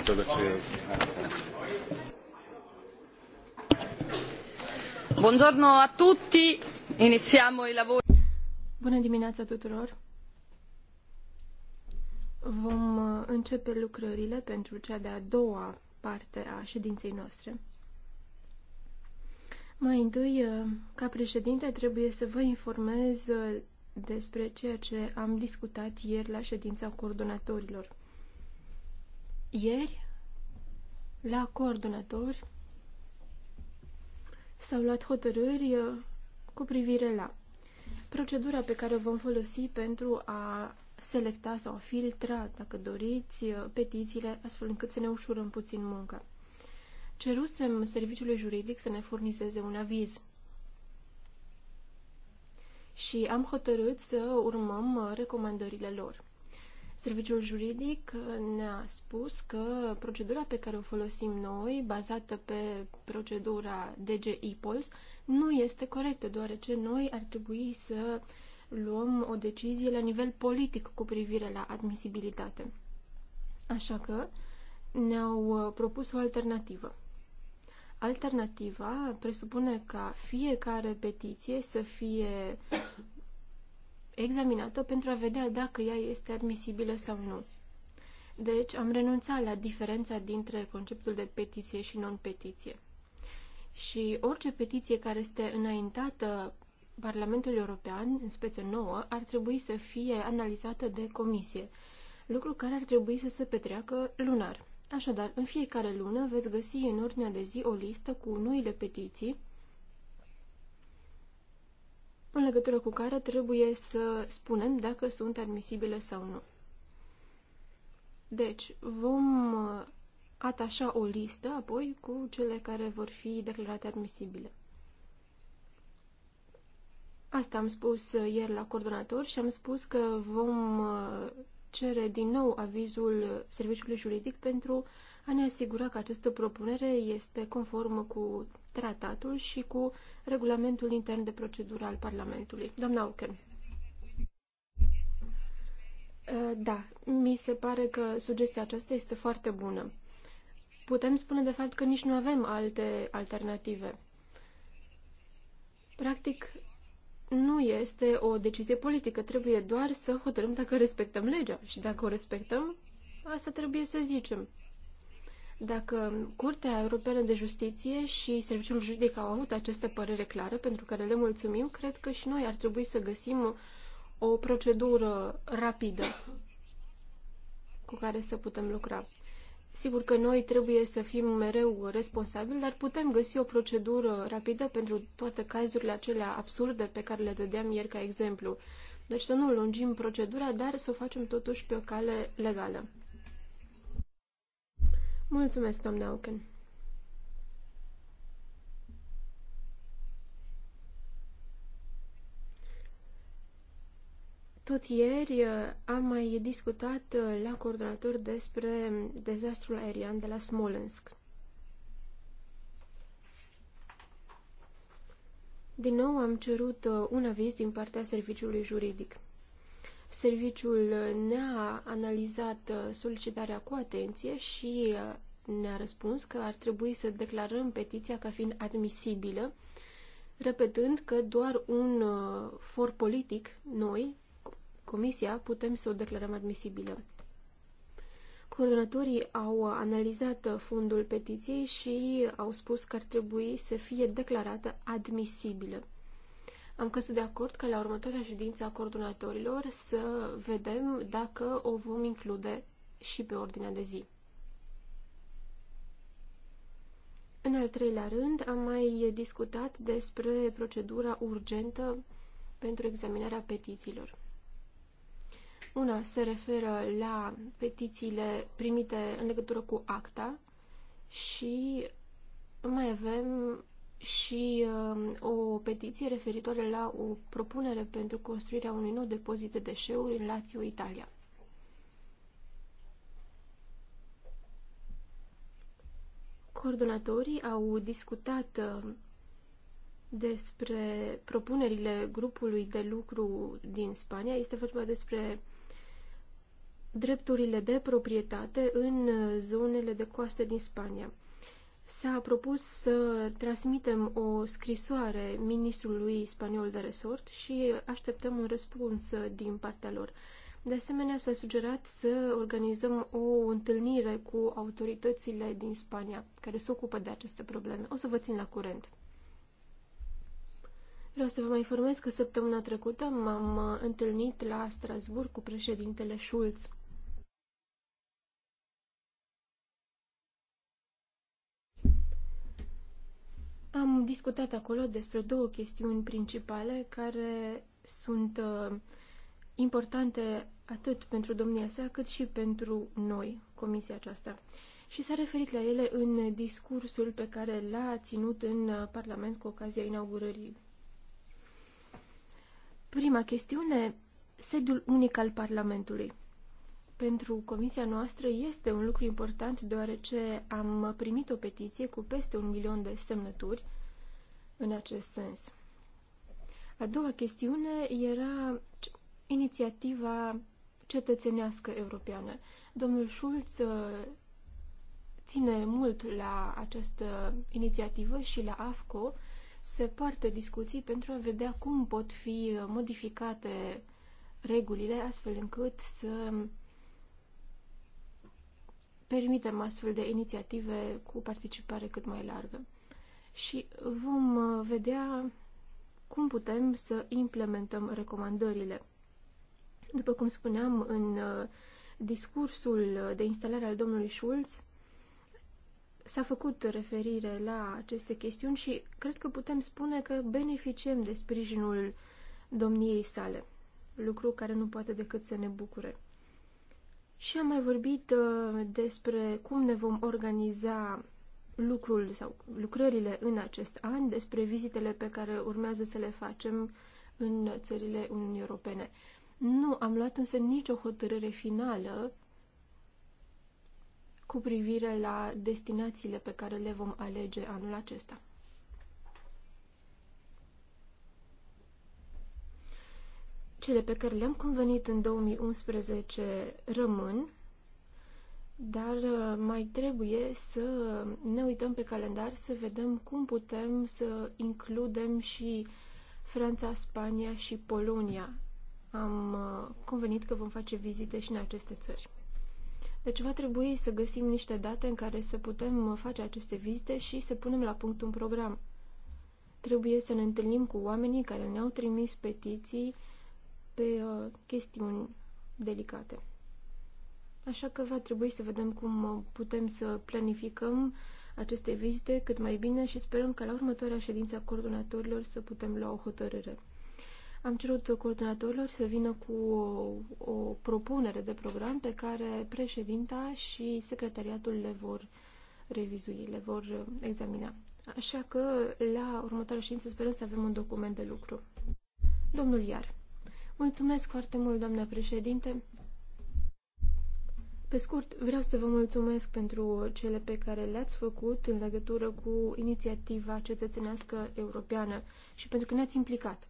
cu todo Bună dimineața tuturor. Vom uh, începe lucrările pentru cea de-a doua parte a ședinței noastre. Mai întâi, uh, ca președinte, trebuie să vă informez uh, despre ceea ce am discutat ieri la ședința coordonatorilor. Ieri, la coordonatori, s-au luat hotărâri uh, cu privire la procedura pe care o vom folosi pentru a selecta sau a filtra, dacă doriți, uh, petițiile, astfel încât să ne ușurăm puțin munca. Cerusem serviciului juridic să ne furnizeze un aviz și am hotărât să urmăm uh, recomandările lor. Serviciul juridic ne-a spus că procedura pe care o folosim noi, bazată pe procedura DG IPOLS, nu este corectă, deoarece noi ar trebui să luăm o decizie la nivel politic cu privire la admisibilitate. Așa că ne-au uh, propus o alternativă. Alternativa presupune ca fiecare petiție să fie examinată pentru a vedea dacă ea este admisibilă sau nu. Deci am renunțat la diferența dintre conceptul de petiție și non-petiție. Și orice petiție care este înaintată Parlamentul European, în speță nouă, ar trebui să fie analizată de comisie, lucru care ar trebui să se petreacă lunar. Așadar, în fiecare lună veți găsi în ordinea de zi o listă cu noile petiții în legătură cu care trebuie să spunem dacă sunt admisibile sau nu. Deci, vom uh, atașa o listă apoi cu cele care vor fi declarate admisibile. Asta am spus uh, ieri la coordonator și am spus că vom uh, cere din nou avizul serviciului juridic pentru a ne asigura că această propunere este conformă cu tratatul și cu regulamentul intern de procedură al Parlamentului. Doamna Auken. Uh, da, mi se pare că sugestia aceasta este foarte bună. Putem spune de fapt că nici nu avem alte alternative. Practic, nu este o decizie politică. Trebuie doar să hotărâm dacă respectăm legea. Și dacă o respectăm, asta trebuie să zicem. Dacă Curtea Europeană de Justiție și Serviciul Juridic au avut această părere clară, pentru care le mulțumim, cred că și noi ar trebui să găsim o procedură rapidă cu care să putem lucra. Sigur că noi trebuie să fim mereu responsabili, dar putem găsi o procedură rapidă pentru toate cazurile acelea absurde pe care le dădeam ieri ca exemplu. Deci să nu lungim procedura, dar să o facem totuși pe o cale legală. Mulțumesc, domnule Auken. Tot ieri uh, am mai discutat uh, la coordonator despre dezastrul aerian de la Smolensk. Din nou am cerut uh, un aviz din partea serviciului juridic. Serviciul ne-a analizat uh, solicitarea cu atenție și uh, ne-a răspuns că ar trebui să declarăm petiția ca fiind admisibilă, repetând că doar un uh, for politic, noi, Comisia, putem să o declarăm admisibilă. Coordonatorii au analizat fondul petiției și au spus că ar trebui să fie declarată admisibilă. Am căzut de acord că la următoarea ședință a coordonatorilor să vedem dacă o vom include și pe ordinea de zi. În al treilea rând, am mai discutat despre procedura urgentă pentru examinarea petițiilor. Una se referă la petițiile primite în legătură cu acta și mai avem și um, o petiție referitoare la o propunere pentru construirea unui nou depozit de deșeuri în Lazio, Italia. Coordonatorii au discutat um, despre propunerile grupului de lucru din Spania. Este vorba despre drepturile de proprietate în uh, zonele de coastă din Spania s-a propus să transmitem o scrisoare ministrului spaniol de resort și așteptăm un răspuns din partea lor. De asemenea, s-a sugerat să organizăm o întâlnire cu autoritățile din Spania care se ocupă de aceste probleme. O să vă țin la curent. Vreau să vă mai informez că săptămâna trecută m-am întâlnit la Strasburg cu președintele Schulz. Am discutat acolo despre două chestiuni principale care sunt uh, importante atât pentru domnia sa cât și pentru noi, comisia aceasta. Și s-a referit la ele în discursul pe care l-a ținut în uh, Parlament cu ocazia inaugurării. Prima chestiune, sediul unic al Parlamentului. Pentru comisia noastră este un lucru important deoarece am primit o petiție cu peste un milion de semnături în acest sens. A doua chestiune era inițiativa cetățenească europeană. Domnul Schulz uh, ține mult la această inițiativă și la AFCO se poartă discuții pentru a vedea cum pot fi modificate regulile astfel încât să permitem astfel de inițiative cu participare cât mai largă. Și vom uh, vedea cum putem să implementăm recomandările. După cum spuneam în uh, discursul de instalare al domnului Schulz, s-a făcut referire la aceste chestiuni și cred că putem spune că beneficiem de sprijinul domniei sale, lucru care nu poate decât să ne bucure. Și am mai vorbit uh, despre cum ne vom organiza lucrul sau lucrările în acest an, despre vizitele pe care urmează să le facem în țările Uniunii Europene. Nu am luat însă nicio hotărâre finală cu privire la destinațiile pe care le vom alege anul acesta. Cele pe care le-am convenit în 2011 rămân, dar uh, mai trebuie să ne uităm pe calendar, să vedem cum putem să includem și Franța, Spania și Polonia. Am uh, convenit că vom face vizite și în aceste țări. Deci va trebui să găsim niște date în care să putem uh, face aceste vizite și să punem la punct un program. Trebuie să ne întâlnim cu oamenii care ne-au trimis petiții, pe uh, chestiuni delicate. Așa că va trebui să vedem cum uh, putem să planificăm aceste vizite cât mai bine și sperăm că la următoarea ședință a coordonatorilor să putem lua o hotărâre. Am cerut coordonatorilor să vină cu o, o propunere de program pe care președinta și secretariatul le vor revizui, le vor uh, examina. Așa că la următoarea ședință sperăm să avem un document de lucru. Domnul Iar. Mulțumesc foarte mult, doamna președinte. Pe scurt, vreau să vă mulțumesc pentru cele pe care le-ați făcut în legătură cu inițiativa cetățenească europeană și pentru că ne-ați implicat.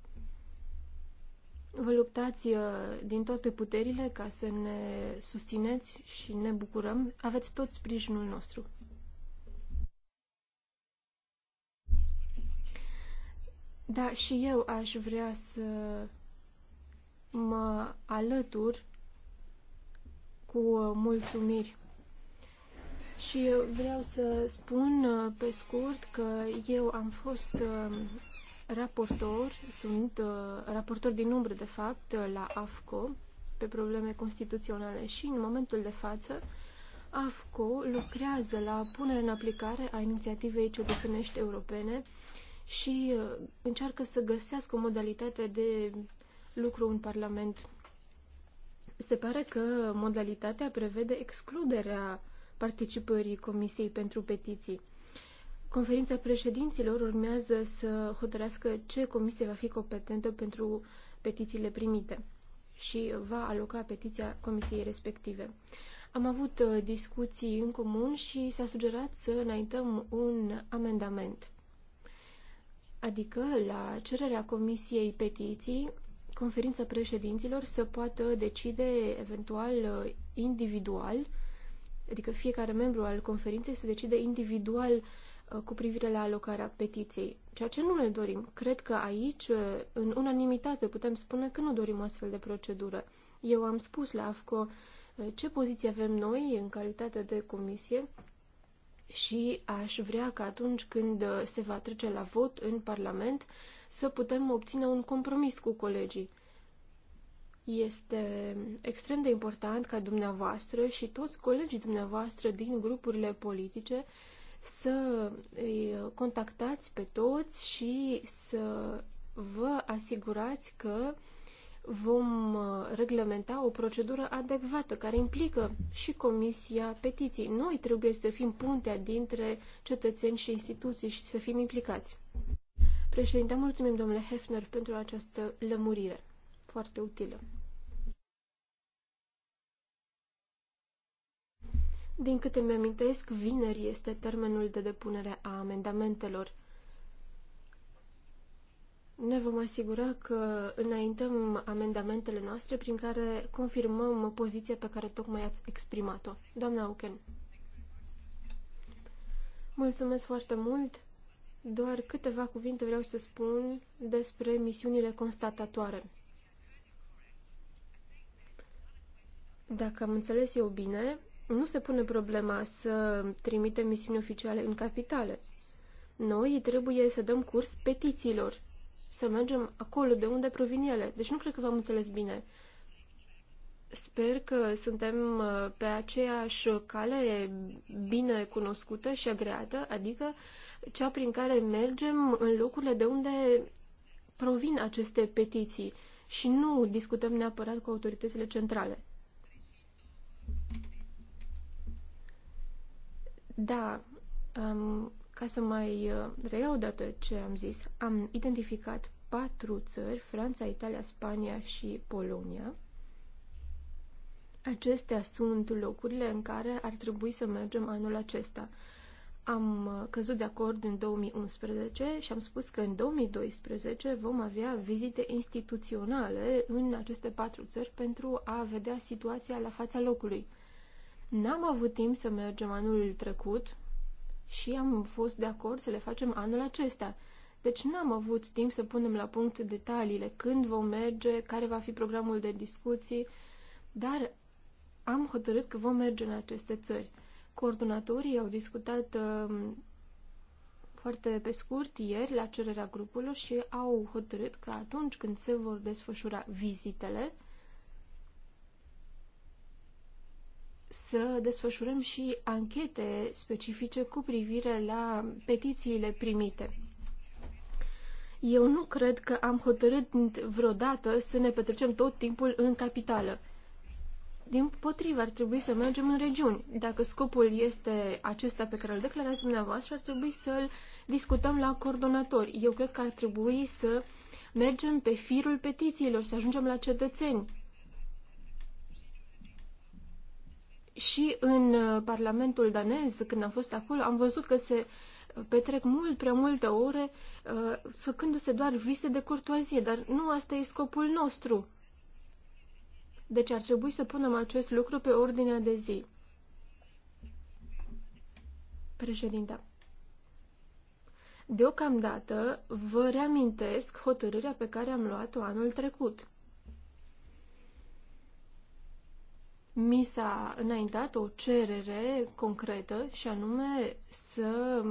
Vă luptați uh, din toate puterile ca să ne susțineți și ne bucurăm. Aveți tot sprijinul nostru. Da, și eu aș vrea să mă alătur cu uh, mulțumiri. Și vreau să spun uh, pe scurt că eu am fost uh, raportor, sunt raportor din umbră, de fapt, la AFCO pe probleme constituționale și în momentul de față AFCO lucrează la punerea în aplicare a inițiativei cetățenești europene și încearcă să găsească o modalitate de lucru în Parlament. Se pare că modalitatea prevede excluderea participării Comisiei pentru Petiții. Conferința președinților urmează să hotărească ce comisie va fi competentă pentru petițiile primite și va aloca petiția comisiei respective. Am avut uh, discuții în comun și s-a sugerat să înaintăm un amendament. Adică, la cererea Comisiei Petiții, conferința președinților să poată decide eventual uh, individual, adică fiecare membru al conferinței să decide individual uh, cu privire la alocarea petiției, ceea ce nu ne dorim. Cred că aici, uh, în unanimitate, putem spune că nu dorim astfel de procedură. Eu am spus la AFCO ce poziție avem noi în calitate de comisie și aș vrea că atunci când se va trece la vot în Parlament, să putem obține un compromis cu colegii. Este extrem de important ca dumneavoastră și toți colegii dumneavoastră din grupurile politice să îi contactați pe toți și să vă asigurați că vom uh, reglementa o procedură adecvată care implică și Comisia Petiții. Noi trebuie să fim puntea dintre cetățeni și instituții și să fim implicați. Președinte, mulțumim, domnule Hefner, pentru această lămurire foarte utilă. Din câte mi-amintesc, vineri este termenul de depunere a amendamentelor. Ne vom asigura că înaintăm amendamentele noastre prin care confirmăm poziția pe care tocmai ați exprimat-o. Doamna Auken. Mulțumesc foarte mult. Doar câteva cuvinte vreau să spun despre misiunile constatatoare. Dacă am înțeles eu bine, nu se pune problema să trimitem misiuni oficiale în capitale. Noi trebuie să dăm curs petițiilor, să mergem acolo de unde provin ele. Deci nu cred că v-am înțeles bine. Sper că suntem uh, pe aceeași cale bine cunoscută și agreată, adică cea prin care mergem în locurile de unde provin aceste petiții și nu discutăm neapărat cu autoritățile centrale. Da, um, ca să mai uh, reiau dată ce am zis, am identificat patru țări, Franța, Italia, Spania și Polonia, Acestea sunt locurile în care ar trebui să mergem anul acesta. Am uh, căzut de acord în 2011 și am spus că în 2012 vom avea vizite instituționale în aceste patru țări pentru a vedea situația la fața locului. N-am avut timp să mergem anul trecut și am fost de acord să le facem anul acesta. Deci n-am avut timp să punem la punct detaliile, când vom merge, care va fi programul de discuții, dar am hotărât că vom merge în aceste țări. Coordonatorii au discutat um, foarte pe scurt ieri la cererea grupului și au hotărât că atunci când se vor desfășura vizitele, să desfășurăm și anchete specifice cu privire la petițiile primite. Eu nu cred că am hotărât vreodată să ne petrecem tot timpul în capitală. Din potrivă, ar trebui să mergem în regiuni. Dacă scopul este acesta pe care îl declarați dumneavoastră, ar trebui să-l discutăm la coordonatori. Eu cred că ar trebui să mergem pe firul petițiilor, să ajungem la cetățeni. Și în uh, Parlamentul danez, când am fost acolo, am văzut că se uh, petrec mult prea multe ore uh, făcându-se doar vise de curtoazie, dar nu asta e scopul nostru. Deci ar trebui să punem acest lucru pe ordinea de zi. Președinte. Deocamdată vă reamintesc hotărârea pe care am luat-o anul trecut. Mi s-a înaintat o cerere concretă și anume să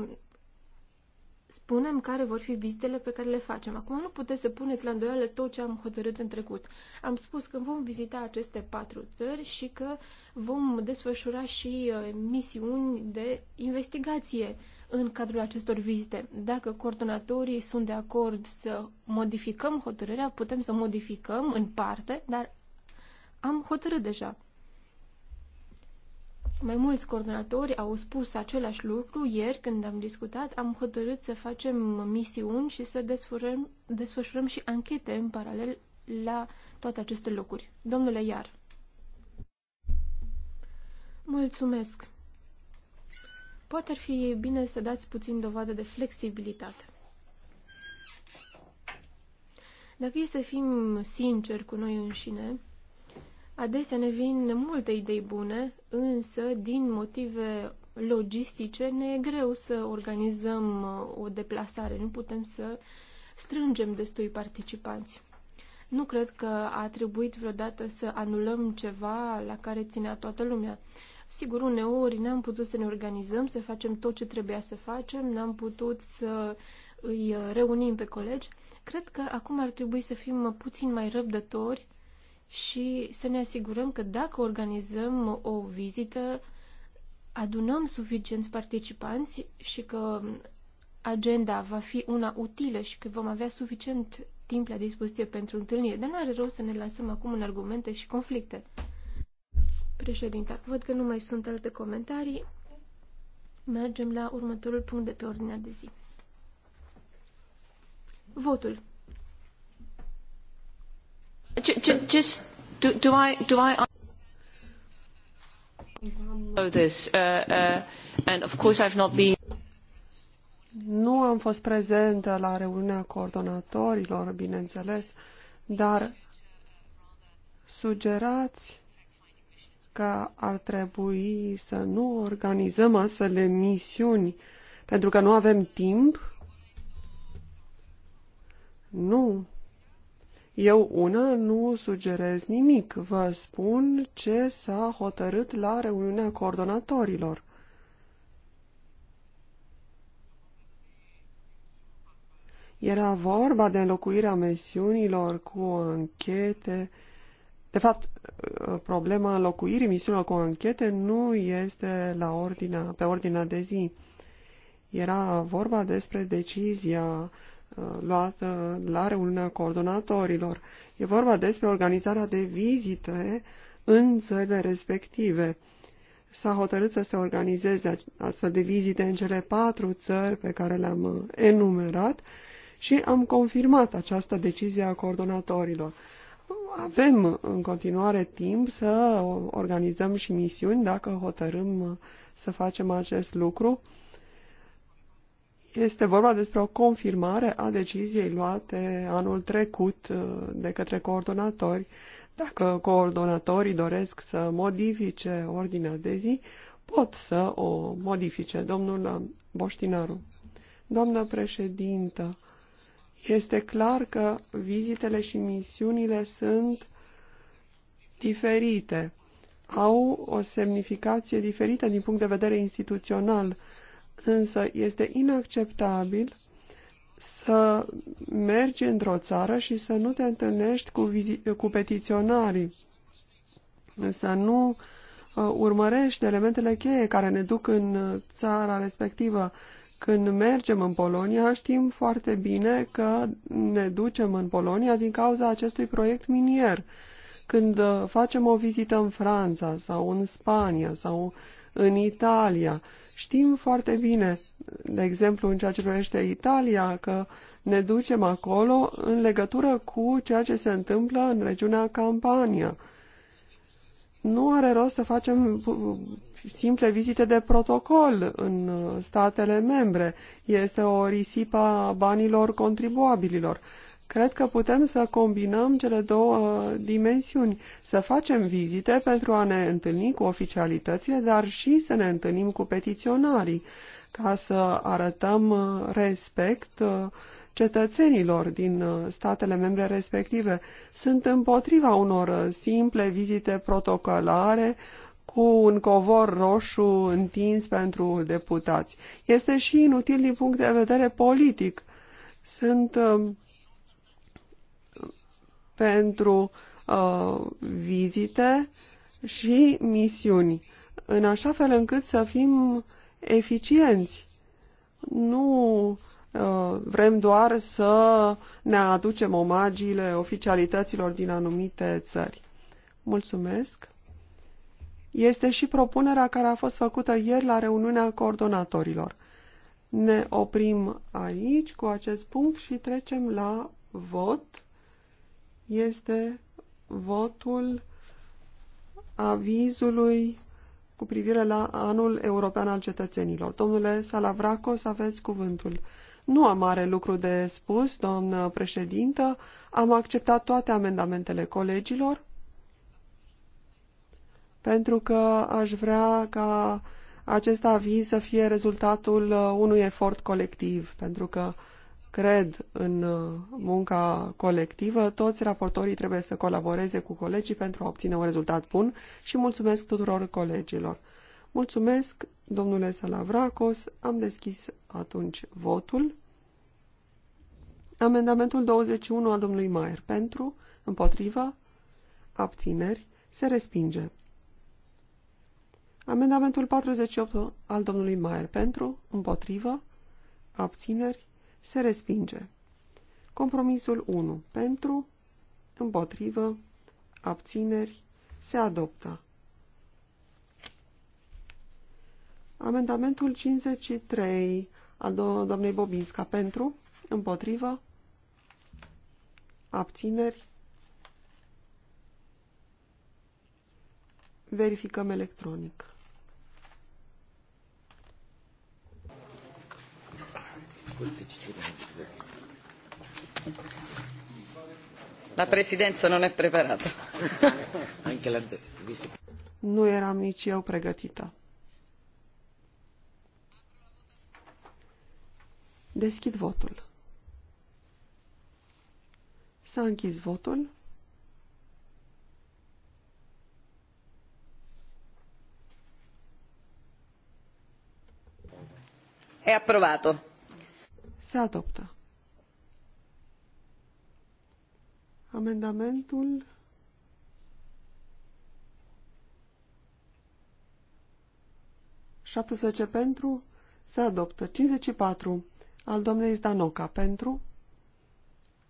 spunem care vor fi vizitele pe care le facem. Acum nu puteți să puneți la îndoială tot ce am hotărât în trecut. Am spus că vom vizita aceste patru țări și că vom desfășura și uh, misiuni de investigație în cadrul acestor vizite. Dacă coordonatorii sunt de acord să modificăm hotărârea, putem să modificăm în parte, dar am hotărât deja. Mai mulți coordonatori au spus același lucru ieri când am discutat. Am hotărât să facem misiuni și să desfășurăm, desfășurăm și anchete în paralel la toate aceste locuri. Domnule Iar. Mulțumesc. Poate ar fi bine să dați puțin dovadă de flexibilitate. Dacă e să fim sinceri cu noi înșine, Adesea ne vin multe idei bune, însă din motive logistice ne e greu să organizăm uh, o deplasare, nu putem să strângem destui participanți. Nu cred că a trebuit vreodată să anulăm ceva la care ținea toată lumea. Sigur, uneori n-am putut să ne organizăm, să facem tot ce trebuia să facem, n-am putut să îi uh, reunim pe colegi. Cred că acum ar trebui să fim puțin mai răbdători și să ne asigurăm că dacă organizăm o vizită, adunăm suficienți participanți și că agenda va fi una utilă și că vom avea suficient timp la dispoziție pentru întâlnire. Dar nu are rost să ne lansăm acum în argumente și conflicte. Președinta, văd că nu mai sunt alte comentarii. Mergem la următorul punct de pe ordinea de zi. Votul do, I, know this? Uh, uh, and of course I've not been... Nu am fost prezentă la reuniunea coordonatorilor, bineînțeles, dar sugerați că ar trebui să nu organizăm astfel de misiuni pentru că nu avem timp? Nu. Eu una nu sugerez nimic, vă spun ce s-a hotărât la reuniunea coordonatorilor. Era vorba de înlocuirea misiunilor cu anchete. De fapt, problema înlocuirii misiunilor cu anchete nu este la ordinea, pe ordinea de zi. Era vorba despre decizia Uh, luată la reuniunea coordonatorilor. E vorba despre organizarea de vizite în țările respective. S-a hotărât să se organizeze astfel de vizite în cele patru țări pe care le-am uh, enumerat și am confirmat această decizie a coordonatorilor. Avem uh, în continuare timp să organizăm și misiuni dacă hotărâm să facem acest lucru este vorba despre o confirmare a deciziei luate anul trecut uh, de către coordonatori. Dacă coordonatorii doresc să modifice ordinea de zi, pot să o modifice. Domnul uh, Boștinaru. Doamnă președintă, este clar că vizitele și misiunile sunt diferite, au o semnificație diferită din punct de vedere instituțional. Însă este inacceptabil să mergi într-o țară și să nu te întâlnești cu, cu petiționarii, să nu uh, urmărești elementele cheie care ne duc în uh, țara respectivă. Când mergem în Polonia, știm foarte bine că ne ducem în Polonia din cauza acestui proiect minier. Uh, când uh, facem o vizită în Franța sau în Spania sau în Italia, știm foarte bine, de exemplu în ceea ce privește Italia, că ne ducem acolo în legătură cu ceea ce se întâmplă în regiunea Campania. Nu are rost să facem simple vizite de protocol în uh, statele membre. Este o risipă a banilor contribuabililor. Cred că putem să combinăm cele două uh, dimensiuni, să facem vizite pentru a ne întâlni cu oficialitățile, dar și să ne întâlnim cu petiționarii, ca să arătăm uh, respect uh, cetățenilor din statele membre respective. Sunt împotriva unor simple vizite protocolare cu un covor roșu întins pentru deputați. Este și inutil din punct de vedere politic. Sunt pentru uh, vizite și misiuni, în așa fel încât să fim eficienți. Nu uh, vrem doar să ne aducem omagiile oficialităților din anumite țări. Mulțumesc! Este și propunerea care a fost făcută ieri la reuniunea coordonatorilor. Ne oprim aici cu acest punct și trecem la vot este votul avizului cu privire la anul european al cetățenilor. Domnule Salavracos, aveți cuvântul. Nu am mare lucru de spus, doamnă președintă. Am acceptat toate amendamentele colegilor pentru că aș vrea ca acest aviz să fie rezultatul uh, unui efort colectiv, pentru că uh, cred în uh, munca colectivă. Toți raportorii trebuie să colaboreze cu colegii pentru a obține un rezultat bun și mulțumesc tuturor colegilor. Mulțumesc, domnule Salavracos. Am deschis atunci votul. Amendamentul 21 al domnului Maier pentru, împotriva, abțineri, se respinge. Amendamentul 48 al domnului Maier pentru, împotrivă, abțineri, se respinge. Compromisul 1 pentru, împotrivă, abțineri, se adoptă. Amendamentul 53 al do doamnei Bobinsca. pentru, împotrivă, abțineri, verificăm electronic. La presidență nu e preparată. nu eram nici eu pregătită. Deschid votul. S-a închis votul. E approvato. Se adoptă. Amendamentul șaptesprezece pentru se adoptă. 54 al domnului Zdanoca pentru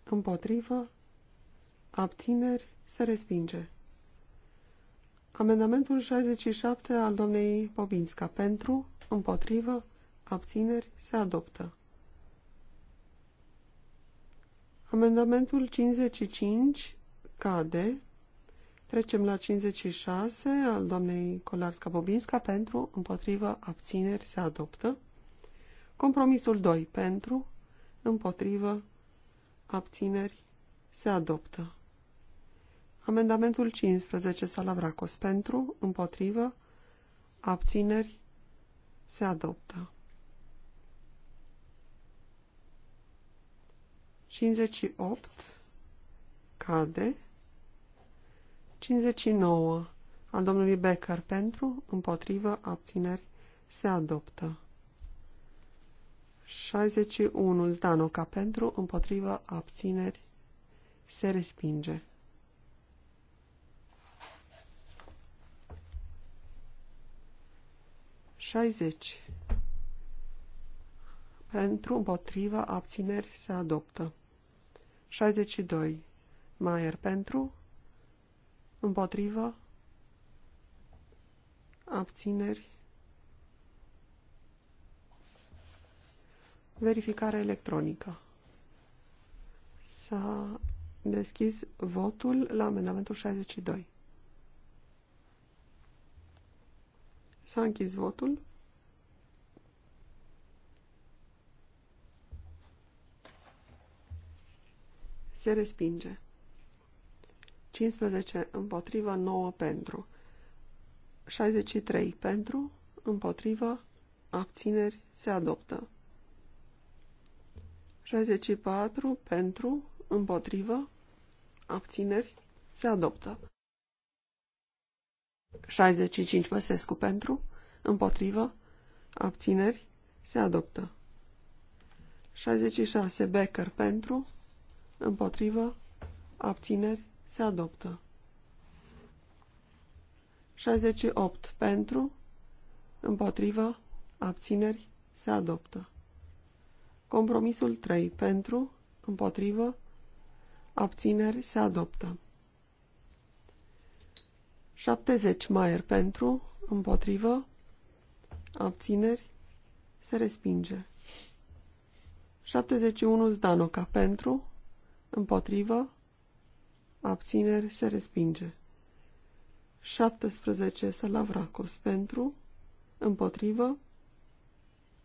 împotrivă abțineri se respinge. Amendamentul 67 al domnei Bobinska pentru, împotrivă, abțineri se adoptă. Amendamentul 55 cade. Trecem la 56 al doamnei Kolarska-Bobinska pentru, împotrivă, abțineri se adoptă. Compromisul 2 pentru, împotrivă, abțineri se adoptă. Amendamentul 15 Salavracos pentru, împotrivă, abțineri se adoptă. 58 cade. 59 a domnului Becker pentru, împotrivă, abțineri se adoptă. 61 Zdanoca pentru, împotrivă, abțineri se respinge. 60 Pentru, împotriva, abțineri se adoptă. 62. Maier pentru, împotrivă, abțineri, verificare electronică. S-a deschis votul la amendamentul 62. S-a închis votul. Se respinge. 15 împotrivă, 9 pentru. 63 pentru, împotrivă, abțineri, se adoptă. 64 pentru, împotrivă, abțineri, se adoptă. 65 Păsescu pentru, împotrivă, abțineri, se adoptă. 66 Becker pentru, Împotrivă. Abțineri. Se adoptă. 68. Pentru. Împotrivă. Abțineri. Se adoptă. Compromisul 3. Pentru. Împotrivă. Abțineri. Se adoptă. 70. Maier. Pentru. Împotrivă. Abțineri. Se respinge. 71. Zdanoca. Pentru împotrivă, abțineri, se respinge. 17 Salavracos pentru, împotrivă,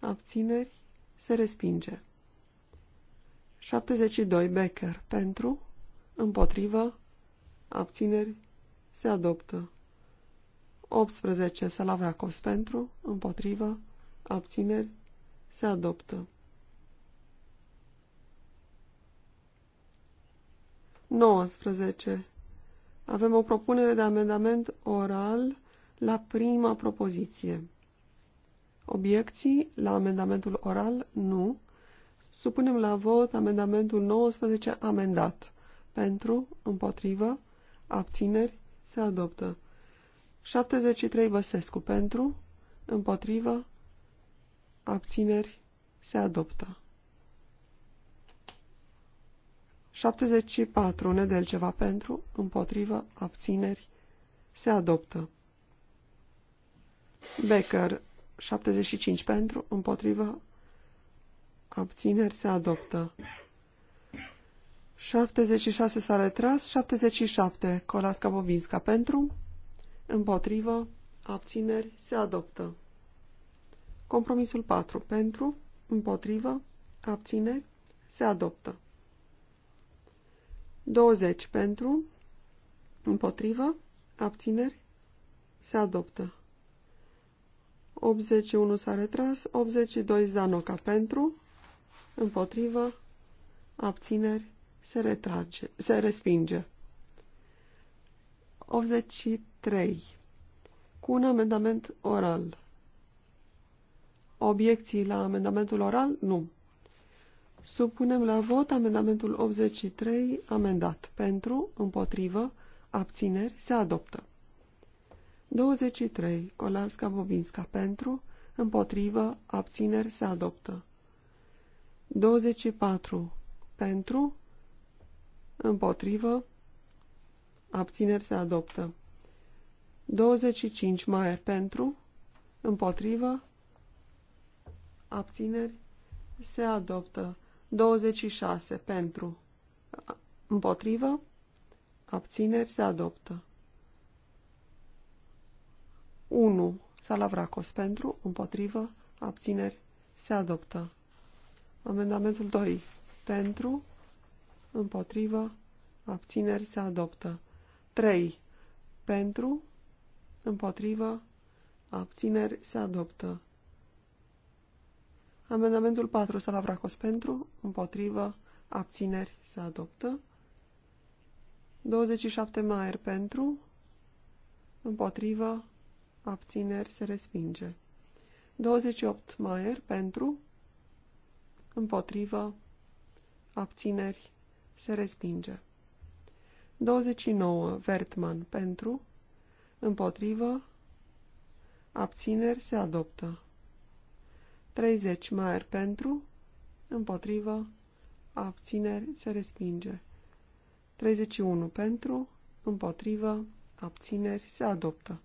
abțineri, se respinge. 72 Becker pentru, împotrivă, abțineri, se adoptă. 18 Salavracos pentru, împotrivă, abțineri, se adoptă. 19. Avem o propunere de amendament oral la prima propoziție. Obiecții la amendamentul oral? Nu. Supunem la vot amendamentul 19 amendat. Pentru, împotrivă, abțineri, se adoptă. 73 Băsescu pentru, împotrivă, abțineri, se adoptă. 74. ceva pentru, împotrivă, abțineri, se adoptă. Becker, 75 pentru, împotrivă, abțineri, se adoptă. 76 s-a retras, 77, Colasca Bobinska pentru, împotrivă, abțineri, se adoptă. Compromisul 4, pentru, împotrivă, abțineri, se adoptă. 20 pentru, împotrivă, abțineri, se adoptă. 81 s-a retras, 82 Zanoca pentru, împotrivă, abțineri, se retrage, se respinge. 83. Cu un amendament oral. Obiecții la amendamentul oral? Nu. Supunem la vot amendamentul 83 amendat. Pentru, împotrivă, abțineri, se adoptă. 23. colarska bobinska Pentru, împotrivă, abțineri, se adoptă. 24. Pentru, împotrivă, abțineri, se adoptă. 25. Mai Pentru, împotrivă, abțineri, se adoptă. 26 pentru, împotrivă, abțineri se adoptă. 1. Salavracos pentru, împotrivă, abțineri se adoptă. Amendamentul 2. Pentru, împotrivă, abțineri se adoptă. 3. Pentru, împotrivă, abțineri se adoptă. Amendamentul 4, Salavracos pentru, împotrivă, abțineri, se adoptă. 27 mai pentru, împotrivă, abțineri, se respinge. 28 mai pentru, împotrivă, abțineri, se respinge. 29 Vertman pentru, împotrivă, abțineri, se adoptă. 30 mai pentru, împotrivă, abțineri, se respinge. 31 pentru, împotrivă, abțineri, se adoptă.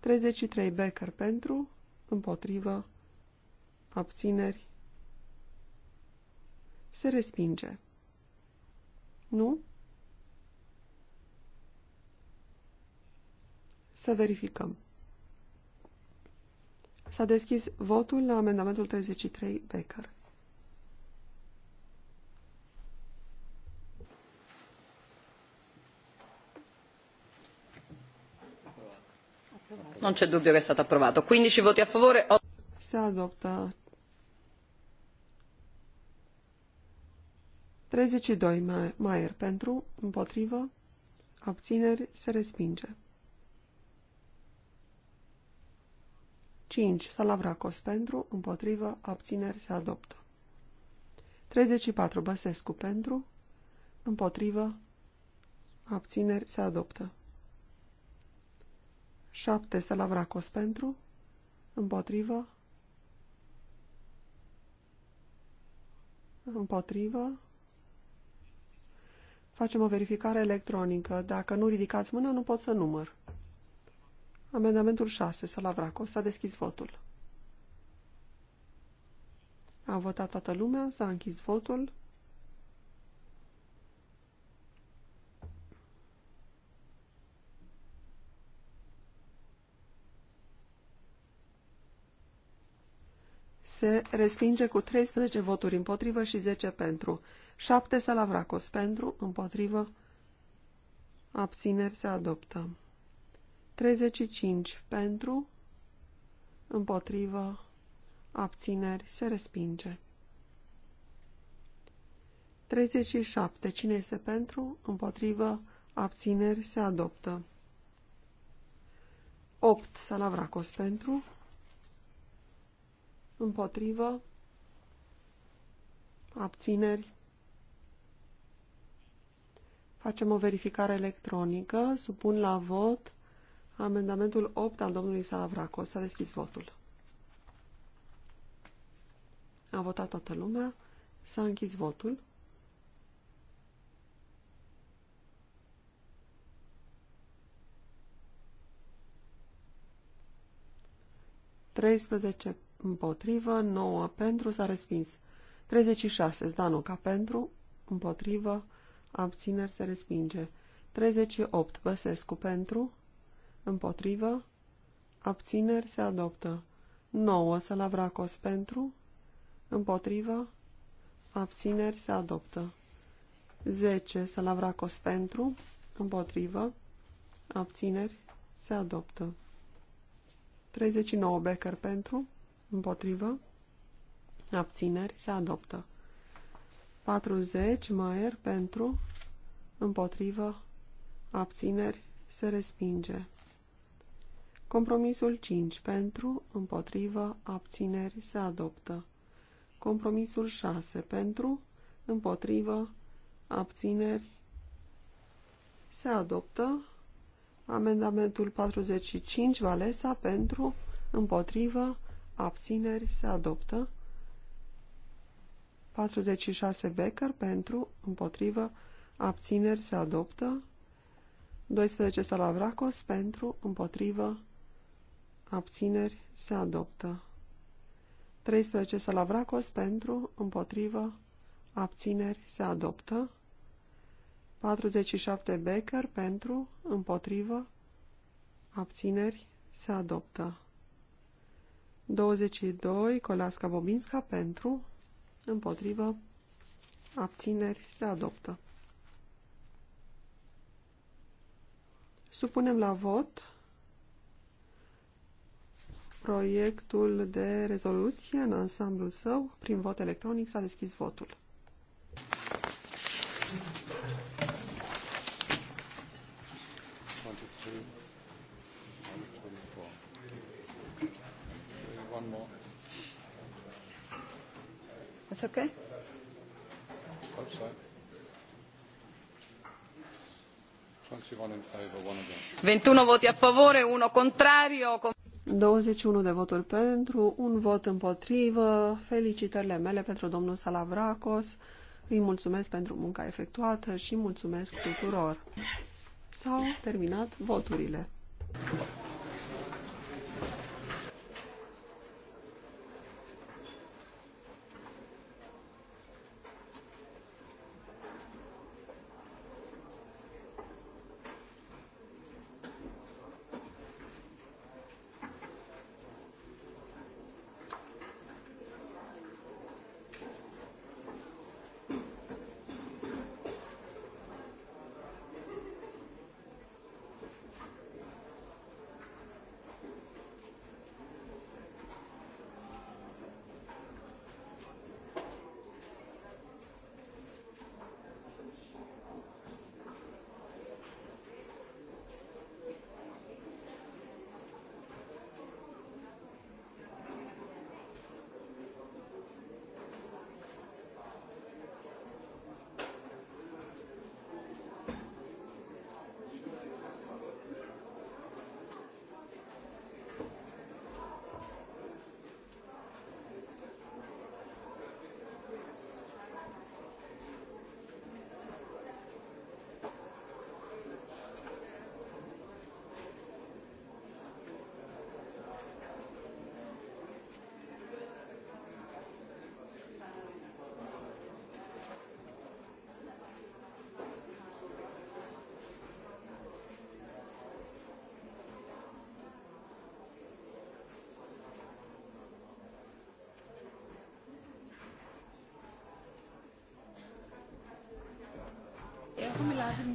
33 Becker pentru, împotrivă, abțineri, se respinge. Nu? Să verificăm. S-a deschis votul la amendamentul 33 Becker. Non c'è dubbio che è stato approvato. 15 voti a favore. Si adoptă 32 Maier pentru, împotrivă, abțineri, se respinge. 5. Salavracos pentru, împotrivă, abțineri se adoptă. 34. Băsescu pentru, împotrivă, abțineri se adoptă. 7. Salavracos pentru, împotrivă, împotrivă. Facem o verificare electronică. Dacă nu ridicați mâna, nu pot să număr. Amendamentul 6, Salavraco. S-a deschis votul. A votat toată lumea, s-a închis votul. Se respinge cu 13 voturi împotrivă și 10 pentru. 7 Salavracos pentru, împotrivă, abțineri se adoptă. 35 pentru, împotrivă, abțineri, se respinge. 37. Cine este pentru, împotrivă, abțineri, se adoptă. 8. Salavracos pentru, împotrivă, abțineri. Facem o verificare electronică, supun la vot Amendamentul 8 al domnului Salavraco. S-a deschis votul. A votat toată lumea. S-a închis votul. Treisprezece împotrivă, 9 pentru, s-a respins. 36, Zdanuca pentru, împotrivă, abțineri se respinge. 38, Băsescu pentru, Împotrivă. Abțineri se adoptă. 9 Să-l Salavracos pentru. Împotrivă. Abțineri se adoptă. 10 Să-l Salavracos pentru. Împotrivă. Abțineri se adoptă. 39 Becker pentru. Împotrivă. Abțineri se adoptă. 40 Maier pentru. Împotrivă. Abțineri se respinge. Compromisul 5 pentru, împotrivă, abțineri se adoptă. Compromisul 6 pentru, împotrivă, abțineri se adoptă. Amendamentul 45 Valesa pentru, împotrivă, abțineri se adoptă. 46 Becker pentru, împotrivă, abțineri se adoptă. 12 Salavracos pentru, împotrivă, abțineri, se adoptă. 13 Salavracos pentru, împotrivă, abțineri, se adoptă. 47 Becker pentru, împotrivă, abțineri, se adoptă. 22 Colasca Bobinska pentru, împotrivă, abțineri, se adoptă. Supunem la vot proiectul de rezoluție în ansamblul său. Prin vot electronic s-a deschis votul. It's okay? Hope so. 21 voti a favore, 1 contrario. 21 de voturi pentru, un vot împotrivă. Felicitările mele pentru domnul Salavracos. Îi mulțumesc pentru munca efectuată și mulțumesc tuturor. S-au terminat voturile.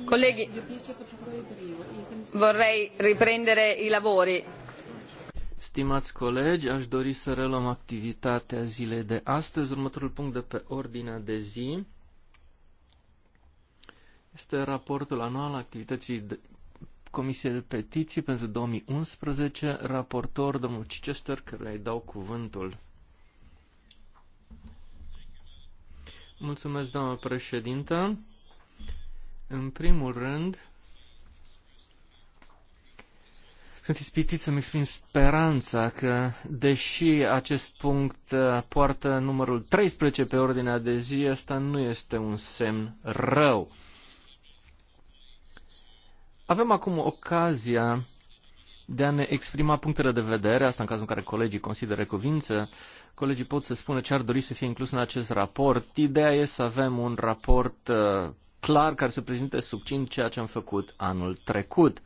Colleghi, vorrei riprendere i lavori. Stimați colegi, aș dori să reluăm activitatea zilei de astăzi. Următorul punct de pe ordinea de zi este raportul anual activității de Comisiei de Petiții pentru 2011, raportor domnul Chichester, căruia îi dau cuvântul. Mulțumesc, doamnă președintă. În primul rând, sunt ispitit să-mi exprim speranța că, deși acest punct uh, poartă numărul 13 pe ordinea de zi, asta nu este un semn rău. Avem acum ocazia de a ne exprima punctele de vedere, asta în cazul în care colegii consideră cuvință, colegii pot să spună ce ar dori să fie inclus în acest raport. Ideea e să avem un raport uh, clar care să prezinte subțin ceea ce am făcut anul trecut.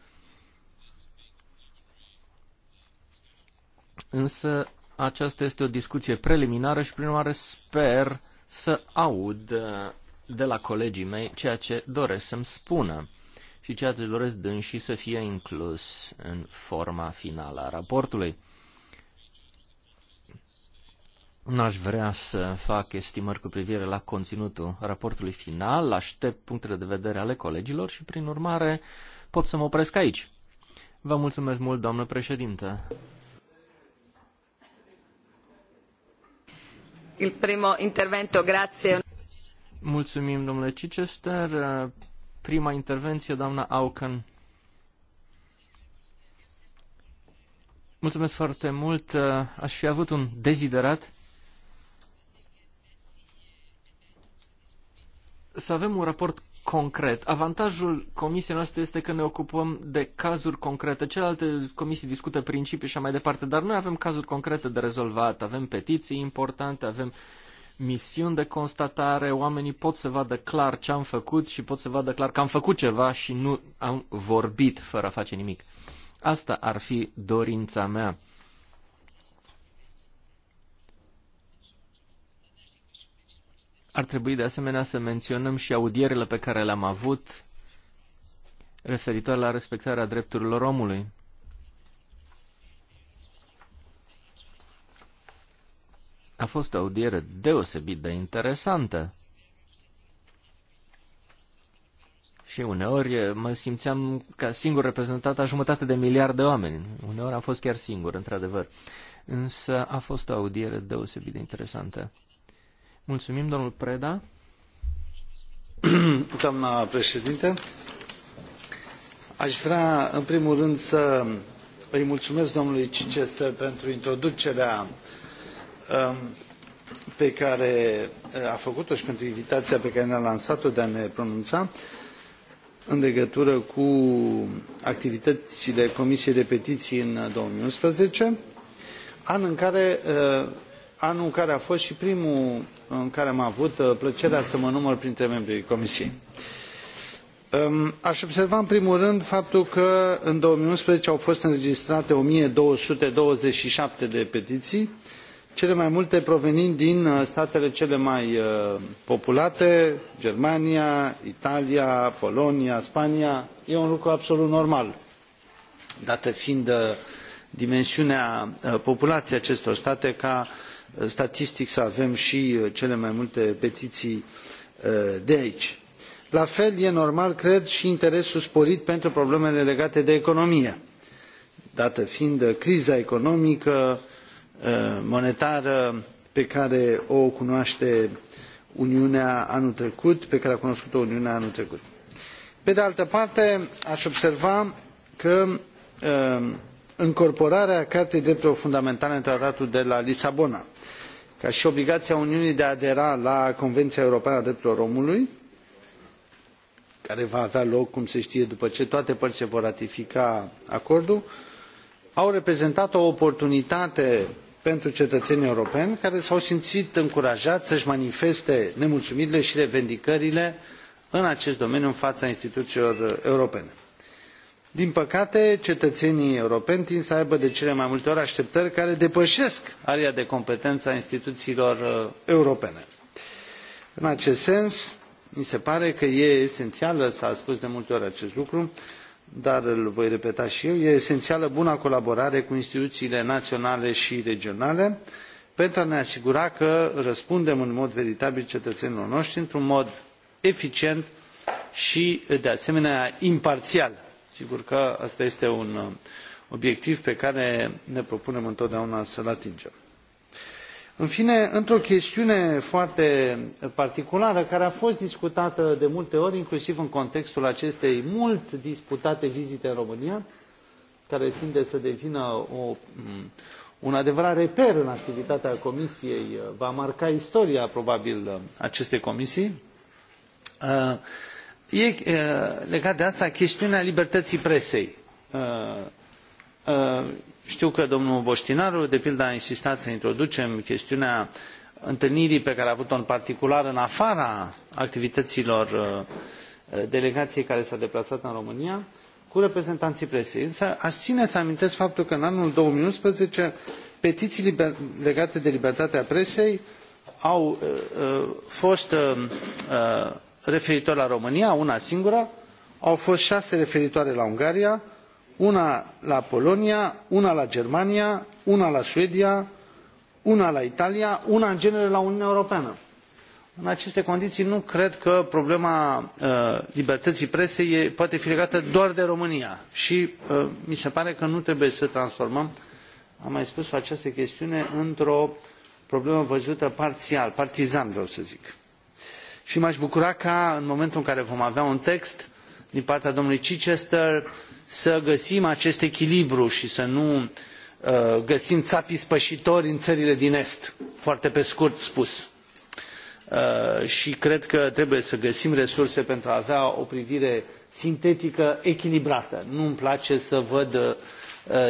Însă aceasta este o discuție preliminară și prin urmare sper să aud uh, de la colegii mei ceea ce doresc să-mi spună și ceea ce doresc și să fie inclus în forma finală a raportului. N-aș vrea să fac estimări cu privire la conținutul raportului final, aștept punctele de vedere ale colegilor și, prin urmare, pot să mă opresc aici. Vă mulțumesc mult, doamnă președinte. Il primo intervento, grazie. Mulțumim, domnule Chichester. Prima intervenție, doamna Auken. Mulțumesc foarte mult. Aș fi avut un deziderat să avem un raport concret. Avantajul comisiei noastre este că ne ocupăm de cazuri concrete. Celelalte comisii discută principii și mai departe, dar noi avem cazuri concrete de rezolvat. Avem petiții importante, avem misiuni de constatare, oamenii pot să vadă clar ce am făcut și pot să vadă clar că am făcut ceva și nu am vorbit fără a face nimic. Asta ar fi dorința mea. Ar trebui de asemenea să menționăm și audierile pe care le-am avut referitor la respectarea drepturilor omului. A fost o audiere deosebit de interesantă. Și uneori eh, mă simțeam ca singur reprezentat a jumătate de miliard de oameni. Uneori am fost chiar singur, într-adevăr. Însă a fost o audiere deosebit de interesantă. Mulțumim, domnul Preda. Doamna președinte, aș vrea în primul rând să îi mulțumesc domnului Chichester pentru introducerea um, pe care uh, a făcut-o și pentru invitația pe care ne-a lansat-o de a ne pronunța în legătură cu activitățile Comisiei de Petiții în 2011, an în care, uh, anul în care a fost și primul în care am avut uh, plăcerea să mă număr printre membrii comisiei. Um, aș observa în primul rând faptul că în 2011 au fost înregistrate 1227 de petiții, cele mai multe provenind din uh, statele cele mai uh, populate, Germania, Italia, Polonia, Spania. E un lucru absolut normal, dată fiind dimensiunea populației acestor state ca statistic să avem și uh, cele mai multe petiții uh, de aici. La fel este normal, cred, și interesul sporit pentru problemele legate de economie, dată fiind uh, criza economică, monetară pe care o cunoaște Uniunea anul trecut, pe care a cunoscut-o Uniunea anul trecut. Pe de altă parte, aș observa că încorporarea Cartei Drepturilor Fundamentale în Tratatul de la Lisabona ca și obligația Uniunii de a adera la Convenția Europeană a Drepturilor Omului, care va avea loc, cum se știe, după ce toate părțile vor ratifica acordul, au reprezentat o oportunitate pentru cetățenii europeni care s-au simțit încurajați să-și manifeste nemulțumirile și revendicările în acest domeniu în fața instituțiilor europene din păcate cetăenii europeni tind să aibă de cele mai multe ori ateptări care depăesc aria de competenă a instituiilor uh, europene. în acest sens mi se pare că e esenială s a spus de multe ori acest lucru dar îl voi repeta i eu e esenială buna colaborare cu instituiile naionale i regionale pentru a ne asigura că răspundem în mod veritabil cetăenilor notri într un mod eficient i de asemenea imparial Sigur că asta este un uh, obiectiv pe care ne propunem întotdeauna să-l atingem. În fine, într-o chestiune foarte particulară, care a fost discutată de multe ori, inclusiv în contextul acestei mult disputate vizite în România, care tinde să devină o, mm, un adevărat reper în activitatea Comisiei, uh, va marca istoria, probabil, uh, acestei comisii, e legat de asta chestiunea libertății presei. Știu că domnul Boștinaru, de pildă, a insistat să introducem chestiunea întâlnirii pe care a avut-o în particular în afara activităților delegației care s-a deplasat în România cu reprezentanii presei. Însă aș ține să amintesc faptul că în anul 2011 petiții legate de libertatea presei au uh, fost uh, referitor la românia una singură au fost șase referitoare la ungaria una la polonia una la germania una la suedia una la italia una în genere la uniunea europeană. în aceste condiii nu cred că problema uh, libertăii presei poate fi legată doar de românia i uh, mi se pare că nu trebuie să transformăm am mai spus o această chestiune într o problemă văzută parial partizan vreau să zic i m a bucura ca în momentul în care vom avea un text din partea domnului Chichester să găsim acest echilibru și să nu uh, găsim apii spăitori în ările din Est, foarte pe scurt spus. Uh, și cred că trebuie să găsim resurse pentru a avea o privire sintetică, echilibrată. Nu îmi place să văd uh,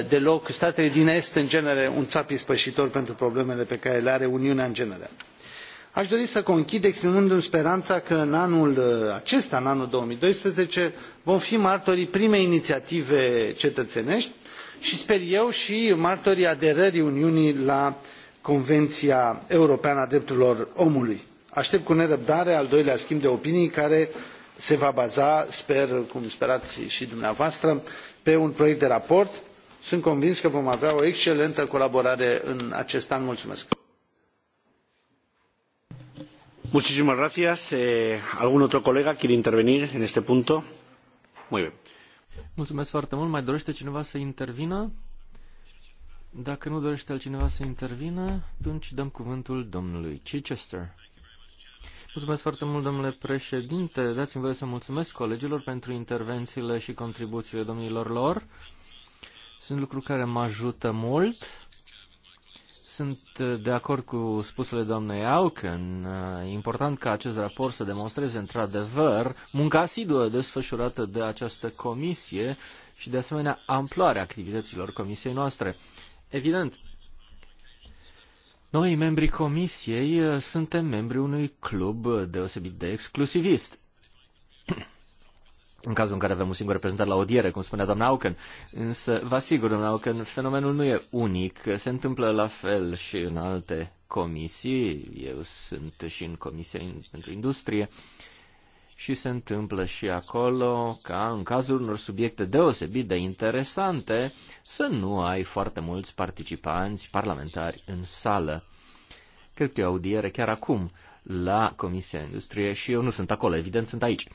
deloc statele din Est, în genere, un țap ispășitor pentru problemele pe care le are Uniunea în general a dori să conchid exprimându mi sperana că în anul uh, acesta în anul două mii doisprezece vom fi martorii primei iniiative cetăeneti i sper eu i martorii aderării uniunii la convenia europeană a drepturilor omului. atept cu nerăbdare al doilea schimb de opinii care se va baza sper cum sperai i dumneavoastră pe un proiect de raport. sunt convins că vom avea o excelentă colaborare în acest an. mulumesc. Muchísimas gracias. Eh, ¿Algún otro colega quiere intervenir en este punto? Muy bien. Mulțumesc foarte mult. Mai dorește cineva să intervină? Dacă nu dorește altcineva să intervină, atunci dăm cuvântul domnului Chichester. Mulțumesc foarte mult, domnule președinte. Dați-mi voie să mulțumesc colegilor pentru intervențiile și contribuțiile domnilor lor. Sunt lucruri care mă ajută mult sunt uh, de acord cu spusele doamnei Auken. Uh, important ca acest raport să demonstreze într-adevăr munca asiduă desfășurată de această comisie și de asemenea amploarea activităților comisiei noastre. Evident, noi, membrii comisiei, uh, suntem membri unui club deosebit de exclusivist în cazul în care avem un singur reprezentant la audiere, cum spunea doamna Auken. Însă, vă asigur, doamna Auken, fenomenul nu e unic. Se întâmplă la fel și în alte comisii. Eu sunt și în Comisia pentru Industrie. Și se întâmplă și acolo ca, în cazul unor subiecte deosebit de interesante, să nu ai foarte mulți participanți parlamentari în sală. Cred că e o audiere chiar acum la Comisia Industrie și eu nu sunt acolo, evident sunt aici.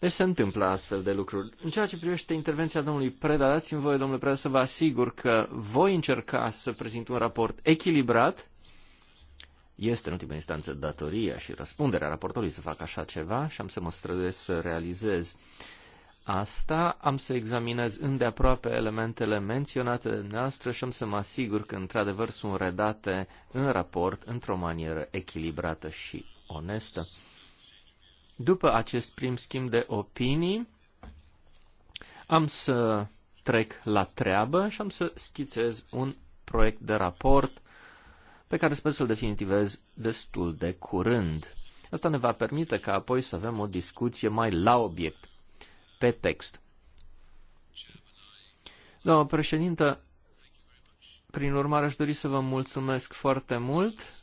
Deci se întâmplă astfel de lucruri. În ceea ce privește intervenția domnului Preda, dați-mi voie, domnule Preda, să vă asigur că voi încerca să prezint un raport echilibrat. Este în ultima instanță datoria și răspunderea raportorului să fac așa ceva și am să mă străduiesc să realizez asta, am să examinez îndeaproape elementele menționate de noastră și am să mă asigur că într-adevăr sunt redate în raport într-o manieră echilibrată și onestă. După acest prim schimb de opinii, am să trec la treabă și am să schițez un proiect de raport pe care sper să-l definitivez destul de curând. Asta ne va permite ca apoi să avem o discuție mai la obiect, pe text. Doamna președintă, prin urmare aș dori să vă mulțumesc foarte mult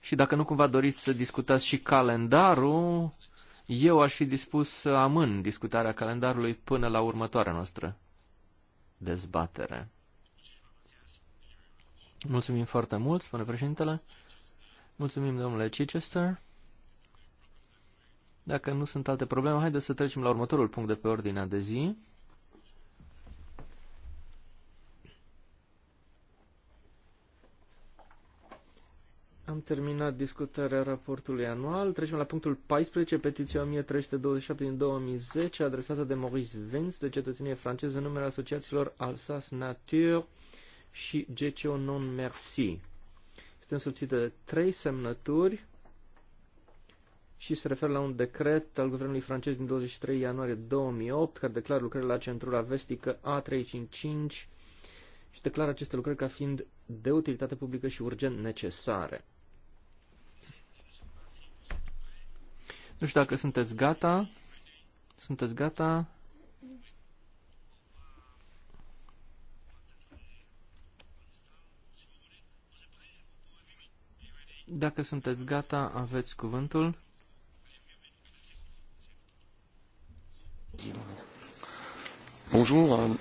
și dacă nu cumva doriți să discutați și calendarul, eu aș fi dispus să amân discutarea calendarului până la următoarea noastră dezbatere. Mulțumim foarte mult, spune președintele. Mulțumim, domnule Chichester. Dacă nu sunt alte probleme, haideți să trecem la următorul punct de pe ordinea de zi. Am terminat discutarea raportului anual. Trecem la punctul 14, petiția 1327 din 2010, adresată de Maurice Vence, de cetățenie franceză, în numele asociațiilor Alsace Nature și GCO Non Merci. Este însoțită de trei semnături și se referă la un decret al guvernului francez din 23 ianuarie 2008, care declară lucrările la centrura vestică A355 și declară aceste lucrări ca fiind de utilitate publică și urgent necesare. Nu știu dacă sunteți gata. Sunteți gata? Dacă sunteți gata, aveți cuvântul. Bonjour. Euh,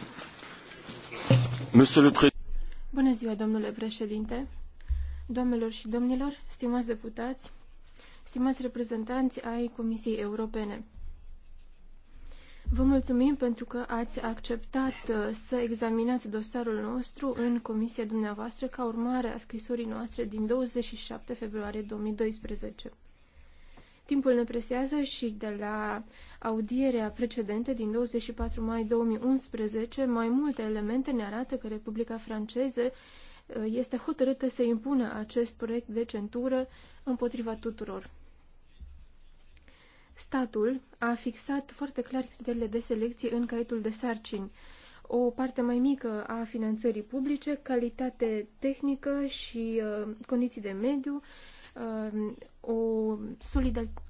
monsieur le Président. Bună ziua, domnule președinte, domnilor și domnilor, stimați deputați stimați reprezentanți ai Comisiei Europene. Vă mulțumim pentru că ați acceptat uh, să examinați dosarul nostru în comisia dumneavoastră ca urmare a scrisorii noastre din 27 februarie 2012. Timpul ne presează și de la audierea precedentă din 24 mai 2011, mai multe elemente ne arată că Republica Franceză uh, este hotărâtă să impună acest proiect de centură împotriva tuturor. Statul a fixat foarte clar criteriile de selecție în caietul de sarcini. O parte mai mică a finanțării publice, calitate tehnică și uh, condiții de mediu, uh, o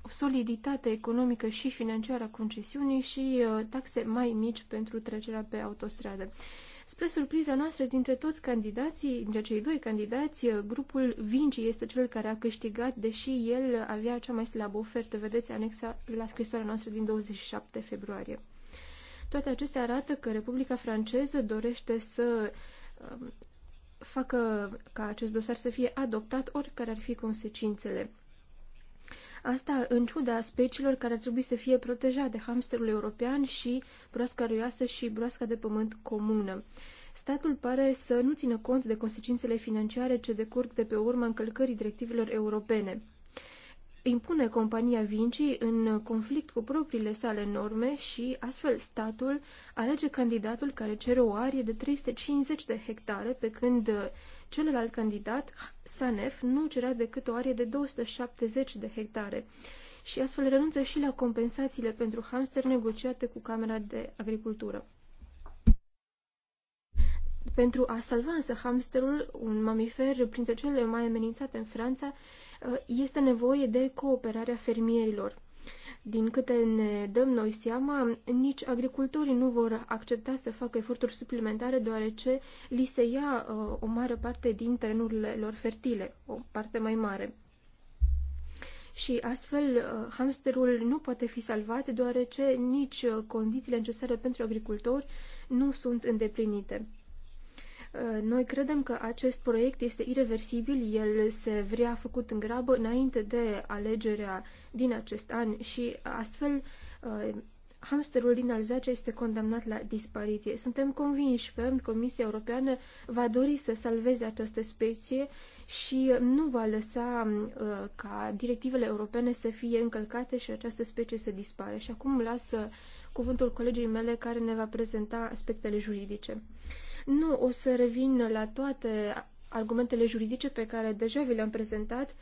soliditate economică și financiară a concesiunii și uh, taxe mai mici pentru trecerea pe autostradă. Uh, Spre surpriza noastră, dintre toți candidații, dintre cei doi candidați, grupul Vinci este cel care a câștigat, deși el avea cea mai slabă ofertă, vedeți anexa la scrisoarea noastră din 27 februarie. Toate acestea arată că Republica Franceză dorește să um, facă ca acest dosar să fie adoptat, oricare ar fi consecințele. Asta în ciuda speciilor care ar trebui să fie protejate, hamsterul european și broasca roioasă și broasca de pământ comună. Statul pare să nu țină cont de consecințele financiare ce decurg de pe urma încălcării directivelor europene impune compania Vinci în conflict cu propriile sale norme și, astfel, statul alege candidatul care cere o arie de 350 de hectare, pe când uh, celălalt candidat, Sanef, nu cerea decât o arie de 270 de hectare și astfel renunță și la compensațiile pentru hamster negociate cu Camera de Agricultură. Pentru a salva însă hamsterul, un mamifer printre cele mai amenințate în Franța, Eh, este nevoie de cooperarea fermierilor. Din câte ne dăm noi seama, nici agricultorii nu vor accepta să facă eforturi suplimentare deoarece li se ia eh, o mare parte din terenurile lor fertile, o parte mai mare. Și astfel, eh, hamsterul nu poate fi salvat deoarece nici condițiile necesare pentru agricultori nu sunt îndeplinite. Uh, noi credem că acest proiect este irreversibil, el se vrea făcut în grabă înainte de alegerea din acest an și astfel uh, hamsterul din Alzace este condamnat la dispariție. Suntem convinși că Comisia Europeană va dori să salveze această specie și nu va lăsa uh, ca directivele europene să fie încălcate și această specie să dispare. Și acum lasă cuvântul colegii mele care ne va prezenta aspectele juridice. Nu o să revin la toate argumentele juridice pe care deja vi le-am prezentat.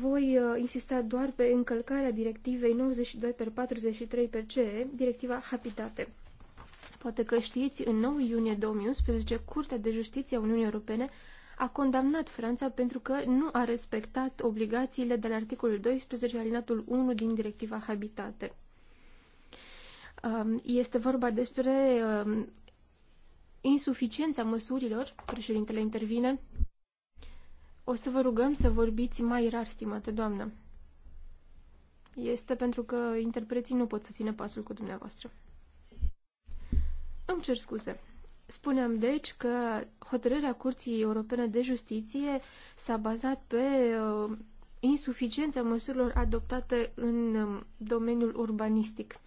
Voi uh, insista doar pe încălcarea directivei 92 43 CE, directiva Habitate. Poate că știți, în 9 iunie 2011, Curtea de Justiție a Uniunii Europene a condamnat Franța pentru că nu a respectat obligațiile de la articolul 12 alinatul 1 din directiva Habitate. Um, este vorba despre um, insuficiența măsurilor, președintele intervine. O să vă rugăm să vorbiți mai rar, stimată doamnă. Este pentru că interpreții nu pot să țină pasul cu dumneavoastră. Îmi cer scuze. Spuneam deci că hotărârea Curții Europene de Justiție s-a bazat pe uh, insuficiența măsurilor adoptate în um, domeniul urbanistic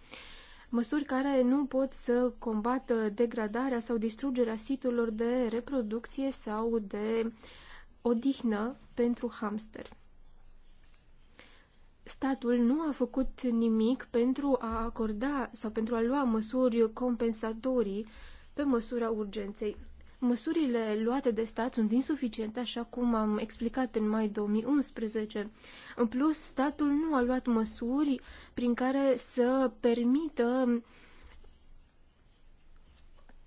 măsuri care nu pot să combată degradarea sau distrugerea siturilor de reproducție sau de odihnă pentru hamster. Statul nu a făcut nimic pentru a acorda sau pentru a lua măsuri compensatorii pe măsura urgenței. Măsurile luate de stat sunt insuficiente, așa cum am explicat în mai 2011. În plus, statul nu a luat măsuri prin care să permită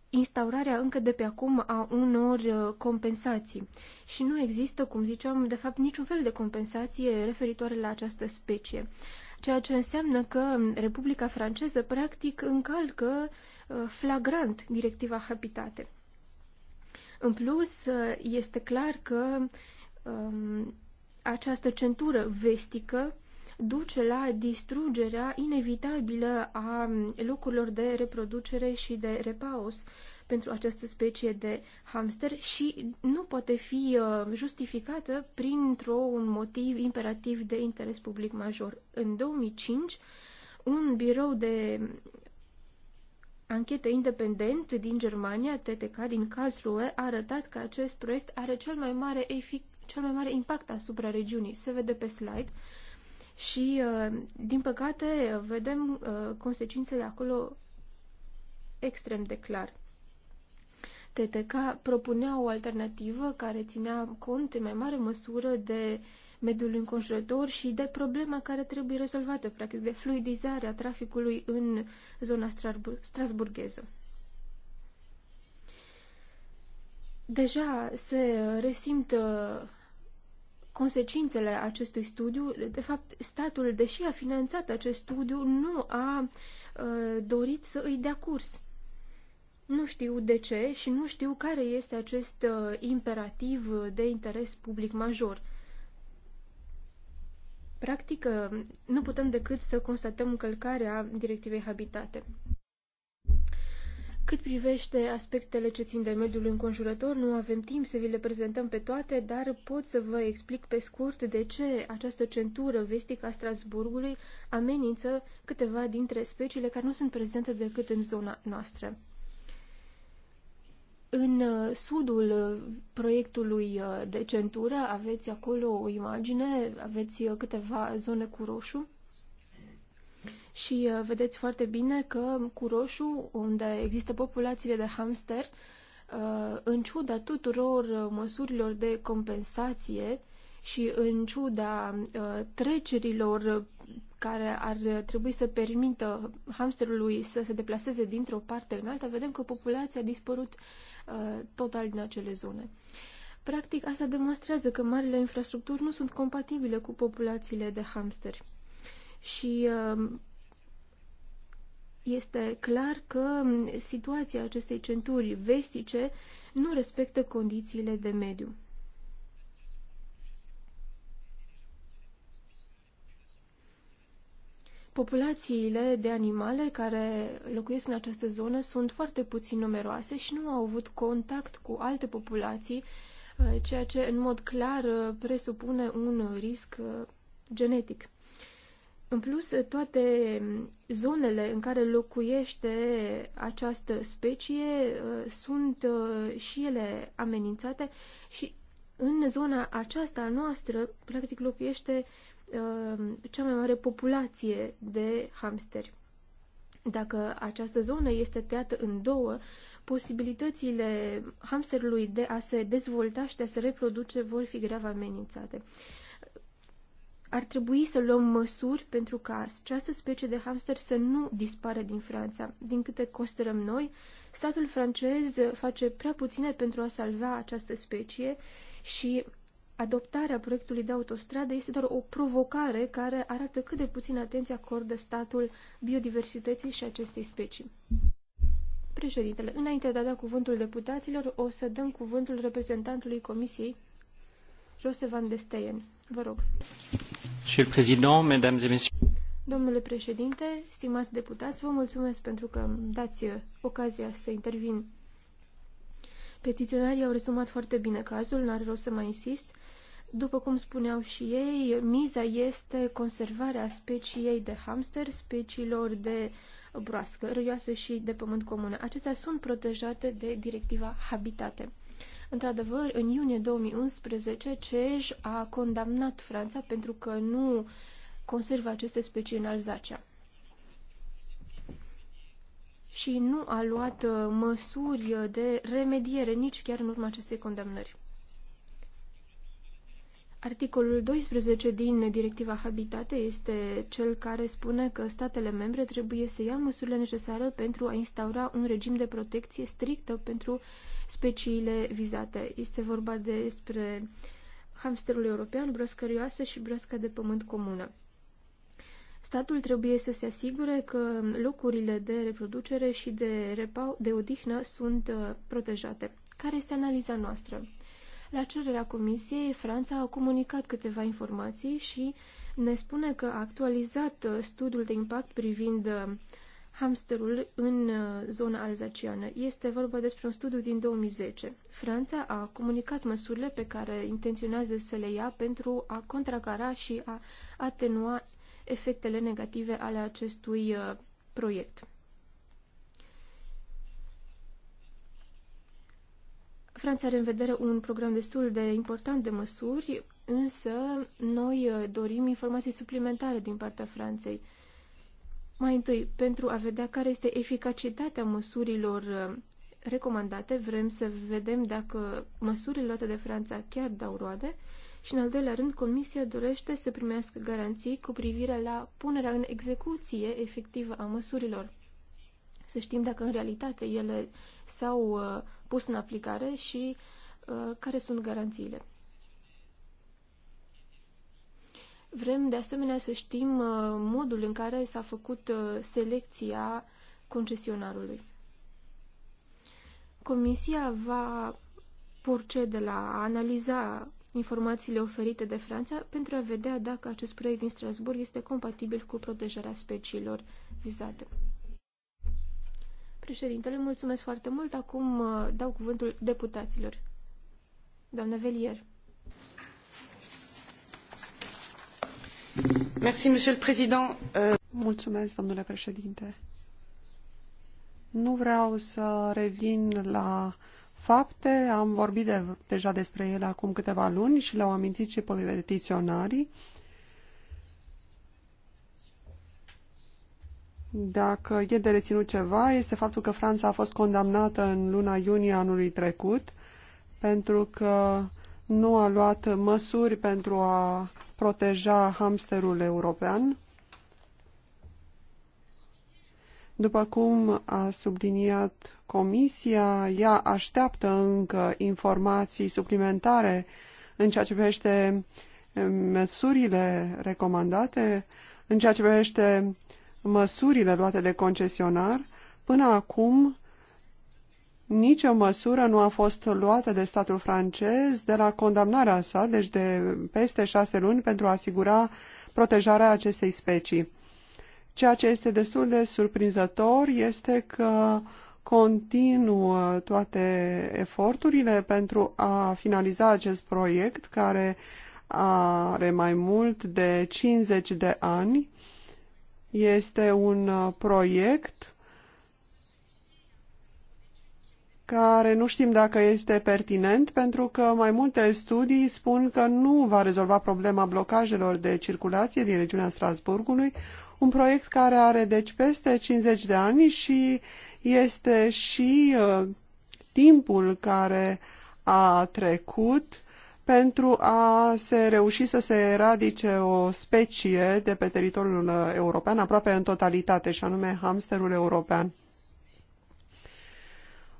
instaurarea încă de pe acum a unor uh, compensații. Și nu există, cum ziceam, de fapt niciun fel de compensație referitoare la această specie. Ceea ce înseamnă că Republica franceză practic încalcă uh, flagrant directiva Habitate. În plus, este clar că um, această centură vestică duce la distrugerea inevitabilă a locurilor de reproducere și de repaus pentru această specie de hamster și nu poate fi uh, justificată printr-un motiv imperativ de interes public major. În 2005, un birou de anchetă independentă din Germania, TTK, din Karlsruhe, a arătat că acest proiect are cel mai mare, efic- cel mai mare impact asupra regiunii. Se vede pe slide. Și, uh, din păcate, vedem uh, consecințele acolo extrem de clar. TTK propunea o alternativă care ținea cont în mai mare măsură de uh, mediul înconjurător și de problema care trebuie rezolvată, practic, de fluidizarea traficului în zona strasburgheză. Deja se resimt uh, consecințele acestui studiu. De fapt, statul, deși a finanțat acest studiu, nu a uh, dorit să îi dea curs. Nu știu de ce și nu știu care este acest uh, imperativ de interes public major. Practic, nu putem decât să constatăm încălcarea directivei Habitate. Cât privește aspectele ce țin de mediul înconjurător, nu avem timp să vi le prezentăm pe toate, dar pot să vă explic pe scurt de ce această centură vestică a Strasburgului amenință câteva dintre speciile care nu sunt prezente decât în zona noastră. În uh, sudul uh, proiectului uh, de centură aveți acolo o imagine, aveți câteva zone cu roșu și vedeți foarte bine că cu roșu, unde există populațiile de hamster, în ciuda tuturor măsurilor de compensație și în ciuda trecerilor care ar trebui să permită hamsterului să se deplaseze dintr-o parte în alta, vedem că populația a dispărut Uh, total din acele zone. Practic, asta demonstrează că marile infrastructuri nu sunt compatibile cu populațiile de hamsteri. Și uh, este clar că um, situația acestei centuri vestice nu respectă condițiile de mediu. Populațiile de animale care locuiesc în această zonă sunt foarte puțin numeroase și nu au avut contact cu alte populații, uh, ceea ce în mod clar uh, presupune un risc uh, genetic. În plus, toate um, zonele în care locuiește această specie sunt și ele amenințate și în zona aceasta noastră, practic, locuiește Uh, cea mai mare populație de hamsteri. Dacă această zonă este tăiată în două, posibilitățile hamsterului de a se dezvolta și de a se reproduce vor fi grav amenințate. Ar trebui să luăm măsuri pentru ca această specie de hamster să nu dispară din Franța. Din câte costărăm noi, statul francez face prea puține pentru a salva această specie și adoptarea proiectului de autostradă este doar o provocare care arată cât de puțin atenție acordă statul biodiversității și acestei specii. Președintele, înainte de a da cuvântul deputaților, o să dăm cuvântul reprezentantului Comisiei, Jose van de Steyen. Vă rog. Domnule președinte, stimați deputați, vă mulțumesc pentru că dați ocazia să intervin Petiționarii au rezumat foarte bine cazul, n-are rost să mai insist. După cum spuneau și ei, miza este conservarea speciei de hamster, speciilor de broască râioasă și de pământ comună. Acestea sunt protejate de directiva Habitate. Într-adevăr, în iunie 2011, CEJ a condamnat Franța pentru că nu conservă aceste specii în Alzacea și nu a luat uh, măsuri de remediere nici chiar în urma acestei condamnări. Articolul 12 din Directiva Habitate este cel care spune că statele membre trebuie să ia măsurile necesare pentru a instaura un regim de protecție strictă pentru speciile vizate. Este vorba despre hamsterul european, broscărioasă și brosca de pământ comună. Statul trebuie să se asigure că locurile de reproducere și de, repau, de odihnă sunt uh, protejate. Care este analiza noastră? La cererea Comisiei, Franța a comunicat câteva informații și ne spune că a actualizat uh, studiul de impact privind uh, hamsterul în uh, zona alzaciană. Este vorba despre un studiu din 2010. Franța a comunicat măsurile pe care intenționează să le ia pentru a contracara și a atenua efectele negative ale acestui proiect. Franța are în vedere un program destul de important de măsuri, însă noi uh, dorim informații suplimentare din partea Franței. Mai întâi, pentru a vedea care este eficacitatea măsurilor uh, recomandate, vrem să vedem dacă măsurile luate de Franța chiar dau roade și, în al doilea rând, Comisia dorește să primească garanții cu privire la punerea în execuție efectivă a măsurilor. Să știm dacă, în realitate, ele s-au uh, pus în aplicare și uh, care sunt garanțiile. Vrem de asemenea să știm uh, modul în care s-a făcut uh, selecția concesionarului. Comisia va procede la a analiza informațiile oferite de Franța pentru a vedea dacă acest proiect din Strasburg este compatibil cu protejarea speciilor vizate. Președintele, mulțumesc foarte mult. Acum uh, dau cuvântul deputaților. Doamna Velier. Merci, monsieur le président. Euh, mulțumesc, domnule președinte. Nu vreau să revin la fapte, am vorbit de, deja despre ele acum câteva luni și le-au amintit și petiționarii. Dacă e de reținut ceva, este faptul că Franța a fost condamnată în luna iunie anului trecut pentru că nu a luat măsuri pentru a proteja hamsterul european. După cum a subliniat Comisia, ea așteaptă încă informații suplimentare în ceea ce privește eh, măsurile recomandate, în ceea ce privește măsurile luate de concesionar, până acum nicio măsură nu a fost luată de statul francez de la condamnarea sa, deci de peste șase luni, pentru a asigura protejarea acestei specii. Ceea ce este destul de surprinzător este că continuă toate eforturile pentru a finaliza acest proiect care are mai mult de 50 de ani este un uh, proiect care nu știm dacă este pertinent, pentru că mai multe studii spun că nu va rezolva problema blocajelor de circulație din regiunea Strasburgului, un proiect care are deci peste 50 de ani și este și uh, timpul care a trecut pentru a se reuși să se eradice o specie de pe teritoriul uh, european aproape în totalitate, și anume hamsterul european.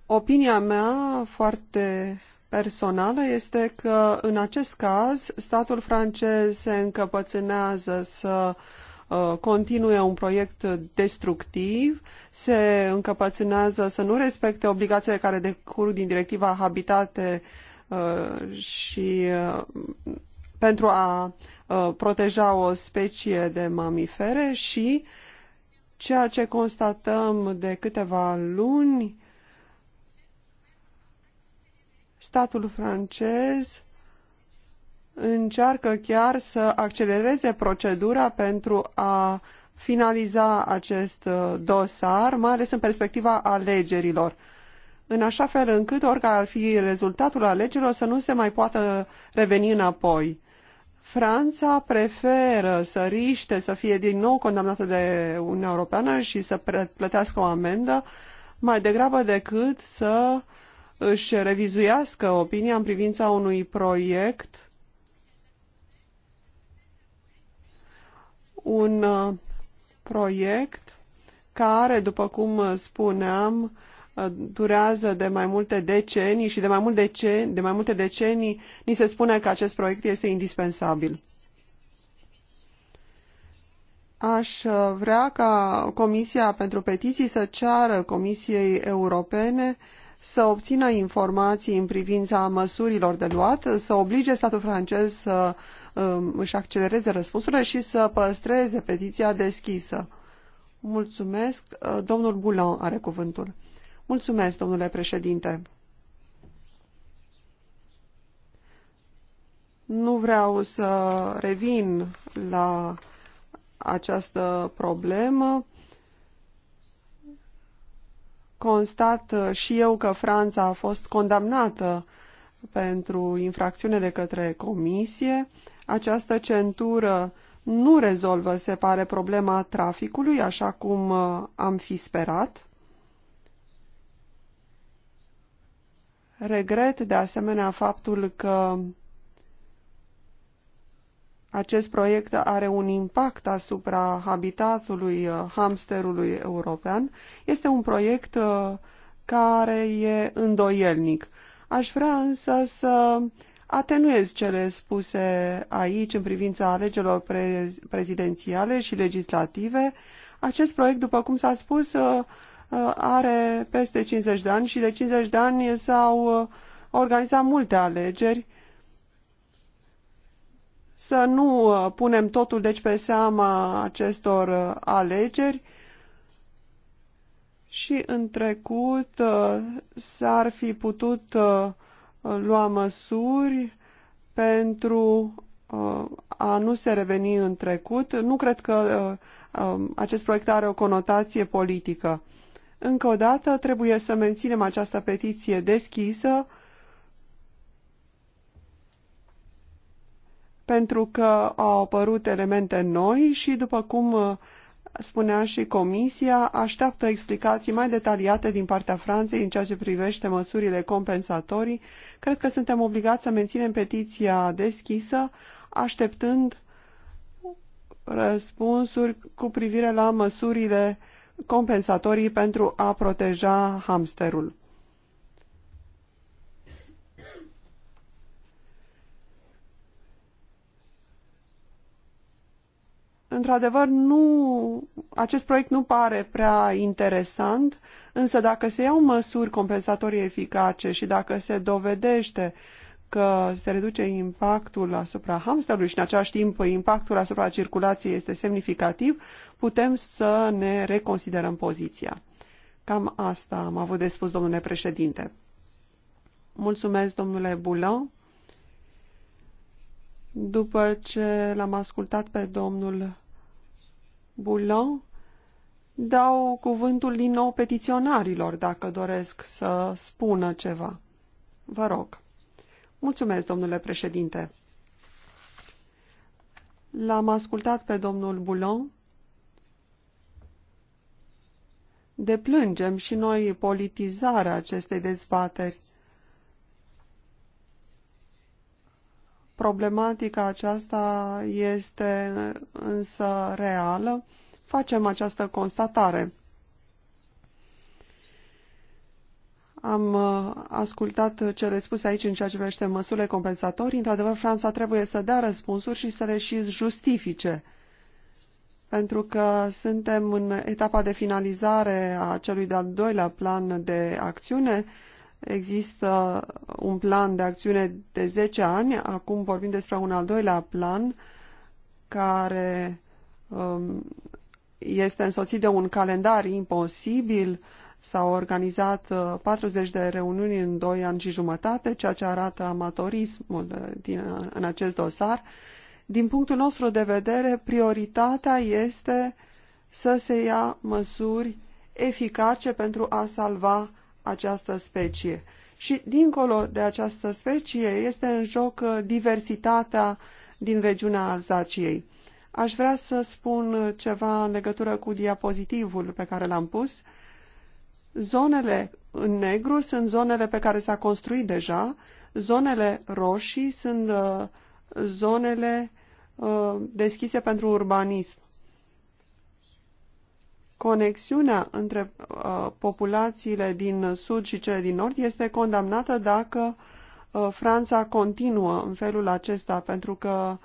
Opinia mea foarte personală este că în acest caz statul francez se încăpățânează să uh, continue un proiect destructiv, se încăpățânează să nu respecte obligațiile care decurg din directiva Habitate Uh, și uh, pentru a uh, proteja o specie de mamifere și ceea ce constatăm de câteva luni, statul francez încearcă chiar să accelereze procedura pentru a finaliza acest dosar, mai ales în perspectiva alegerilor în așa fel încât, oricare ar fi rezultatul alegerilor, să nu se mai poată reveni înapoi. Franța preferă să riște, să fie din nou condamnată de Uniunea Europeană și să plătească o amendă, mai degrabă decât să își revizuiască opinia în privința unui proiect un uh, proiect care, după cum spuneam, durează de mai multe decenii și de mai, mult decenii, de mai multe decenii ni se spune că acest proiect este indispensabil. Aș uh, vrea ca Comisia pentru Petiții să ceară Comisiei Europene să obțină informații în privința măsurilor de luat, să oblige statul francez să um, își accelereze răspunsurile și să păstreze petiția deschisă. Mulțumesc. Uh, domnul Boulan are cuvântul. Mulțumesc, domnule președinte. Nu vreau să revin la această problemă. Constat și eu că Franța a fost condamnată pentru infracțiune de către comisie. Această centură nu rezolvă, se pare, problema traficului, așa cum am fi sperat. Regret de asemenea faptul că acest proiect are un impact asupra habitatului uh, hamsterului european. Este un proiect uh, care e îndoielnic. Aș vrea însă să atenuez cele spuse aici în privința alegerilor prezidențiale și legislative. Acest proiect, după cum s-a spus, uh, Uh, are peste 50 de ani și de 50 de ani s-au uh, organizat multe alegeri. Să nu uh, punem totul deci pe seama acestor alegeri și în trecut s-ar fi putut lua măsuri pentru a nu se reveni în trecut. Nu cred că um, acest proiect are o conotație politică. Încă o dată, trebuie să menținem această petiție deschisă pentru că au apărut elemente noi și, după cum uh, spunea și Comisia, așteaptă explicații mai detaliate din partea Franței în ceea ce privește măsurile compensatorii. Cred că suntem obligați să menținem petiția deschisă, așteptând răspunsuri cu privire la măsurile uh, compensatorii pentru a proteja hamsterul. Într-adevăr, nu, acest proiect nu pare prea interesant, însă dacă se iau măsuri compensatorii eficace și dacă se dovedește uh, că se reduce impactul asupra hamsterului și în același timp impactul asupra circulației este semnificativ, putem să ne reconsiderăm poziția. Cam asta am avut de spus, domnule președinte. Mulțumesc, domnule Boulan. După ce l-am ascultat pe domnul Boulan, dau cuvântul din nou petiționarilor dacă doresc să spună ceva. Vă rog. Mulțumesc, domnule președinte. L-am ascultat pe domnul Boulon. Deplângem și noi politizarea acestei dezbateri. Problematica aceasta este însă reală. Facem această constatare. Am uh, ascultat cele spuse aici în ceea ce privește măsurile compensatorii. Într-adevăr, Franța trebuie să dea răspunsuri și să le și justifice. Pentru că suntem în etapa de finalizare a celui de-al doilea plan de acțiune. Există un plan de acțiune de 10 ani. Acum vorbim despre un al doilea plan care um, este însoțit de un calendar imposibil S-au organizat 40 uh, de reuniuni în 2 ani și jumătate, ceea ce arată amatorismul uh, din, uh, în acest dosar. Din punctul nostru de vedere, prioritatea este să se ia măsuri eficace pentru a salva această specie. Și dincolo de această specie este în joc diversitatea din regiunea Alzaciei. Aș vrea să spun ceva în legătură cu diapozitivul pe care l-am pus. Uh, Zonele în negru sunt zonele pe care s-a construit deja, zonele roșii sunt uh, zonele uh, deschise pentru urbanism. Conexiunea între uh, populațiile din sud și cele din nord este condamnată dacă Franța continuă în felul acesta, pentru că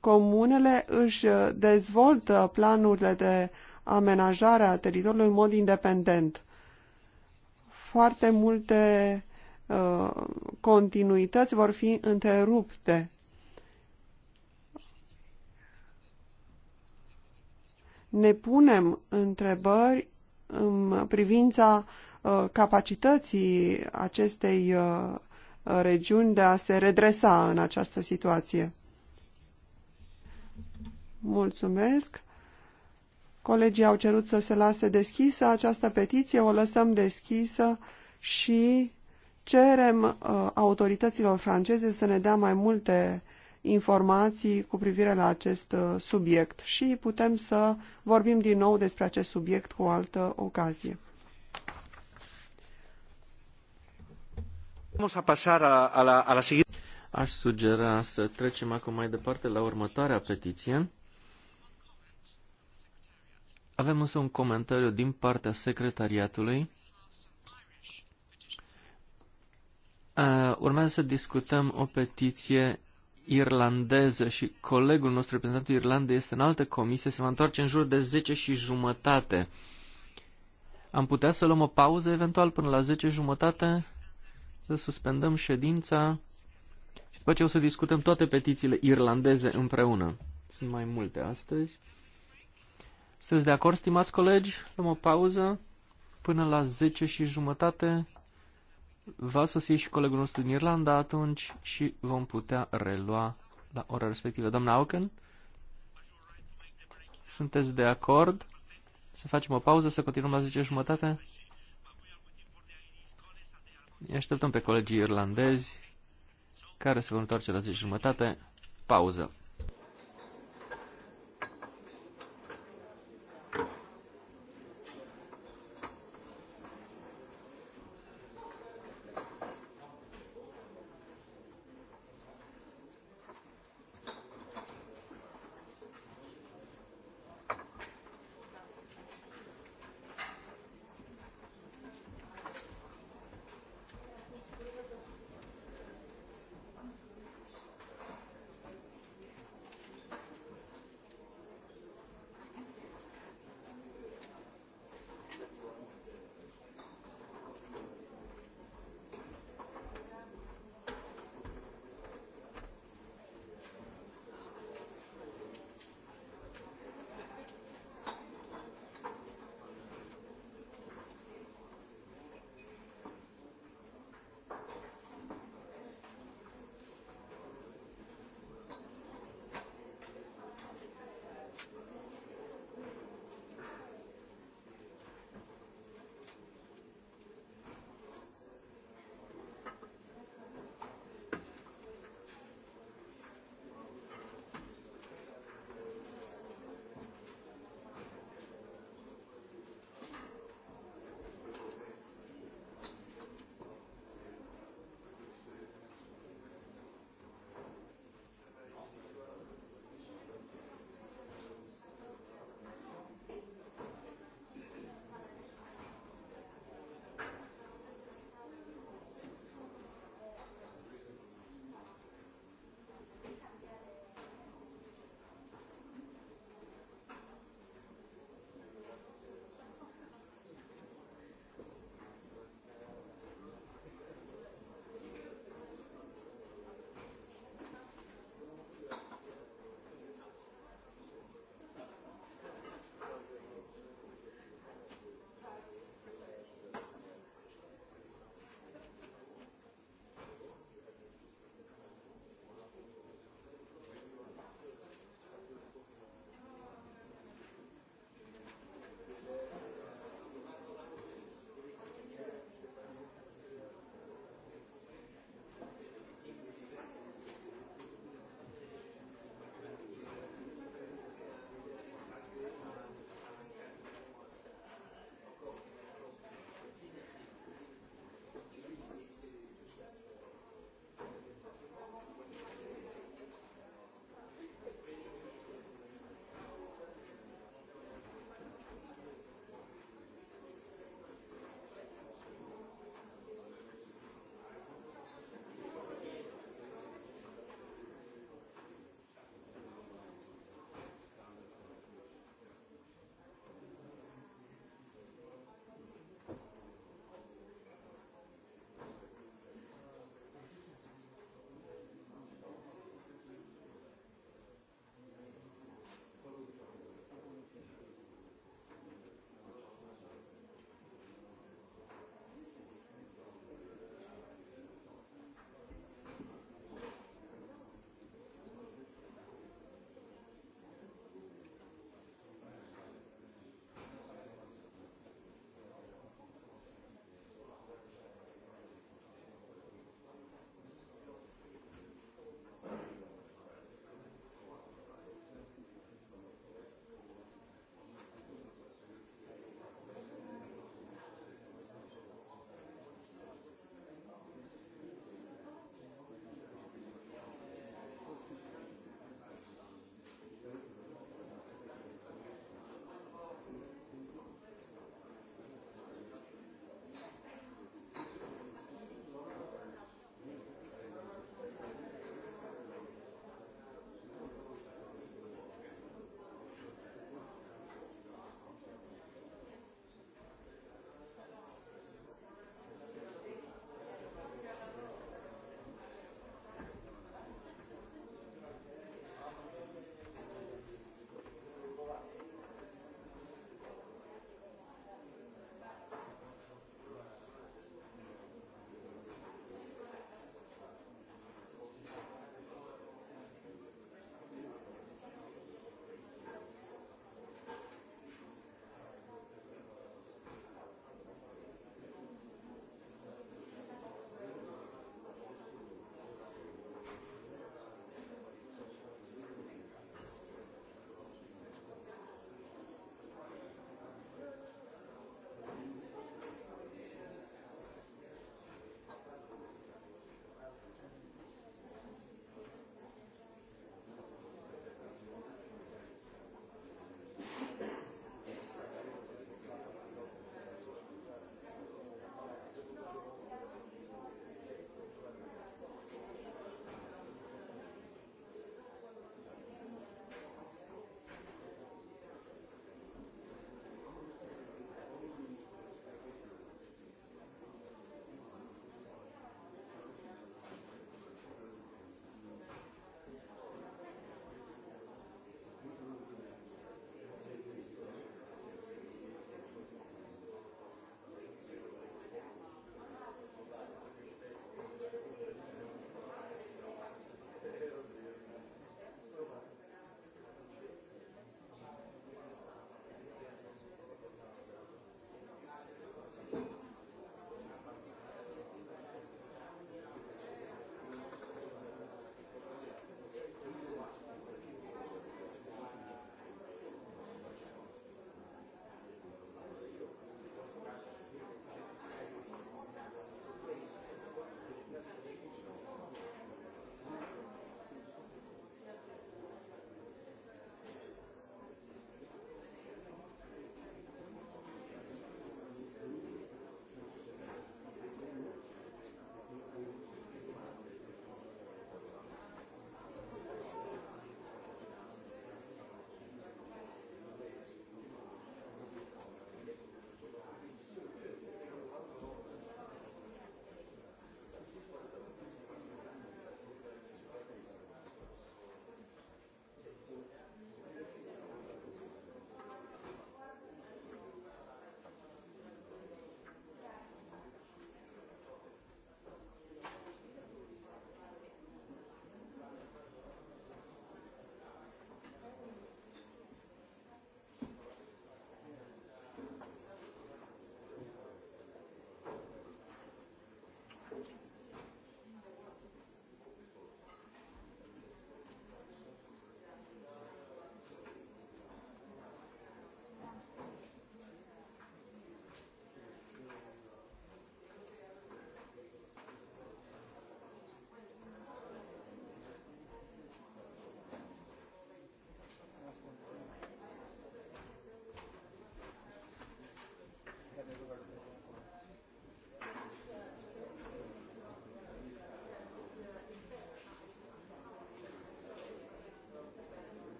comunele își dezvoltă planurile de amenajarea teritoriului în mod independent. Foarte multe uh, continuități vor fi întrerupte. Ne punem întrebări în privința uh, capacității acestei uh, regiuni de a se redresa în această situație. Mulțumesc. Colegii au cerut să se lase deschisă această petiție, o lăsăm deschisă și cerem uh, autorităților franceze să ne dea mai multe informații cu privire la acest uh, subiect și putem să vorbim din nou despre acest subiect cu o altă ocazie. Vamos a pasar a, a la, a la Aș sugera să trecem acum mai departe la următoarea petiție. Avem însă un comentariu din partea secretariatului. Uh, urmează să discutăm o petiție irlandeză și colegul nostru, reprezentantul Irlandei, este în altă comisie, se va întoarce în jur de 10 și jumătate. Am putea să luăm o pauză eventual până la 10 jumătate, să suspendăm ședința și după ce o să discutăm toate petițiile irlandeze împreună. Sunt mai multe astăzi. Sunteți de acord, stimați colegi? Luăm o pauză până la 10 și jumătate. Va sosi și colegul nostru din Irlanda atunci și vom putea relua la ora respectivă. Doamna Auken, sunteți de acord să facem o pauză, să continuăm la 10 și jumătate? Ne așteptăm pe colegii irlandezi care se vor întoarce la 10 jumătate. Pauză.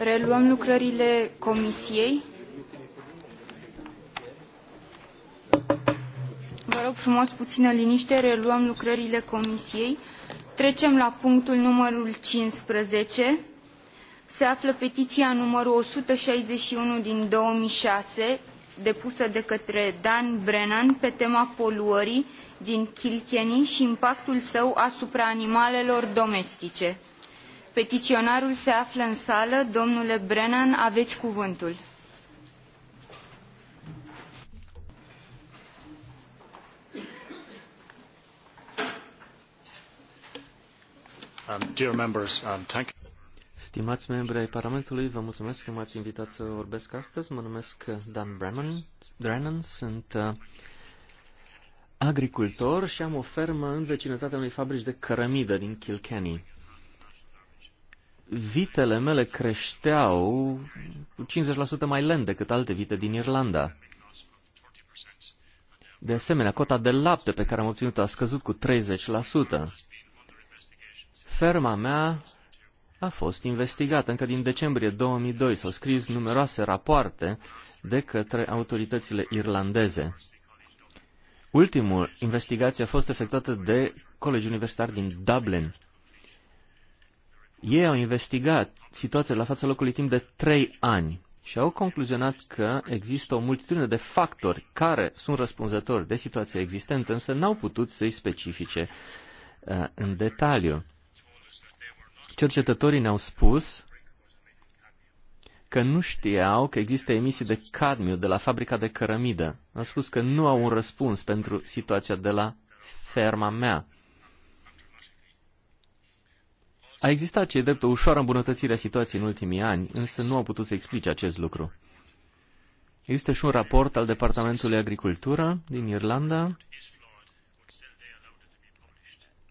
Reluăm lucrările comisiei. Vă rog frumos puțină liniște, reluăm lucrările comisiei. Trecem la punctul numărul 15. Se află petiția numărul 161 din 2006, depusă de către Dan Brennan pe tema poluării din Kilkenny și impactul său asupra animalelor domestice. Petiționarul se află în sală. Domnule Brennan, aveți cuvântul. Um, um Stimați membri ai Parlamentului, vă mulțumesc că m-ați invitat să vorbesc astăzi. Mă numesc Dan Brennan, Brennan sunt uh, agricultor și am o fermă în vecinătatea unei fabrici de cărămidă din Kilkenny vitele mele creșteau cu 50% mai lent decât alte vite din Irlanda. De asemenea, cota de lapte pe care am obținut-o a scăzut cu 30%. Ferma mea a fost investigată încă din decembrie 2002. S-au scris numeroase rapoarte de către autoritățile irlandeze. Ultimul investigație a fost efectuată de Colegiul Universitar din Dublin. Ei au investigat situația la fața locului timp de trei ani și au concluzionat că există o multitudine de factori care sunt răspunzători de situația existentă, însă n-au putut să-i specifice uh, în detaliu. Cercetătorii ne-au spus că nu știau că există emisii de cadmiu de la fabrica de cărămidă. Au spus că nu au un răspuns pentru situația de la ferma mea. A existat, ce drept, o ușoară îmbunătățire a situației în ultimii ani, însă nu au putut să explice acest lucru. Există și un raport al Departamentului Agricultură din Irlanda.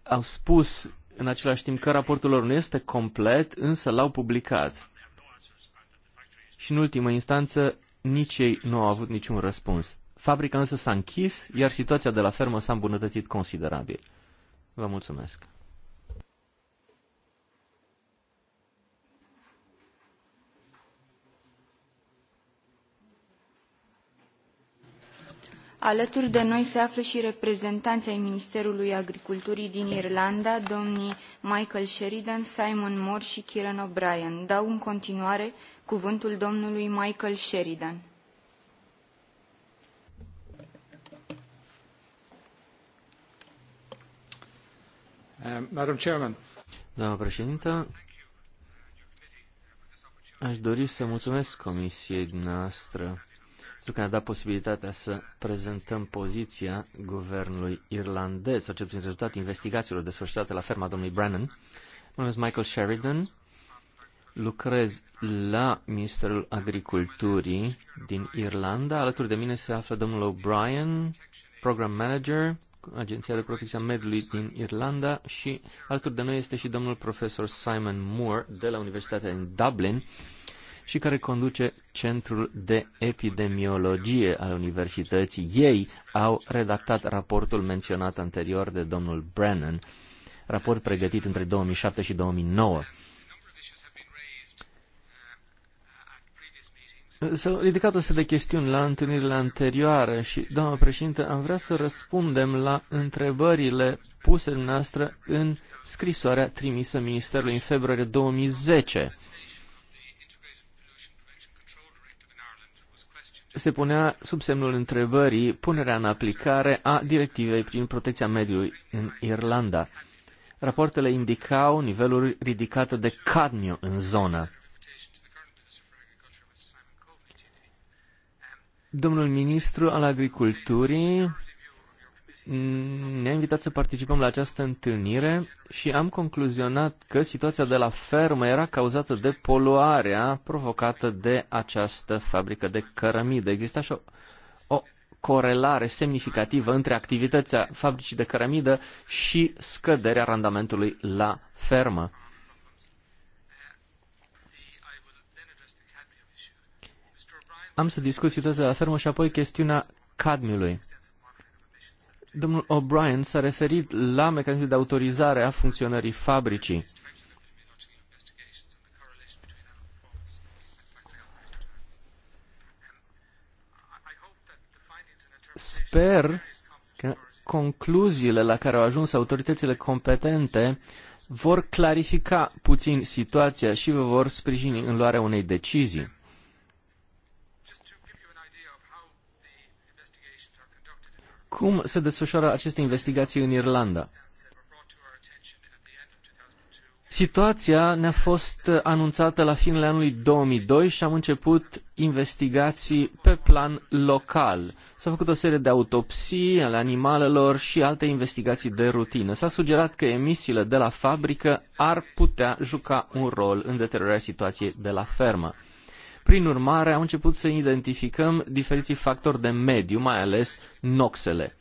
Au spus în același timp că raportul lor nu este complet, însă l-au publicat. Și în ultimă instanță, nici ei nu au avut niciun răspuns. Fabrica însă s-a închis, iar situația de la fermă s-a îmbunătățit considerabil. Vă mulțumesc. Alături de noi se află și reprezentanții ai Ministerului Agriculturii din Irlanda, domnii Michael Sheridan, Simon Moore și Kieran O'Brien. Dau în continuare cuvântul domnului Michael Sheridan. Uh, Madam Chairman. Doamna președintă, aș dori să mulțumesc comisiei noastre pentru că ne-a dat posibilitatea să prezentăm poziția guvernului irlandez, sau cel puțin rezultat investigațiilor desfășurate la ferma domnului Brennan. Mă numesc Michael Sheridan, lucrez la Ministerul Agriculturii din Irlanda. Alături de mine se află domnul O'Brien, program manager, Agenția de Protecție a Mediului din Irlanda și alături de noi este și domnul profesor Simon Moore de la Universitatea din Dublin, și care conduce Centrul de Epidemiologie al Universității. Ei au redactat raportul menționat anterior de domnul Brennan, raport pregătit între 2007 și 2009. S-au ridicat o serie de chestiuni la întâlnirile anterioare și, doamnă președinte, am vrea să răspundem la întrebările puse noastră în scrisoarea trimisă Ministerului în februarie 2010. se punea sub semnul întrebării punerea în aplicare a directivei prin protecția mediului în Irlanda. Rapoartele indicau niveluri ridicate de cadmiu în zonă. Domnul ministru al agriculturii ne-a invitat să participăm la această întâlnire și am concluzionat că situația de la fermă era cauzată de poluarea provocată de această fabrică de cărămidă. Exista și o, o corelare semnificativă între activitatea fabricii de cărămidă și scăderea randamentului la fermă. Am să discut situația de la fermă și apoi chestiunea cadmiului. Domnul O'Brien s-a referit la mecanismul de autorizare a funcționării fabricii. Sper că concluziile la care au ajuns autoritățile competente vor clarifica puțin situația și vă vor sprijini în luarea unei decizii. Cum se desfășoară aceste investigații în Irlanda? Situația ne-a fost anunțată la finele anului 2002 și am început investigații pe plan local. s au făcut o serie de autopsii ale animalelor și alte investigații de rutină. S-a sugerat că emisiile de la fabrică ar putea juca un rol în deteriorarea situației de la fermă. Prin urmare, am început să identificăm diferiții factori de mediu, mai ales noxele.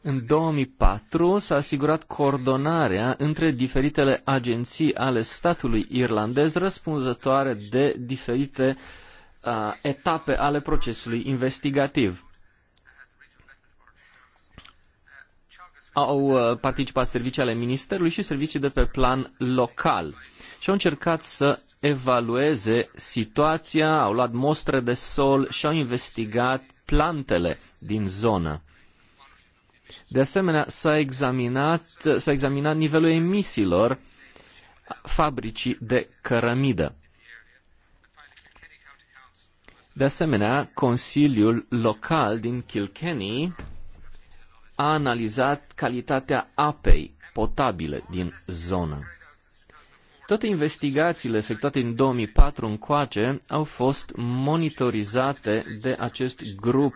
În 2004 s-a asigurat coordonarea între diferitele agenții ale statului irlandez răspunzătoare de diferite uh, etape ale procesului investigativ. Au participat servicii ale ministerului și servicii de pe plan local și au încercat să evalueze situația, au luat mostre de sol și au investigat plantele din zonă. De asemenea, s-a examinat, s-a examinat nivelul emisiilor fabricii de cărămidă. De asemenea, Consiliul Local din Kilkenny a analizat calitatea apei potabile din zonă. Toate investigațiile efectuate în 2004 încoace au fost monitorizate de acest grup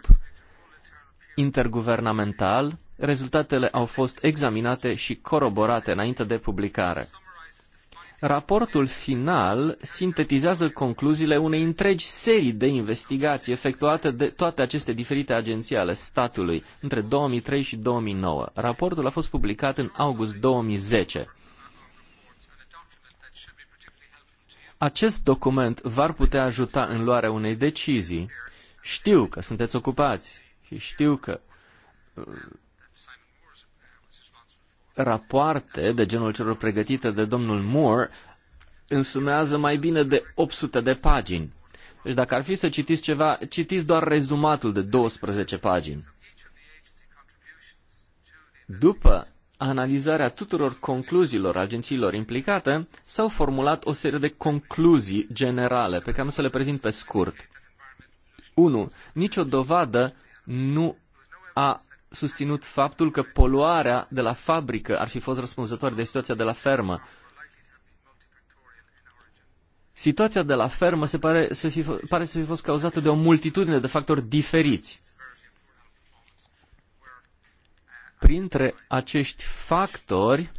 interguvernamental. Rezultatele au fost examinate și coroborate înainte de publicare. Raportul final sintetizează concluziile unei întregi serii de investigații efectuate de toate aceste diferite agenții ale statului între 2003 și 2009. Raportul a fost publicat în august 2010. Acest document v-ar putea ajuta în luarea unei decizii. Știu că sunteți ocupați și știu că uh, rapoarte de genul celor pregătite de domnul Moore însumează mai bine de 800 de pagini. Deci dacă ar fi să citiți ceva, citiți doar rezumatul de 12 pagini. După analizarea tuturor concluziilor agențiilor implicate, s-au formulat o serie de concluzii generale, pe care am să le prezint pe scurt. 1. Nicio dovadă nu a susținut faptul că poluarea de la fabrică ar fi fost răspunzătoare de situația de la fermă. Situația de la fermă se pare să fi, pare să fi fost cauzată de o multitudine de factori diferiți. Printre acești factori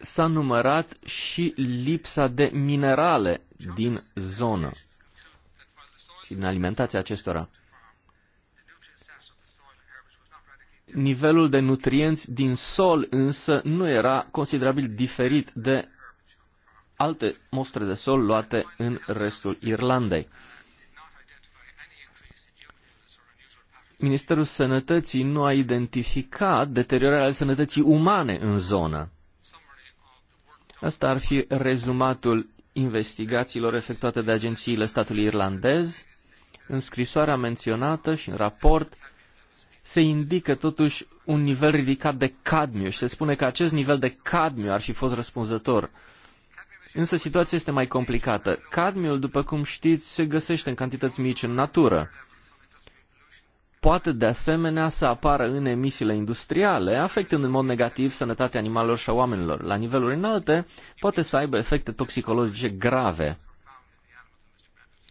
s-a numărat și lipsa de minerale din zonă și din alimentația acestora. Nivelul de nutrienți din sol însă nu era considerabil diferit de alte mostre de sol luate în restul Irlandei. Ministerul Sănătății nu a identificat deteriorarea sănătății umane în zonă. Asta ar fi rezumatul investigațiilor efectuate de agențiile statului irlandez. În scrisoarea menționată și în raport se indică totuși un nivel ridicat de cadmiu și se spune că acest nivel de cadmiu ar fi fost răspunzător. Însă situația este mai complicată. Cadmiul, după cum știți, se găsește în cantități mici în natură poate de asemenea să apară în emisiile industriale, afectând în mod negativ sănătatea animalelor și a oamenilor. La niveluri înalte, poate să aibă efecte toxicologice grave.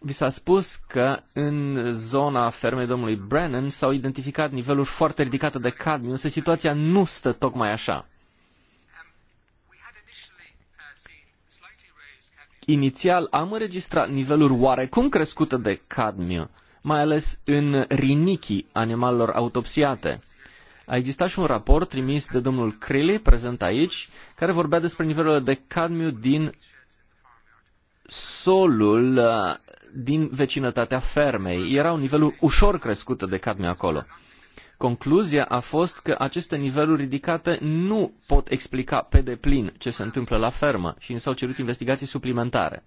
Vi s-a spus că în zona fermei domnului Brennan s-au identificat niveluri foarte ridicate de cadmiu, însă situația nu stă tocmai așa. Inițial am înregistrat niveluri oarecum crescute de cadmiu, mai ales în rinichii animalelor autopsiate. A existat și un raport trimis de domnul Crilly, prezent aici, care vorbea despre nivelul de cadmiu din solul uh, din vecinătatea fermei. Era un nivel ușor crescut de cadmiu acolo. Concluzia a fost că aceste niveluri ridicate nu pot explica pe deplin ce se întâmplă la fermă și s-au cerut investigații suplimentare.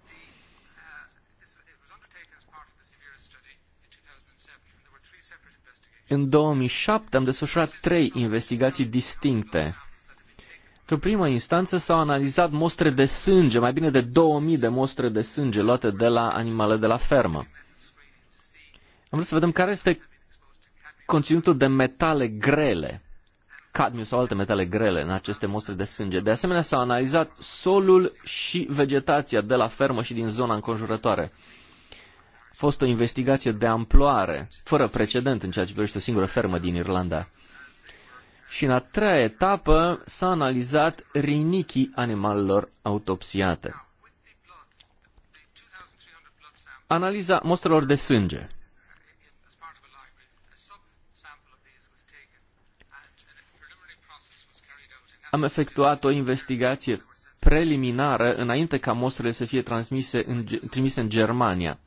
În 2007 am desfășurat trei investigații distincte. Într-o primă instanță s-au analizat mostre de sânge, mai bine de 2000 de mostre de sânge luate de la animale de la fermă. Am vrut să vedem care este conținutul de metale grele, cadmiu sau alte metale grele în aceste mostre de sânge. De asemenea, s-au analizat solul și vegetația de la fermă și din zona înconjurătoare fost o investigație de amploare, fără precedent în ceea ce privește o singură fermă din Irlanda. Și în a treia etapă s-a analizat rinichii animalelor autopsiate. Analiza mostrelor de sânge. Am efectuat o investigație preliminară înainte ca mostrele să fie transmise în, trimise în Germania.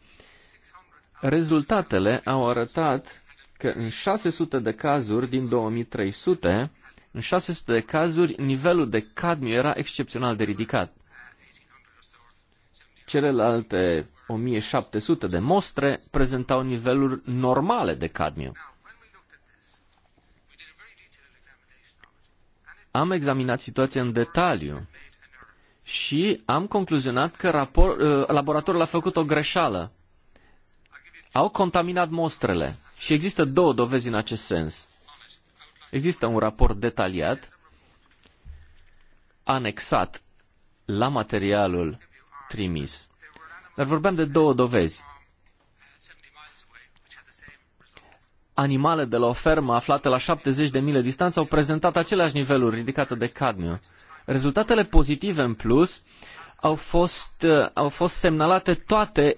Rezultatele au arătat că în 600 de cazuri din 2300, în 600 de cazuri, nivelul de cadmiu era excepțional de ridicat. Celelalte 1700 de mostre prezentau niveluri normale de cadmiu. Am examinat situația în detaliu și am concluzionat că rapor, ă, laboratorul a făcut o greșeală au contaminat mostrele. Și există două dovezi în acest sens. Există un raport detaliat anexat la materialul trimis. Dar vorbeam de două dovezi. Animale de la o fermă aflată la 70 de mile distanță au prezentat aceleași niveluri ridicate de cadmiu. Rezultatele pozitive în plus au fost, uh, au fost semnalate toate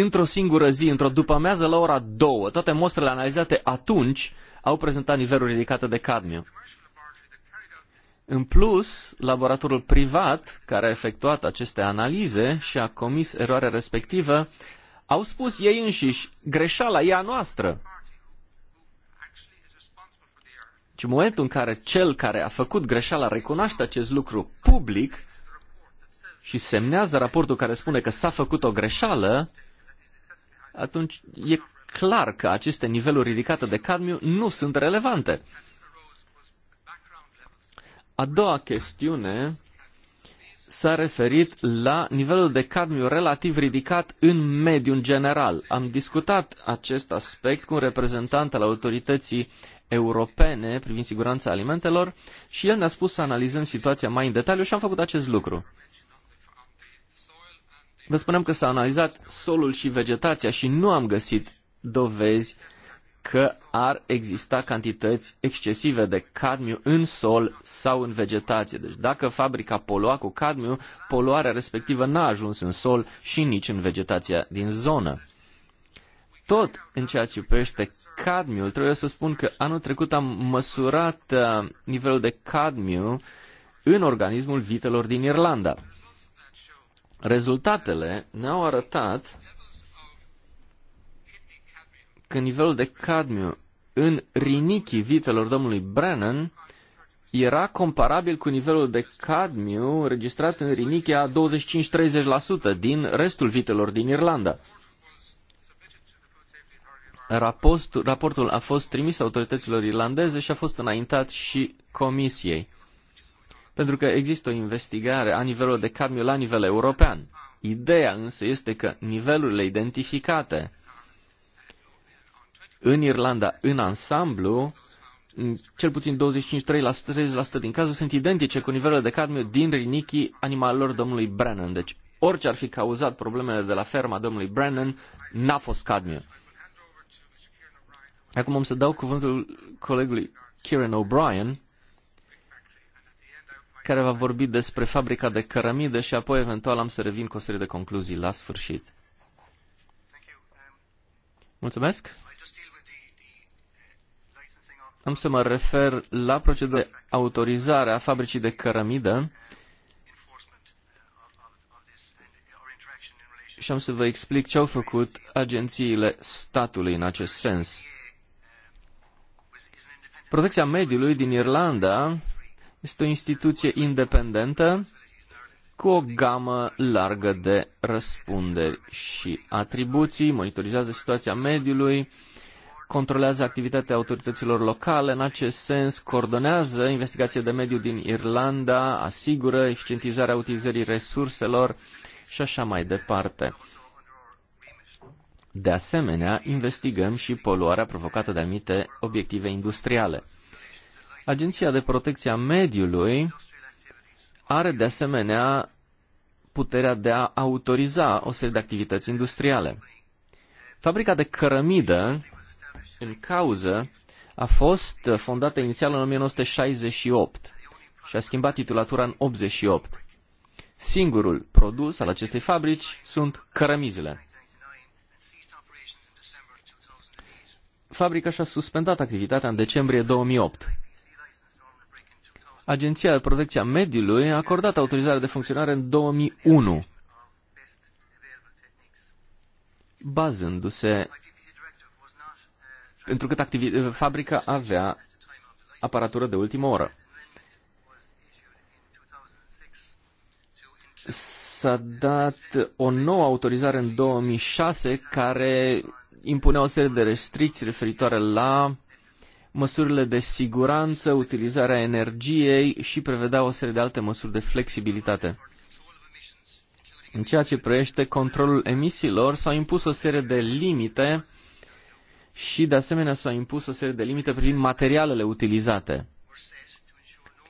într-o singură zi, într-o după-amiază la ora 2, toate mostrele analizate atunci au prezentat niveluri ridicate de cadmiu. În plus, laboratorul privat care a efectuat aceste analize și a comis eroarea respectivă, au spus ei înșiși, greșeala e a noastră. Și în momentul în care cel care a făcut greșeala recunoaște acest lucru public și semnează raportul care spune că s-a făcut o greșeală, atunci e clar că aceste niveluri ridicate de cadmiu nu sunt relevante. A doua chestiune s-a referit la nivelul de cadmiu relativ ridicat în mediul general. Am discutat acest aspect cu un reprezentant al autorității europene privind siguranța alimentelor și el ne-a spus să analizăm situația mai în detaliu și am făcut acest lucru. Vă spunem că s-a analizat solul și vegetația și nu am găsit dovezi că ar exista cantități excesive de cadmiu în sol sau în vegetație. Deci dacă fabrica polua cu cadmiu, poluarea respectivă n-a ajuns în sol și nici în vegetația din zonă. Tot în ceea ce privește cadmiul, trebuie să spun că anul trecut am măsurat uh, nivelul de cadmiu în organismul vitelor din Irlanda. Rezultatele ne-au arătat că nivelul de cadmiu în rinichii vitelor domnului Brennan era comparabil cu nivelul de cadmiu registrat în rinichia a 25-30% din restul vitelor din Irlanda. Raportul, raportul a fost trimis autorităților irlandeze și a fost înaintat și comisiei pentru că există o investigare a nivelului de cadmiu la nivel european. Ideea însă este că nivelurile identificate în Irlanda, în ansamblu, în cel puțin 25-30% din cazuri sunt identice cu nivelul de cadmiu din rinichii animalelor domnului Brennan. Deci orice ar fi cauzat problemele de la ferma domnului Brennan, n-a fost cadmiu. Acum am să dau cuvântul colegului Kieran O'Brien care va vorbi despre fabrica de cărămidă și apoi eventual am să revin cu o serie de concluzii la sfârșit. Mulțumesc. Am să mă refer la procedura de autorizare a fabricii de cărămidă și am să vă explic ce au făcut agențiile statului în acest sens. Protecția mediului din Irlanda este o instituție independentă cu o gamă largă de răspunderi și atribuții, monitorizează situația mediului, controlează activitatea autorităților locale, în acest sens coordonează investigația de mediu din Irlanda, asigură eficientizarea utilizării resurselor și așa mai departe. De asemenea, investigăm și poluarea provocată de anumite obiective industriale. Agenția de Protecție a Mediului are de asemenea puterea de a autoriza o serie de activități industriale. Fabrica de cărămidă în cauză a fost fondată inițial în 1968 și a schimbat titulatura în 88. Singurul produs al acestei fabrici sunt cărămizile. Fabrica și-a suspendat activitatea în decembrie 2008. Agenția de Protecție a Mediului a acordat autorizarea de funcționare în 2001, bazându-se pentru că fabrica avea aparatură de ultimă oră. S-a dat o nouă autorizare în 2006 care impunea o serie de restricții referitoare la măsurile de siguranță, utilizarea energiei și prevedea o serie de alte măsuri de flexibilitate. În ceea ce privește controlul emisiilor, s-au impus o serie de limite și, de asemenea, s-au impus o serie de limite privind materialele utilizate.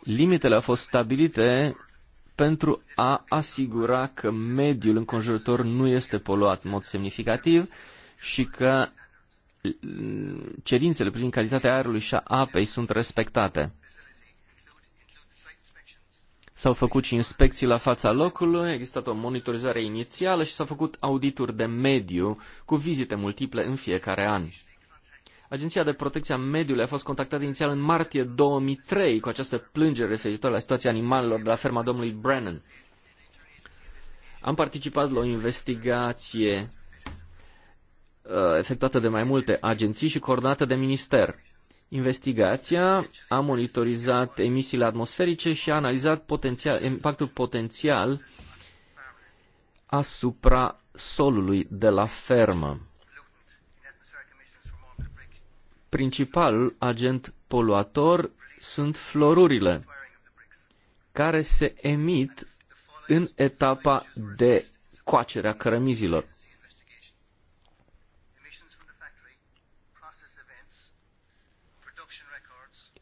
Limitele au fost stabilite pentru a asigura că mediul înconjurător nu este poluat în mod semnificativ și că cerințele prin calitatea aerului și a apei sunt respectate. S-au făcut și inspecții la fața locului, a existat o monitorizare inițială și s-au făcut audituri de mediu cu vizite multiple în fiecare an. Agenția de Protecție a Mediului a fost contactată inițial în martie 2003 cu această plângere referitoare la situația animalelor de la ferma domnului Brennan. Am participat la o investigație Uh, efectuată de mai multe agenții și coordonată de minister. Investigația a monitorizat emisiile atmosferice și a analizat potențial, impactul potențial asupra solului de la fermă. Principalul agent poluator sunt florurile care se emit în etapa de coacere a cărămizilor.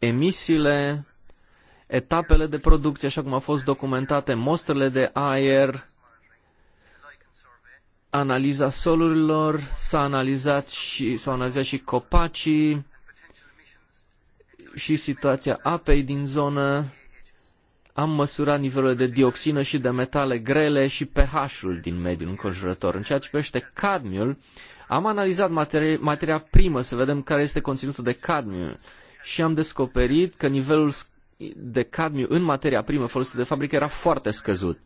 emisiile, etapele de producție, așa cum au fost documentate, mostrele de aer, analiza solurilor, s-a analizat și, s-au analizat și copacii și situația apei din zonă. Am măsurat nivelul de dioxină și de metale grele și pH-ul din mediul înconjurător. În ceea ce privește cadmiul, am analizat materia, materia primă să vedem care este conținutul de cadmiu și am descoperit că nivelul de cadmiu în materia primă folosită de fabrică era foarte scăzut.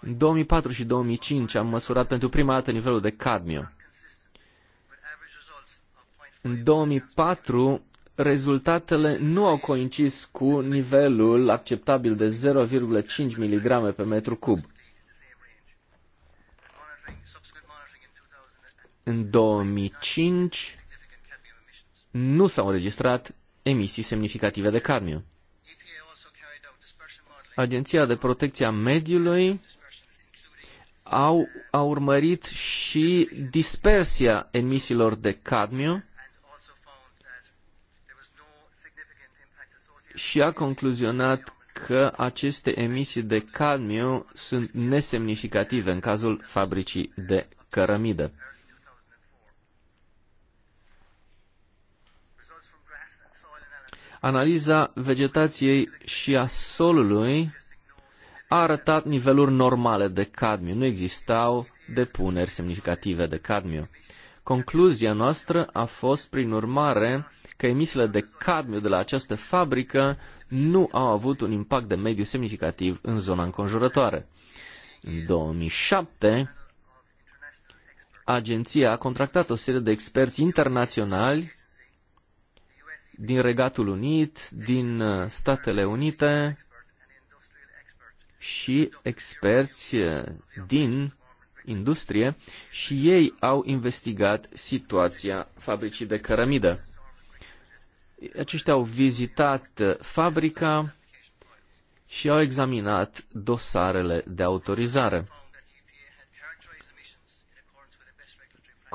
În 2004 și 2005 am măsurat pentru prima dată nivelul de cadmiu. În 2004 rezultatele nu au coincis cu nivelul acceptabil de 0,5 mg pe metru cub. În 2005 nu s-au înregistrat emisii semnificative de cadmiu. Agenția de Protecție a Mediului au, a urmărit și dispersia emisiilor de cadmiu și a concluzionat că aceste emisii de cadmiu sunt nesemnificative în cazul fabricii de cărămidă. analiza vegetației și a solului a arătat niveluri normale de cadmiu. Nu existau depuneri semnificative de cadmiu. Concluzia noastră a fost, prin urmare, că emisiile de cadmiu de la această fabrică nu au avut un impact de mediu semnificativ în zona înconjurătoare. În 2007, agenția a contractat o serie de experți internaționali din Regatul Unit, din uh, Statele Unite și experți uh, din industrie și ei au investigat situația fabricii de cărămidă. Aceștia au vizitat uh, fabrica și au examinat dosarele de autorizare.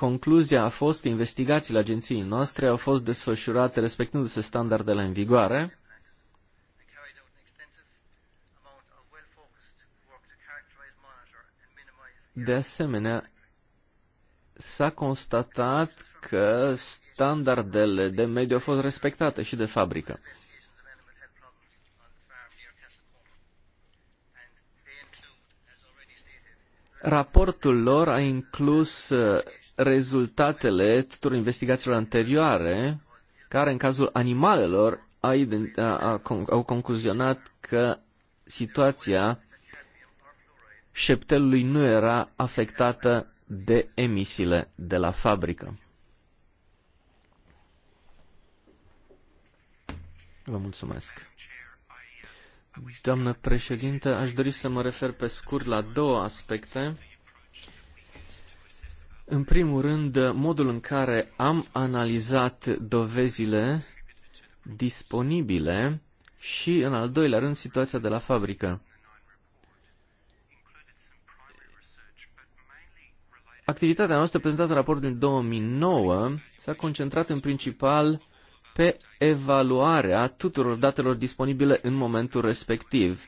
Concluzia a fost că investigațiile agenției noastre au fost desfășurate respectându-se standardele în vigoare, De asemenea, s-a constatat că standardele de mediu au fost respectate și de fabrică. Raportul lor a inclus uh, rezultatele tuturor investigațiilor anterioare, care în cazul animalelor a, a, a, au concluzionat că situația șeptelului nu era afectată de emisiile de la fabrică. Vă mulțumesc. Doamnă președintă, aș dori să mă refer pe scurt la două aspecte în primul rând, modul în care am analizat dovezile disponibile și, în al doilea rând, situația de la fabrică. Activitatea noastră prezentată în raportul din 2009 s-a concentrat în principal pe evaluarea tuturor datelor disponibile în momentul respectiv.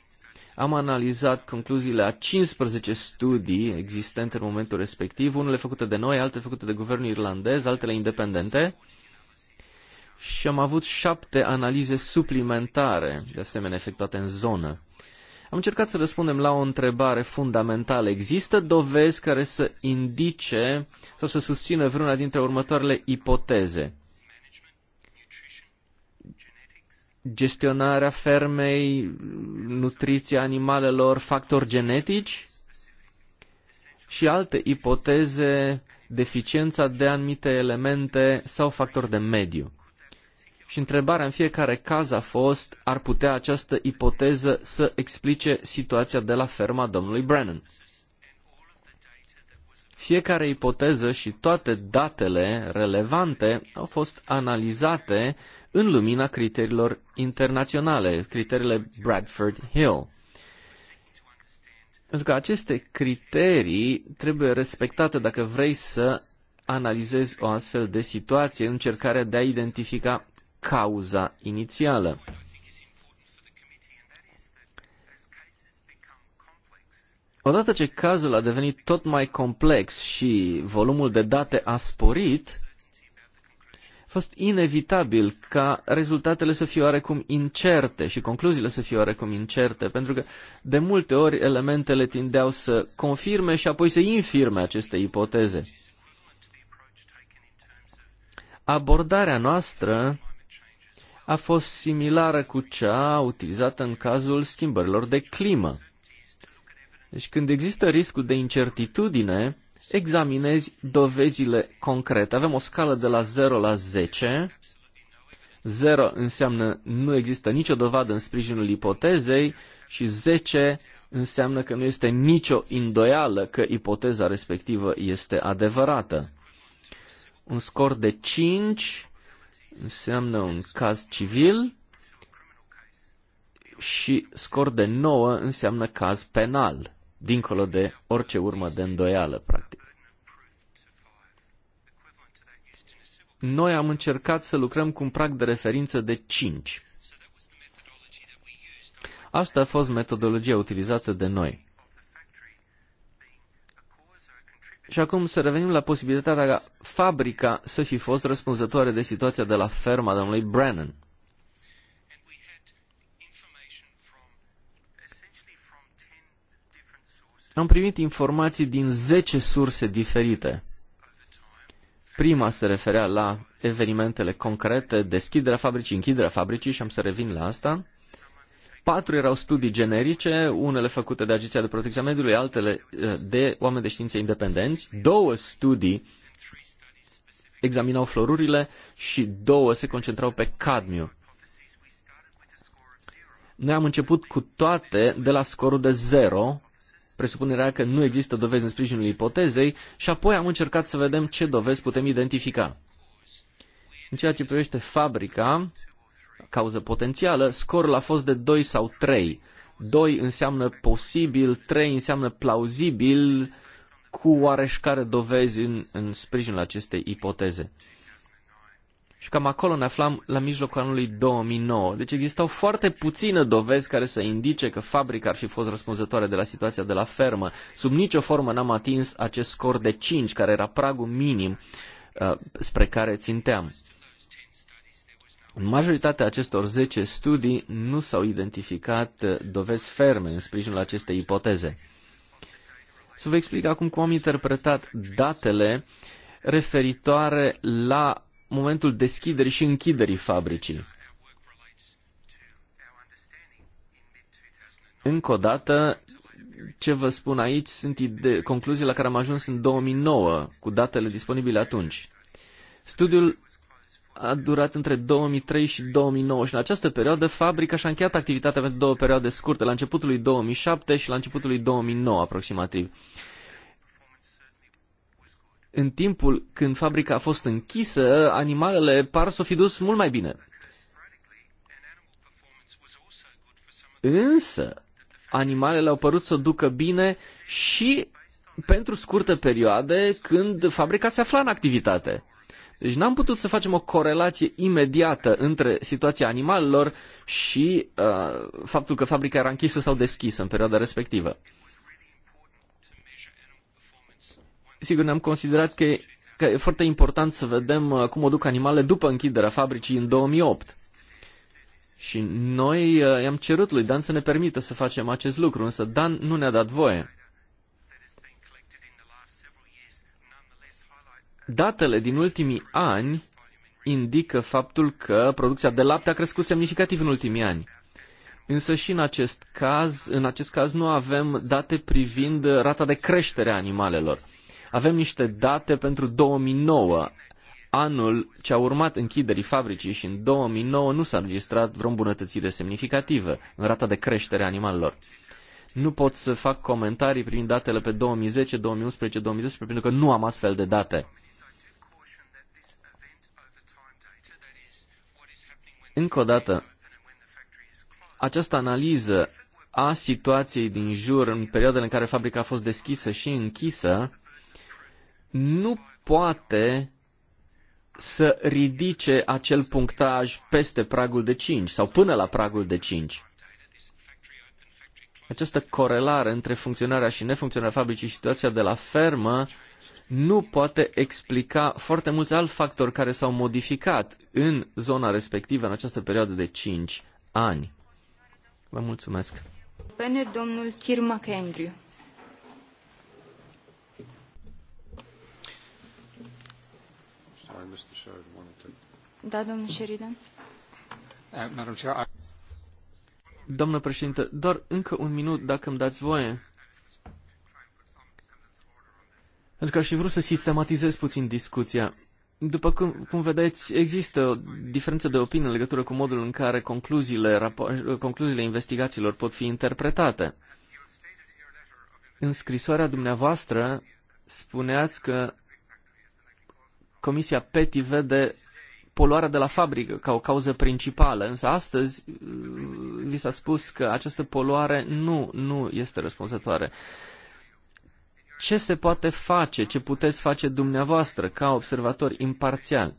Am analizat concluziile a 15 studii existente în momentul respectiv, unele făcute de noi, altele făcute de guvernul irlandez, altele independente. Și am avut șapte analize suplimentare, de asemenea efectuate în zonă. Am încercat să răspundem la o întrebare fundamentală. Există dovezi care să indice sau să susțină vreuna dintre următoarele ipoteze? gestionarea fermei, nutriția animalelor, factori genetici și alte ipoteze, deficiența de anumite elemente sau factori de mediu. Și întrebarea în fiecare caz a fost, ar putea această ipoteză să explice situația de la ferma domnului Brennan? Fiecare ipoteză și toate datele relevante au fost analizate în lumina criteriilor internaționale, criteriile Bradford Hill. Pentru că aceste criterii trebuie respectate dacă vrei să analizezi o astfel de situație în încercarea de a identifica cauza inițială. Odată ce cazul a devenit tot mai complex și volumul de date a sporit, a fost inevitabil ca rezultatele să fie oarecum incerte și concluziile să fie oarecum incerte, pentru că de multe ori elementele tindeau să confirme și apoi să infirme aceste ipoteze. Abordarea noastră a fost similară cu cea utilizată în cazul schimbărilor de climă. Deci când există riscul de incertitudine, examinezi dovezile concrete. Avem o scală de la 0 la 10. 0 înseamnă nu există nicio dovadă în sprijinul ipotezei și 10 înseamnă că nu este nicio îndoială că ipoteza respectivă este adevărată. Un scor de 5 înseamnă un caz civil și scor de 9 înseamnă caz penal dincolo de orice urmă de îndoială, practic. Noi am încercat să lucrăm cu un prag de referință de 5. Asta a fost metodologia utilizată de noi. Și acum să revenim la posibilitatea ca fabrica să fi fost răspunzătoare de situația de la ferma domnului Brennan. Am primit informații din 10 surse diferite. Prima se referea la evenimentele concrete, deschiderea fabricii, închiderea fabricii și am să revin la asta. Patru erau studii generice, unele făcute de Agenția de Protecție a Mediului, altele eh, de oameni de știință independenți. Două studii examinau florurile și două se concentrau pe cadmiu. Noi am început cu toate de la scorul de 0 presupunerea că nu există dovezi în sprijinul ipotezei și apoi am încercat să vedem ce dovezi putem identifica. În ceea ce privește fabrica, cauză potențială, scorul a fost de 2 sau 3. 2 înseamnă posibil, 3 înseamnă plauzibil, cu oareșcare dovezi în, în sprijinul acestei ipoteze. Și cam acolo ne aflam la mijlocul anului 2009. Deci existau foarte puține dovezi care să indice că fabrica ar fi fost răspunzătoare de la situația de la fermă. Sub nicio formă n-am atins acest scor de 5, care era pragul minim uh, spre care ținteam. În majoritatea acestor 10 studii nu s-au identificat uh, dovezi ferme în sprijinul acestei ipoteze. Să vă explic acum cum am interpretat datele referitoare la momentul deschiderii și închiderii fabricii. Încă o dată, ce vă spun aici sunt ide- concluzii la care am ajuns în 2009, cu datele disponibile atunci. Studiul a durat între 2003 și 2009 și în această perioadă fabrica și-a încheiat activitatea pentru două perioade scurte, la începutul lui 2007 și la începutul lui 2009 aproximativ în timpul când fabrica a fost închisă, animalele par să fi dus mult mai bine. Însă, animalele au părut să o ducă bine și pentru scurtă perioade când fabrica se afla în activitate. Deci n-am putut să facem o corelație imediată între situația animalelor și uh, faptul că fabrica era închisă sau deschisă în perioada respectivă. Sigur, ne-am considerat că e, că e foarte important să vedem uh, cum o duc animale după închiderea fabricii în 2008. Și noi uh, i-am cerut lui Dan să ne permită să facem acest lucru, însă Dan nu ne-a dat voie. Datele din ultimii ani indică faptul că producția de lapte a crescut semnificativ în ultimii ani. Însă și în acest caz, în acest caz nu avem date privind rata de creștere a animalelor. Avem niște date pentru 2009. Anul ce a urmat închiderii fabricii și în 2009 nu s-a înregistrat vreo îmbunătățire semnificativă în rata de creștere a animalelor. Nu pot să fac comentarii privind datele pe 2010, 2011, 2012, pentru că nu am astfel de date. Încă o dată, această analiză a situației din jur în perioadele în care fabrica a fost deschisă și închisă nu poate să ridice acel punctaj peste pragul de 5 sau până la pragul de 5. Această corelare între funcționarea și nefuncționarea fabricii și situația de la fermă nu poate explica foarte mulți alți factori care s-au modificat în zona respectivă în această perioadă de 5 ani. Vă mulțumesc. Domnul Kirma Andrew. Mr. Sheridan wanted to... Da, domnul Sheridan. Uh, Madam Chair, I... Doamnă președintă, doar încă un minut, dacă îmi dați voie. Pentru că aș fi vrut să sistematizez puțin discuția. După cum, cum vedeți, există o diferență de opinie în legătură cu modul în care concluziile, concluziile investigațiilor pot fi interpretate. În scrisoarea dumneavoastră spuneați că Comisia PETI vede poluarea de la fabrică ca o cauză principală, însă astăzi uh, vi s-a spus că această poluare nu, nu este răspunzătoare. Ce se poate face, ce puteți face dumneavoastră ca observator imparțial?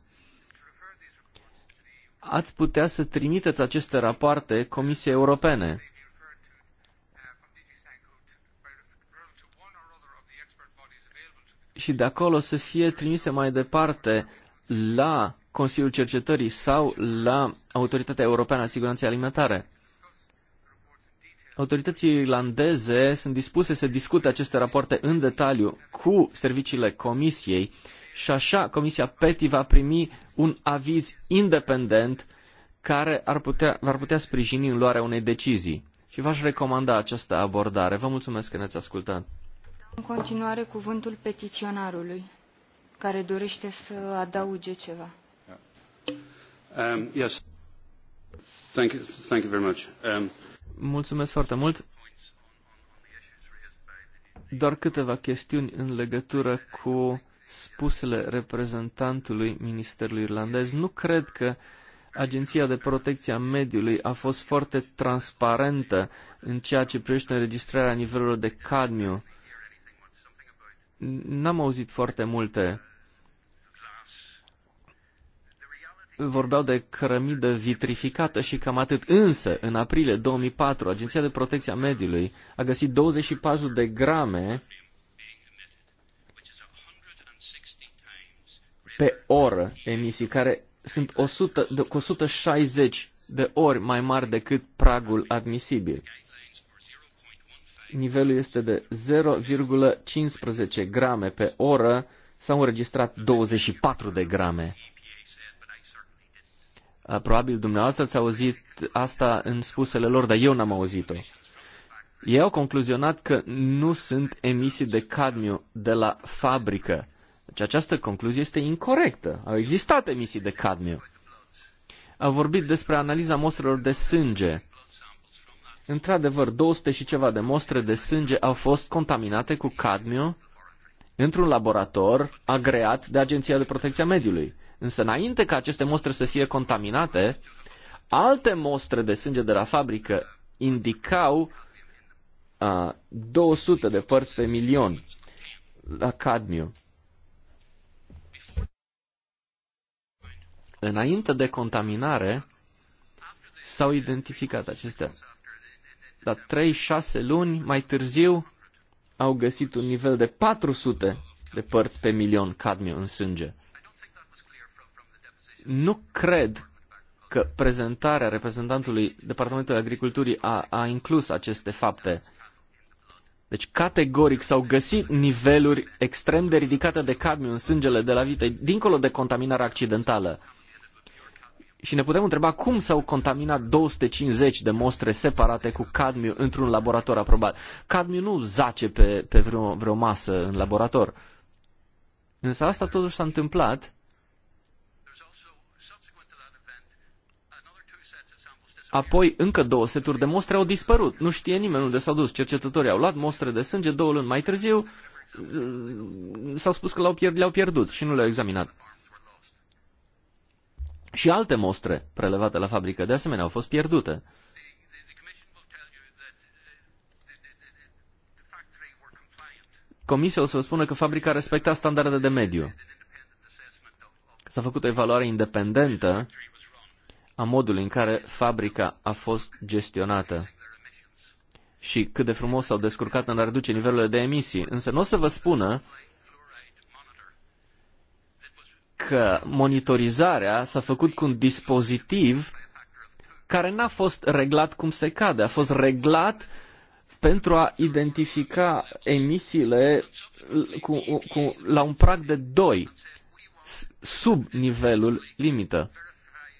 Ați putea să trimiteți aceste rapoarte Comisiei Europene și de acolo să fie trimise mai departe la Consiliul Cercetării sau la Autoritatea Europeană a Siguranței Alimentare. Autoritățile irlandeze sunt dispuse să discute aceste rapoarte în detaliu cu serviciile Comisiei și așa Comisia PETI va primi un aviz independent care ar putea, ar putea sprijini în luarea unei decizii. Și v-aș recomanda această abordare. Vă mulțumesc că ne-ați ascultat. În continuare, cuvântul petiționarului, care dorește să adauge ceva. Um, yes. Thank you, thank you very much. Um... Mulțumesc foarte mult. Doar câteva chestiuni în legătură cu spusele reprezentantului Ministerului Irlandez. Nu cred că Agenția de Protecție a Mediului a fost foarte transparentă în ceea ce privește înregistrarea nivelurilor de cadmiu n-am auzit foarte multe. Vorbeau de cărămidă vitrificată și cam atât. Însă, în aprilie 2004, Agenția de Protecție a Mediului a găsit 24 de grame pe oră emisii, care sunt 100, de, cu 160 de ori mai mari decât pragul admisibil nivelul este de 0,15 grame pe oră, s-au înregistrat 24 de grame. Probabil dumneavoastră ați auzit asta în spusele lor, dar eu n-am auzit-o. Ei au concluzionat că nu sunt emisii de cadmiu de la fabrică. Deci această concluzie este incorrectă. Au existat emisii de cadmiu. Au vorbit despre analiza mostrelor de sânge. Într-adevăr, 200 și ceva de mostre de sânge au fost contaminate cu cadmiu într-un laborator agreat de Agenția de Protecție a Mediului. Însă, înainte ca aceste mostre să fie contaminate, alte mostre de sânge de la fabrică indicau a, 200 de părți pe milion la cadmiu. Înainte de contaminare, s-au identificat acestea la 3-6 luni mai târziu au găsit un nivel de 400 de părți pe milion cadmiu în sânge. Nu cred că prezentarea reprezentantului Departamentului Agriculturii a, a inclus aceste fapte. Deci, categoric s-au găsit niveluri extrem de ridicate de cadmiu în sângele de la vite, dincolo de contaminarea accidentală. Și ne putem întreba cum s-au contaminat 250 de mostre separate cu cadmiu într-un laborator aprobat. Cadmiu nu zace pe, pe vreo, vreo masă în laborator. Însă asta totuși s-a întâmplat Apoi, încă două seturi de mostre au dispărut. Nu știe nimeni unde s-au dus. Cercetătorii au luat mostre de sânge două luni mai târziu. S-au spus că le-au pierd, le pierdut și nu le-au examinat. Și alte mostre prelevate la fabrică, de asemenea, au fost pierdute. Comisia o să vă spună că fabrica respecta standarde de mediu. S-a făcut o evaluare independentă a modului în care fabrica a fost gestionată și cât de frumos s-au descurcat în a reduce nivelurile de emisii. Însă nu o să vă spună că monitorizarea s-a făcut cu un dispozitiv care n-a fost reglat cum se cade, a fost reglat pentru a identifica emisiile cu, cu, la un prag de 2, sub nivelul limită.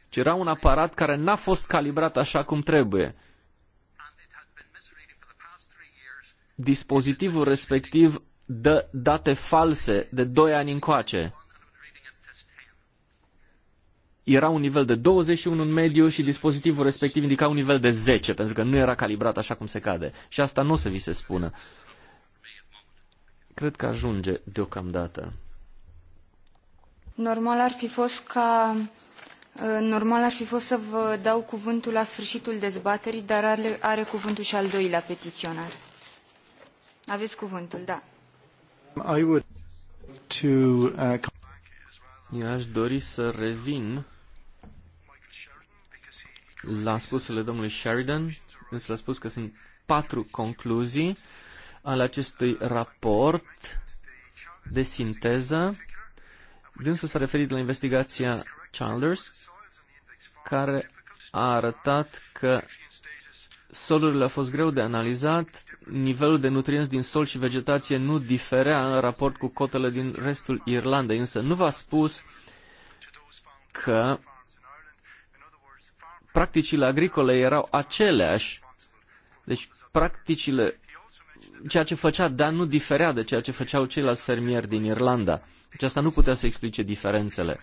Ci deci era un aparat care n-a fost calibrat așa cum trebuie. Dispozitivul respectiv dă date false de 2 ani încoace era un nivel de 21 în mediu și dispozitivul respectiv indica un nivel de 10, pentru că nu era calibrat așa cum se cade. Și asta nu o să vi se spună. Cred că ajunge deocamdată. Normal ar fi fost ca uh, Normal ar fi fost să vă dau cuvântul la sfârșitul dezbaterii, dar are, are cuvântul și al doilea petiționar. Aveți cuvântul, da. I would to, uh... Eu aș dori să revin la spusele domnului Sheridan, însă a spus că sunt patru concluzii ale acestui raport de sinteză. Dânsul s-a referit la investigația Chandler's, care a arătat că solurile au fost greu de analizat, nivelul de nutrienți din sol și vegetație nu diferea în raport cu cotele din restul Irlandei, însă nu v-a spus că practicile agricole erau aceleași. Deci practicile, ceea ce făcea Dan nu diferea de ceea ce făceau ceilalți fermieri din Irlanda. Deci asta nu putea să explice diferențele.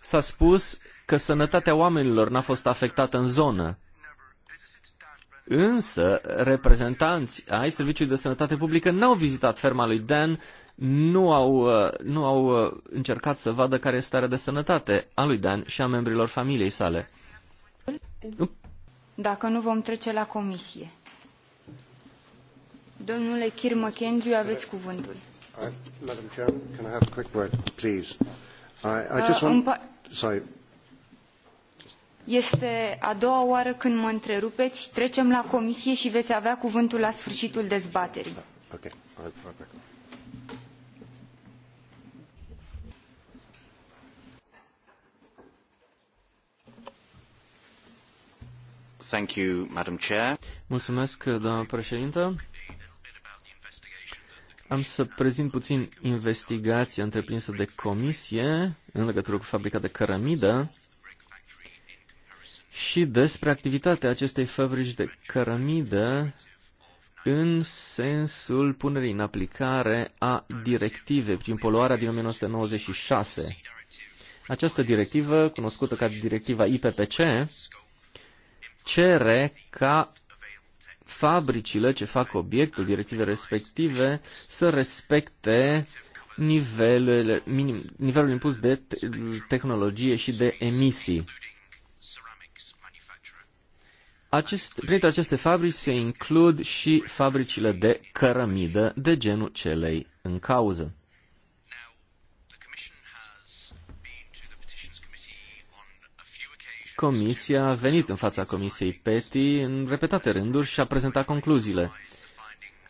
S-a spus că sănătatea oamenilor n-a fost afectată în zonă. Însă, reprezentanți ai Serviciului de Sănătate Publică n-au vizitat ferma lui Dan nu au, uh, nu au uh, încercat să vadă care este starea de sănătate a lui Dan și a membrilor familiei sale. Dacă nu vom trece la comisie. Domnule Kir McKenzie, aveți cuvântul. Uh, este a doua oară când mă întrerupeți. Trecem la comisie și veți avea cuvântul la sfârșitul dezbaterii. Okay. I'll, I'll Thank you, Madam Chair. Mulțumesc, doamnă președintă. Am să prezint puțin investigația întreprinsă de comisie în legătură cu fabrica de cărămidă și despre activitatea acestei fabrici de cărămidă în sensul punerii în aplicare a directivei prin poluarea din 1996. Această directivă, cunoscută ca directiva IPPC, cere ca fabricile ce fac obiectul directivei respective să respecte nivelul, minim, nivelul impus de tehnologie și de emisii. Acest, printre aceste fabrici se includ și fabricile de cărămidă de genul celei în cauză. Comisia a venit în fața Comisiei PETI în repetate rânduri și a prezentat concluziile.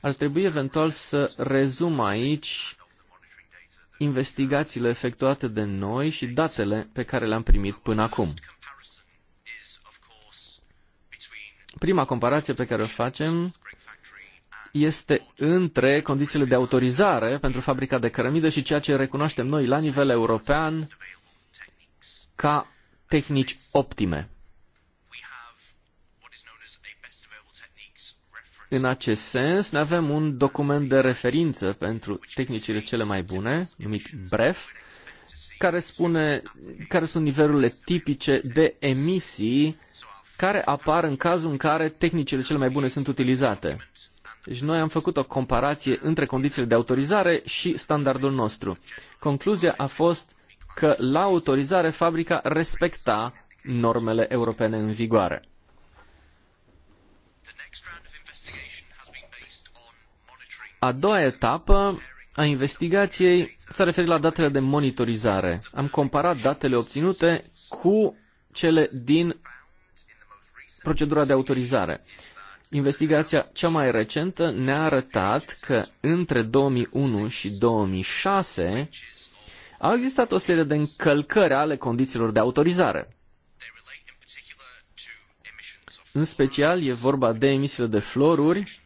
Ar trebui eventual să rezum aici investigațiile efectuate de noi și datele pe care le-am primit până acum. Prima comparație pe care o facem este între condițiile de autorizare pentru fabrica de cărămidă și ceea ce recunoaștem noi la nivel european ca tehnici optime. În acest sens, ne avem un document de referință pentru tehnicile cele mai bune, numit BREF, care spune care sunt nivelurile tipice de emisii care apar în cazul în care tehnicile cele mai bune sunt utilizate. Deci noi am făcut o comparație între condițiile de autorizare și standardul nostru. Concluzia a fost că la autorizare fabrica respecta normele europene în vigoare. A doua etapă a investigației s-a referit la datele de monitorizare. Am comparat datele obținute cu cele din procedura de autorizare. Investigația cea mai recentă ne-a arătat că între 2001 și 2006 au existat o serie de încălcări ale condițiilor de autorizare. În special e vorba de emisiile de floruri,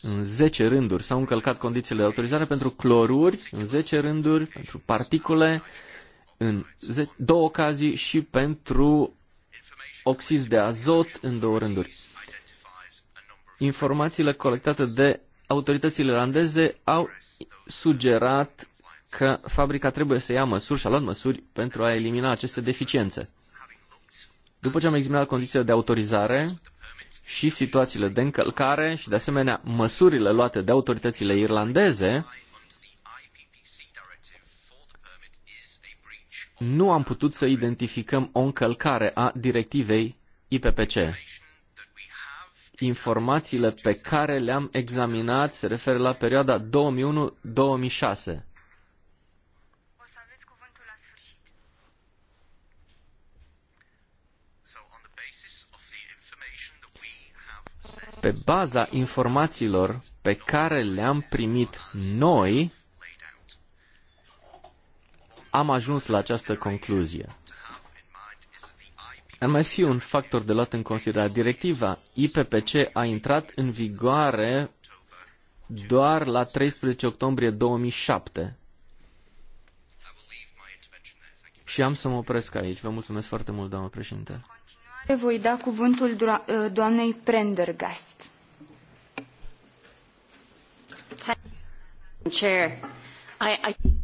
în 10 rânduri s-au încălcat condițiile de autorizare pentru cloruri, în 10 rânduri, pentru particule, în două ocazii și pentru oxizi de azot în două rânduri. Informațiile colectate de autoritățile irlandeze au sugerat că fabrica trebuie să ia măsuri și a luat măsuri pentru a elimina aceste deficiențe. După ce am examinat condițiile de autorizare și situațiile de încălcare și, de asemenea, măsurile luate de autoritățile irlandeze, nu am putut să identificăm o încălcare a directivei IPPC. Informațiile pe care le-am examinat se referă la perioada 2001-2006. pe baza informațiilor pe care le-am primit noi, am ajuns la această concluzie. Ar mai fi un factor de luat în considerare. Directiva IPPC a intrat în vigoare doar la 13 octombrie 2007. Și am să mă opresc aici. Vă mulțumesc foarte mult, doamnă președinte. Voi da cuvântul ă, doamnei Prendergast.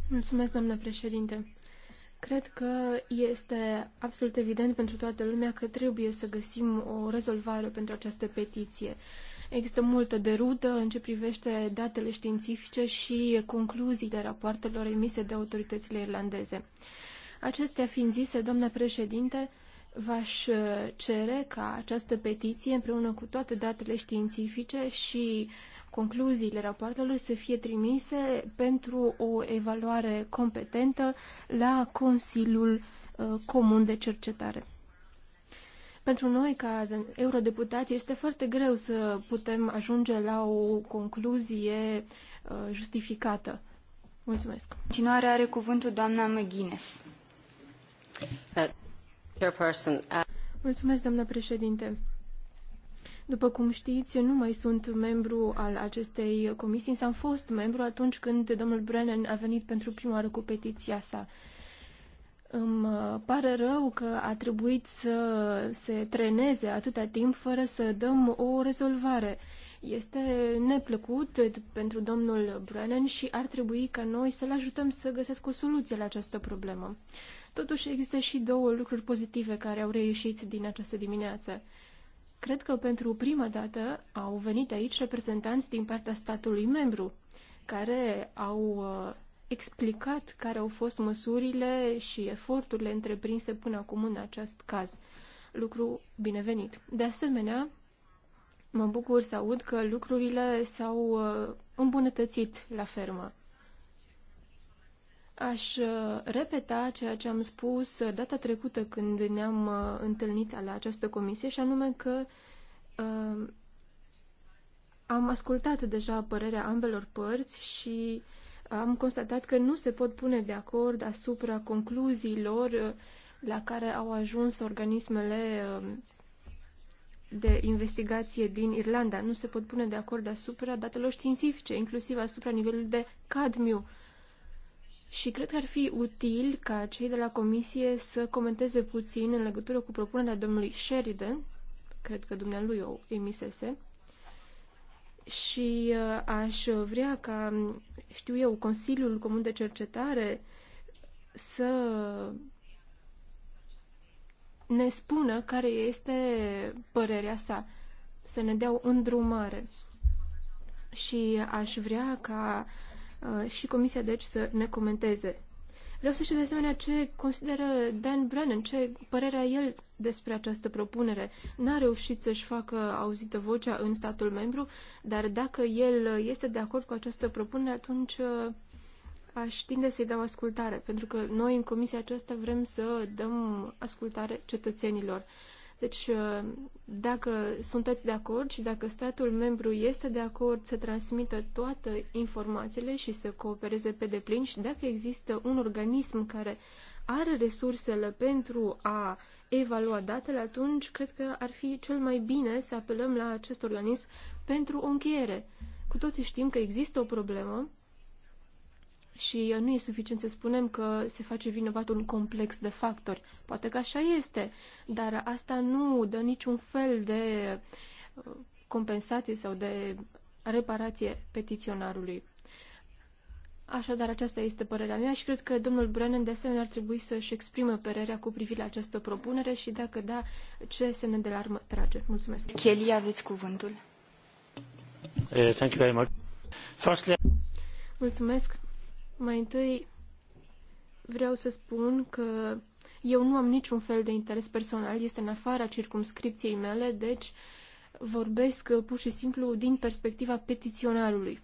Mulțumesc, doamnă președinte. Cred că este absolut evident pentru toată lumea că trebuie să găsim o rezolvare pentru această petiție. Există multă derută în ce privește datele științifice și concluziile rapoartelor emise de autoritățile irlandeze. Acestea fiind zise, doamnă președinte, V-aș uh, cere ca această petiție, împreună cu toate datele științifice și concluziile rapoartelor, să fie trimise pentru o evaluare competentă la Consiliul uh, Comun de Cercetare. Pentru noi, ca eurodeputați, este foarte greu să putem ajunge la o concluzie uh, justificată. Mulțumesc. Continuare are cuvântul doamna McGuinness. Uh, Mulțumesc, președinte. După cum știți, nu mai sunt membru al acestei comisii, însă am fost membru atunci când domnul Brennan a venit pentru prima oară cu petiția sa. Îmi uh, pare rău că a trebuit să se treneze atâta timp fără să dăm o rezolvare. Este neplăcut pentru domnul Brennan și ar trebui ca noi să-l ajutăm să găsească o soluție la această problemă. Totuși există și două lucruri pozitive care au reieșit din această dimineață. Cred că pentru prima dată au venit aici reprezentanți din partea statului membru, care au uh, explicat care au fost măsurile și eforturile întreprinse până acum în acest caz. Lucru binevenit. De asemenea, mă bucur să aud că lucrurile s-au uh, îmbunătățit la fermă. Aș uh, repeta ceea ce am spus uh, data trecută când ne-am uh, întâlnit la această comisie și anume că uh, am ascultat deja părerea ambelor părți și am constatat că nu se pot pune de acord asupra concluziilor la care au ajuns organismele de investigație din Irlanda. Nu se pot pune de acord asupra datelor științifice, inclusiv asupra nivelului de cadmiu și cred că ar fi util ca cei de la comisie să comenteze puțin în legătură cu propunerea domnului Sheridan, cred că dumnealui o emisese, și uh, aș vrea ca, știu eu, Consiliul Comun de Cercetare să ne spună care este părerea sa, să ne dea o îndrumare. Și aș vrea ca Uh, și comisia deci să ne comenteze. Vreau să știu de asemenea ce consideră Dan Brennan, ce părere a el despre această propunere. N-a reușit să-și facă auzită vocea în statul membru, dar dacă el este de acord cu această propunere, atunci uh, aș tinde să-i dau ascultare, pentru că noi în comisia aceasta vrem să dăm ascultare cetățenilor. Deci, uh, dacă sunteți de acord și dacă statul membru este de acord să transmită toate informațiile și să coopereze pe deplin și dacă există un organism care are resursele pentru a evalua datele, atunci cred că ar fi cel mai bine să apelăm la acest organism pentru o încheiere. Cu toții știm că există o problemă, și uh, nu e suficient să spunem că se face vinovat un complex de factori. Poate că așa este, dar asta nu dă niciun fel de uh, compensație sau de reparație petiționarului. Așadar, aceasta este părerea mea și cred că domnul Brennan de asemenea ar trebui să-și exprime părerea cu privire la această propunere și dacă da, ce semne de alarmă trage. Mulțumesc. Kelly, aveți cuvântul. Eh, thank you very much. Firstly... Mulțumesc. Mai întâi vreau să spun că eu nu am niciun fel de interes personal, este în afara circumscripției mele, deci vorbesc uh, pur și simplu din perspectiva petiționarului.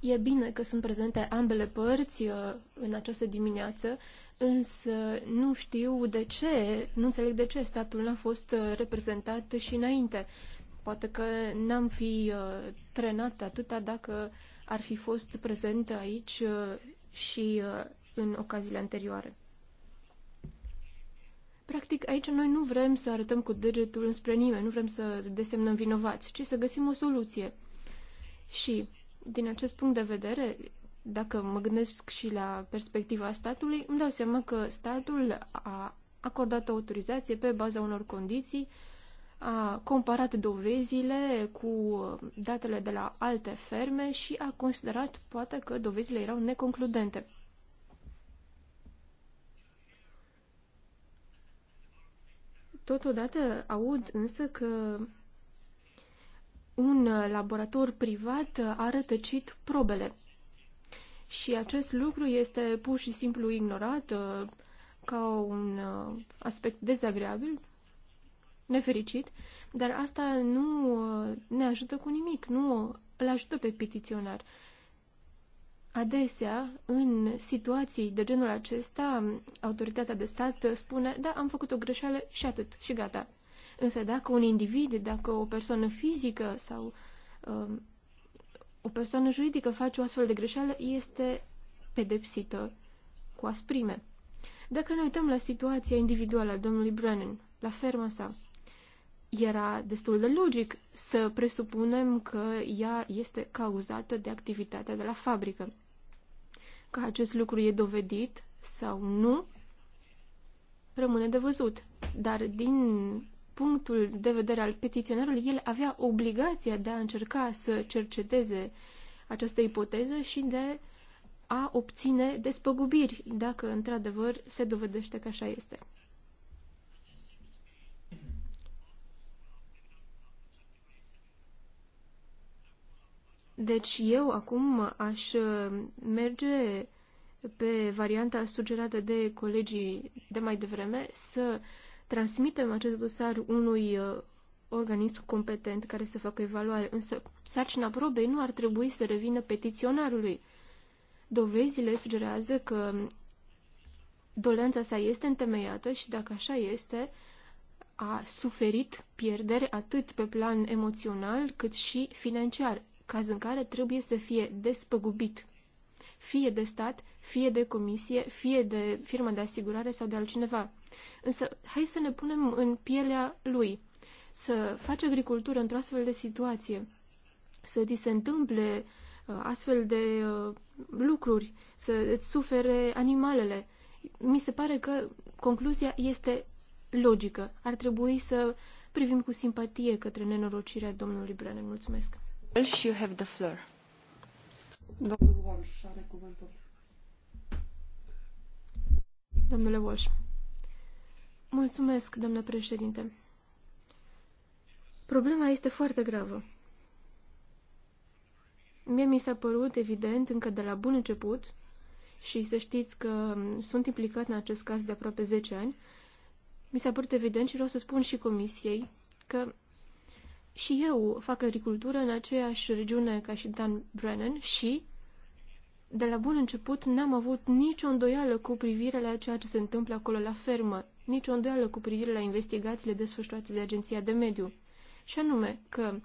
E bine că sunt prezente ambele părți uh, în această dimineață, însă nu știu de ce, nu înțeleg de ce statul n-a fost uh, reprezentat și înainte. Poate că n-am fi uh, trenat atâta dacă ar fi fost prezent aici uh, și uh, în ocaziile anterioare. Practic, aici noi nu vrem să arătăm cu degetul înspre nimeni, nu vrem să desemnăm vinovați, ci să găsim o soluție. Și, din acest punct de vedere, dacă mă gândesc și la perspectiva statului, îmi dau seama că statul a acordat o autorizație pe baza unor condiții uh, a comparat dovezile cu datele de la alte ferme și a considerat poate că dovezile erau neconcludente. Totodată aud însă că un laborator privat a rătăcit probele. Și acest lucru este pur și simplu ignorat uh, ca un uh, aspect dezagreabil nefericit, dar asta nu uh, ne ajută cu nimic, nu îl ajută pe petiționar. Adesea, în situații de genul acesta, autoritatea de stat spune, da, am făcut o greșeală și atât, și gata. Însă dacă un individ, dacă o persoană fizică sau um, o persoană juridică face o astfel de greșeală, este pedepsită cu asprime. Dacă ne uităm la situația individuală a domnului Brennan, la ferma sa, era destul de logic să presupunem că ea este cauzată de activitatea de la fabrică. Că acest lucru e dovedit sau nu, rămâne de văzut. Dar din punctul de vedere al petiționerului, el avea obligația de a încerca să cerceteze această ipoteză și de a obține despăgubiri, dacă într-adevăr se dovedește că așa este. Deci eu acum aș uh, merge pe varianta sugerată de colegii de mai devreme să transmitem acest dosar unui uh, organism competent care să facă evaluare, însă sarcina probei nu ar trebui să revină petiționarului. Dovezile sugerează că dolența sa este întemeiată și dacă așa este, a suferit pierdere atât pe plan emoțional cât și financiar caz în care trebuie să fie despăgubit, fie de stat, fie de comisie, fie de firmă de asigurare sau de altcineva. Însă, hai să ne punem în pielea lui. Să faci agricultură într-o astfel de situație, să ți se întâmple uh, astfel de uh, lucruri, să îți sufere animalele. Mi se pare că concluzia este logică. Ar trebui să privim cu simpatie către nenorocirea domnului Brennan. Mulțumesc! Walsh Domnule Walsh. Mulțumesc, domnule președinte. Problema este foarte gravă. Mie mi s-a părut evident încă de la bun început și să știți că sunt implicat în acest caz de aproape 10 ani, mi s-a părut evident și vreau să spun și comisiei că și eu fac agricultură în aceeași regiune ca și Dan Brennan și, de la bun început, n-am avut nicio îndoială cu privire la ceea ce se întâmplă acolo la fermă, nicio îndoială cu privire la investigațiile desfășurate de Agenția de Mediu. Și anume că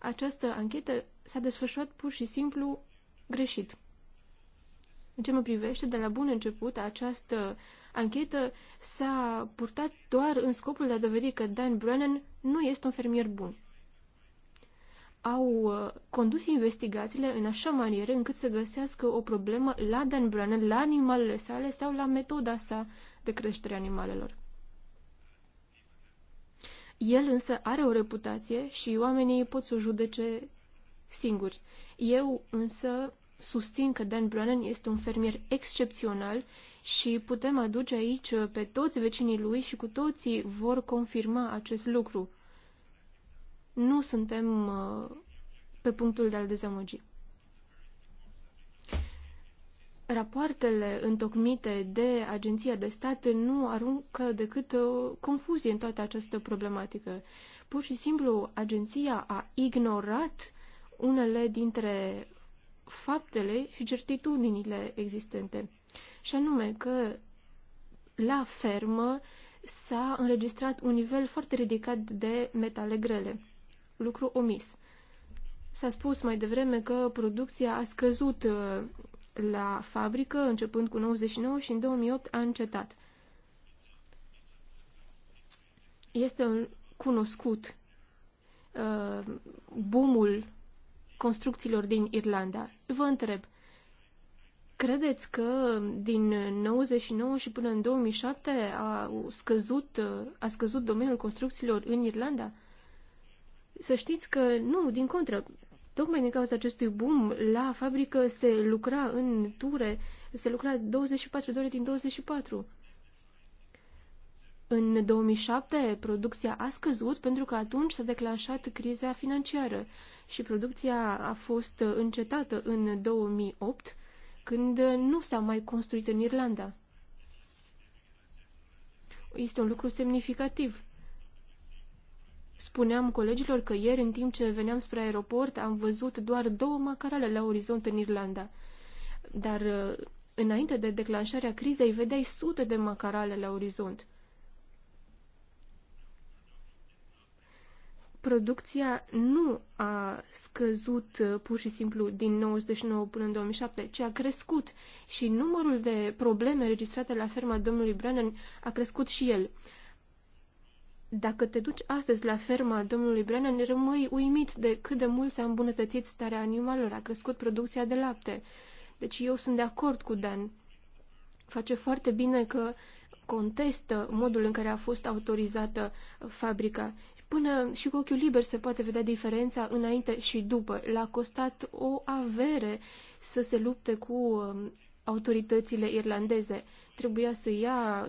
această anchetă s-a desfășurat pur și simplu greșit. În ce mă privește, de la bun început, această anchetă s-a purtat doar în scopul de a dovedi că Dan Brennan nu este un fermier bun au uh, condus investigațiile în așa manieră încât să găsească o problemă la Dan Brennan, la animalele sale sau la metoda sa de creștere animalelor. El însă are o reputație și oamenii pot să o judece singuri. Eu însă susțin că Dan Brennan este un fermier excepțional și putem aduce aici uh, pe toți vecinii lui și cu toții vor confirma acest lucru nu suntem uh, pe punctul de a-l dezamăgi. Rapoartele întocmite de Agenția de Stat nu aruncă decât o uh, confuzie în toată această problematică. Pur și simplu, agenția a ignorat unele dintre faptele și certitudinile existente. Și anume că la fermă s-a înregistrat un nivel foarte ridicat de metale grele lucru omis. S-a spus mai devreme că producția a scăzut uh, la fabrică începând cu 99 și în 2008 a încetat. Este cunoscut uh, boomul construcțiilor din Irlanda. Vă întreb, credeți că din 99 și până în 2007 a scăzut, uh, a scăzut domeniul construcțiilor în Irlanda? Să știți că nu, din contră, tocmai din cauza acestui boom, la fabrică se lucra în ture, se lucra 24 de ore din 24. În 2007, producția a scăzut pentru că atunci s-a declanșat criza financiară și producția a fost încetată în 2008, când nu s-a mai construit în Irlanda. Este un lucru semnificativ. Spuneam colegilor că ieri, în timp ce veneam spre aeroport, am văzut doar două macarale la orizont în Irlanda. Dar uh, înainte de declanșarea crizei, vedeai sute de macarale la orizont. Producția nu a scăzut uh, pur și simplu din 99 până în 2007, ci a crescut și numărul de probleme registrate la ferma domnului Brennan a crescut și el. Dacă te duci astăzi la ferma domnului Brennan, rămâi uimit de cât de mult s-a îmbunătățit starea animalelor, a crescut producția de lapte. Deci eu sunt de acord cu Dan. Face foarte bine că contestă modul în care a fost autorizată fabrica. Până și cu ochiul liber se poate vedea diferența înainte și după. L-a costat o avere să se lupte cu um, autoritățile irlandeze. Trebuia să ia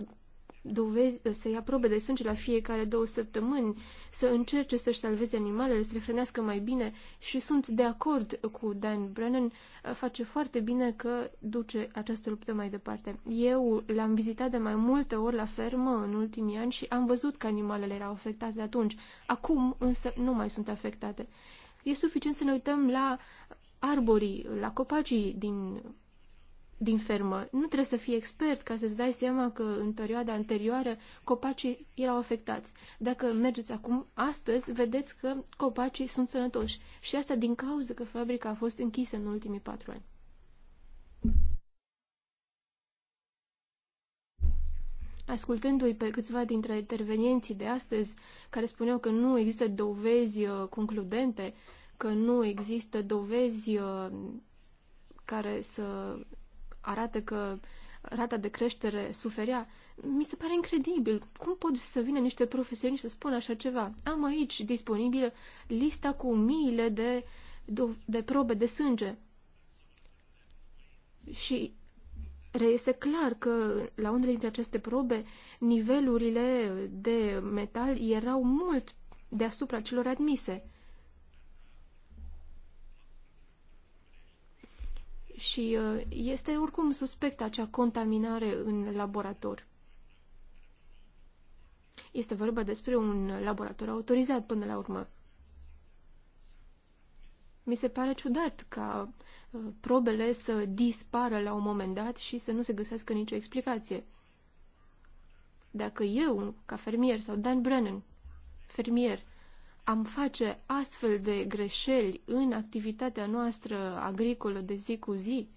dovezi, să ia probe de sânge la fiecare două săptămâni, să încerce să-și salveze animalele, să le hrănească mai bine și sunt de acord cu Dan Brennan, face foarte bine că duce această luptă mai departe. Eu l-am vizitat de mai multe ori la fermă în ultimii ani și am văzut că animalele erau afectate atunci. Acum însă nu mai sunt afectate. E suficient să ne uităm la arborii, la copacii din din fermă. Nu trebuie să fii expert ca să-ți dai seama că în perioada anterioară copacii erau afectați. Dacă mergeți acum, astăzi, vedeți că copacii sunt sănătoși. Și asta din cauza că fabrica a fost închisă în ultimii patru ani. Ascultându-i pe câțiva dintre intervenienții de astăzi, care spuneau că nu există dovezi uh, concludente, că nu există dovezi uh, care să arată că rata de creștere suferea. Mi se pare incredibil. Cum pot să vină niște profesioniști să spună așa ceva? Am aici disponibilă lista cu miile de, de, de probe de sânge. Și reiese clar că la unele dintre aceste probe nivelurile de metal erau mult deasupra celor admise. și uh, este oricum suspectă acea contaminare în laborator. Este vorba despre un laborator autorizat până la urmă. Mi se pare ciudat ca uh, probele să dispară la un moment dat și să nu se găsească nicio explicație. Dacă eu, ca fermier, sau Dan Brennan, fermier, am face astfel de greșeli în activitatea noastră agricolă de zi cu zi?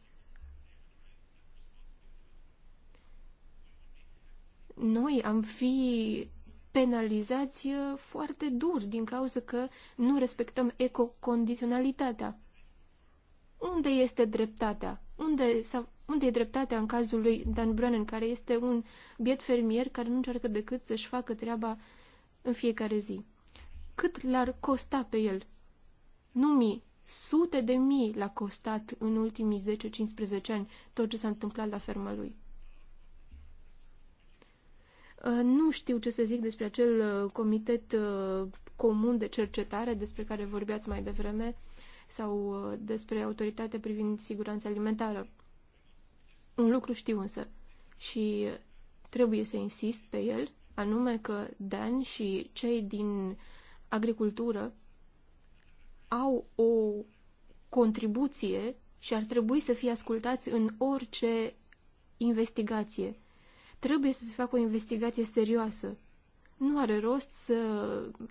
Noi am fi penalizați foarte dur din cauza că nu respectăm ecocondiționalitatea. Unde este dreptatea? Unde, sau, unde e dreptatea în cazul lui Dan Brennan, care este un biet fermier care nu încearcă decât să-și facă treaba în fiecare zi? Cât l-ar costa pe el? Nu mii, sute de mii l-a costat în ultimii 10-15 ani tot ce s-a întâmplat la ferma lui. Uh, nu știu ce să zic despre acel uh, comitet uh, comun de cercetare despre care vorbeați mai devreme sau despre autoritate privind siguranța alimentară. Un lucru știu însă și trebuie să insist pe el, anume că Dan și cei din agricultură au o contribuție și ar trebui să fie ascultați în orice investigație. Trebuie să se facă o investigație serioasă. Nu are rost să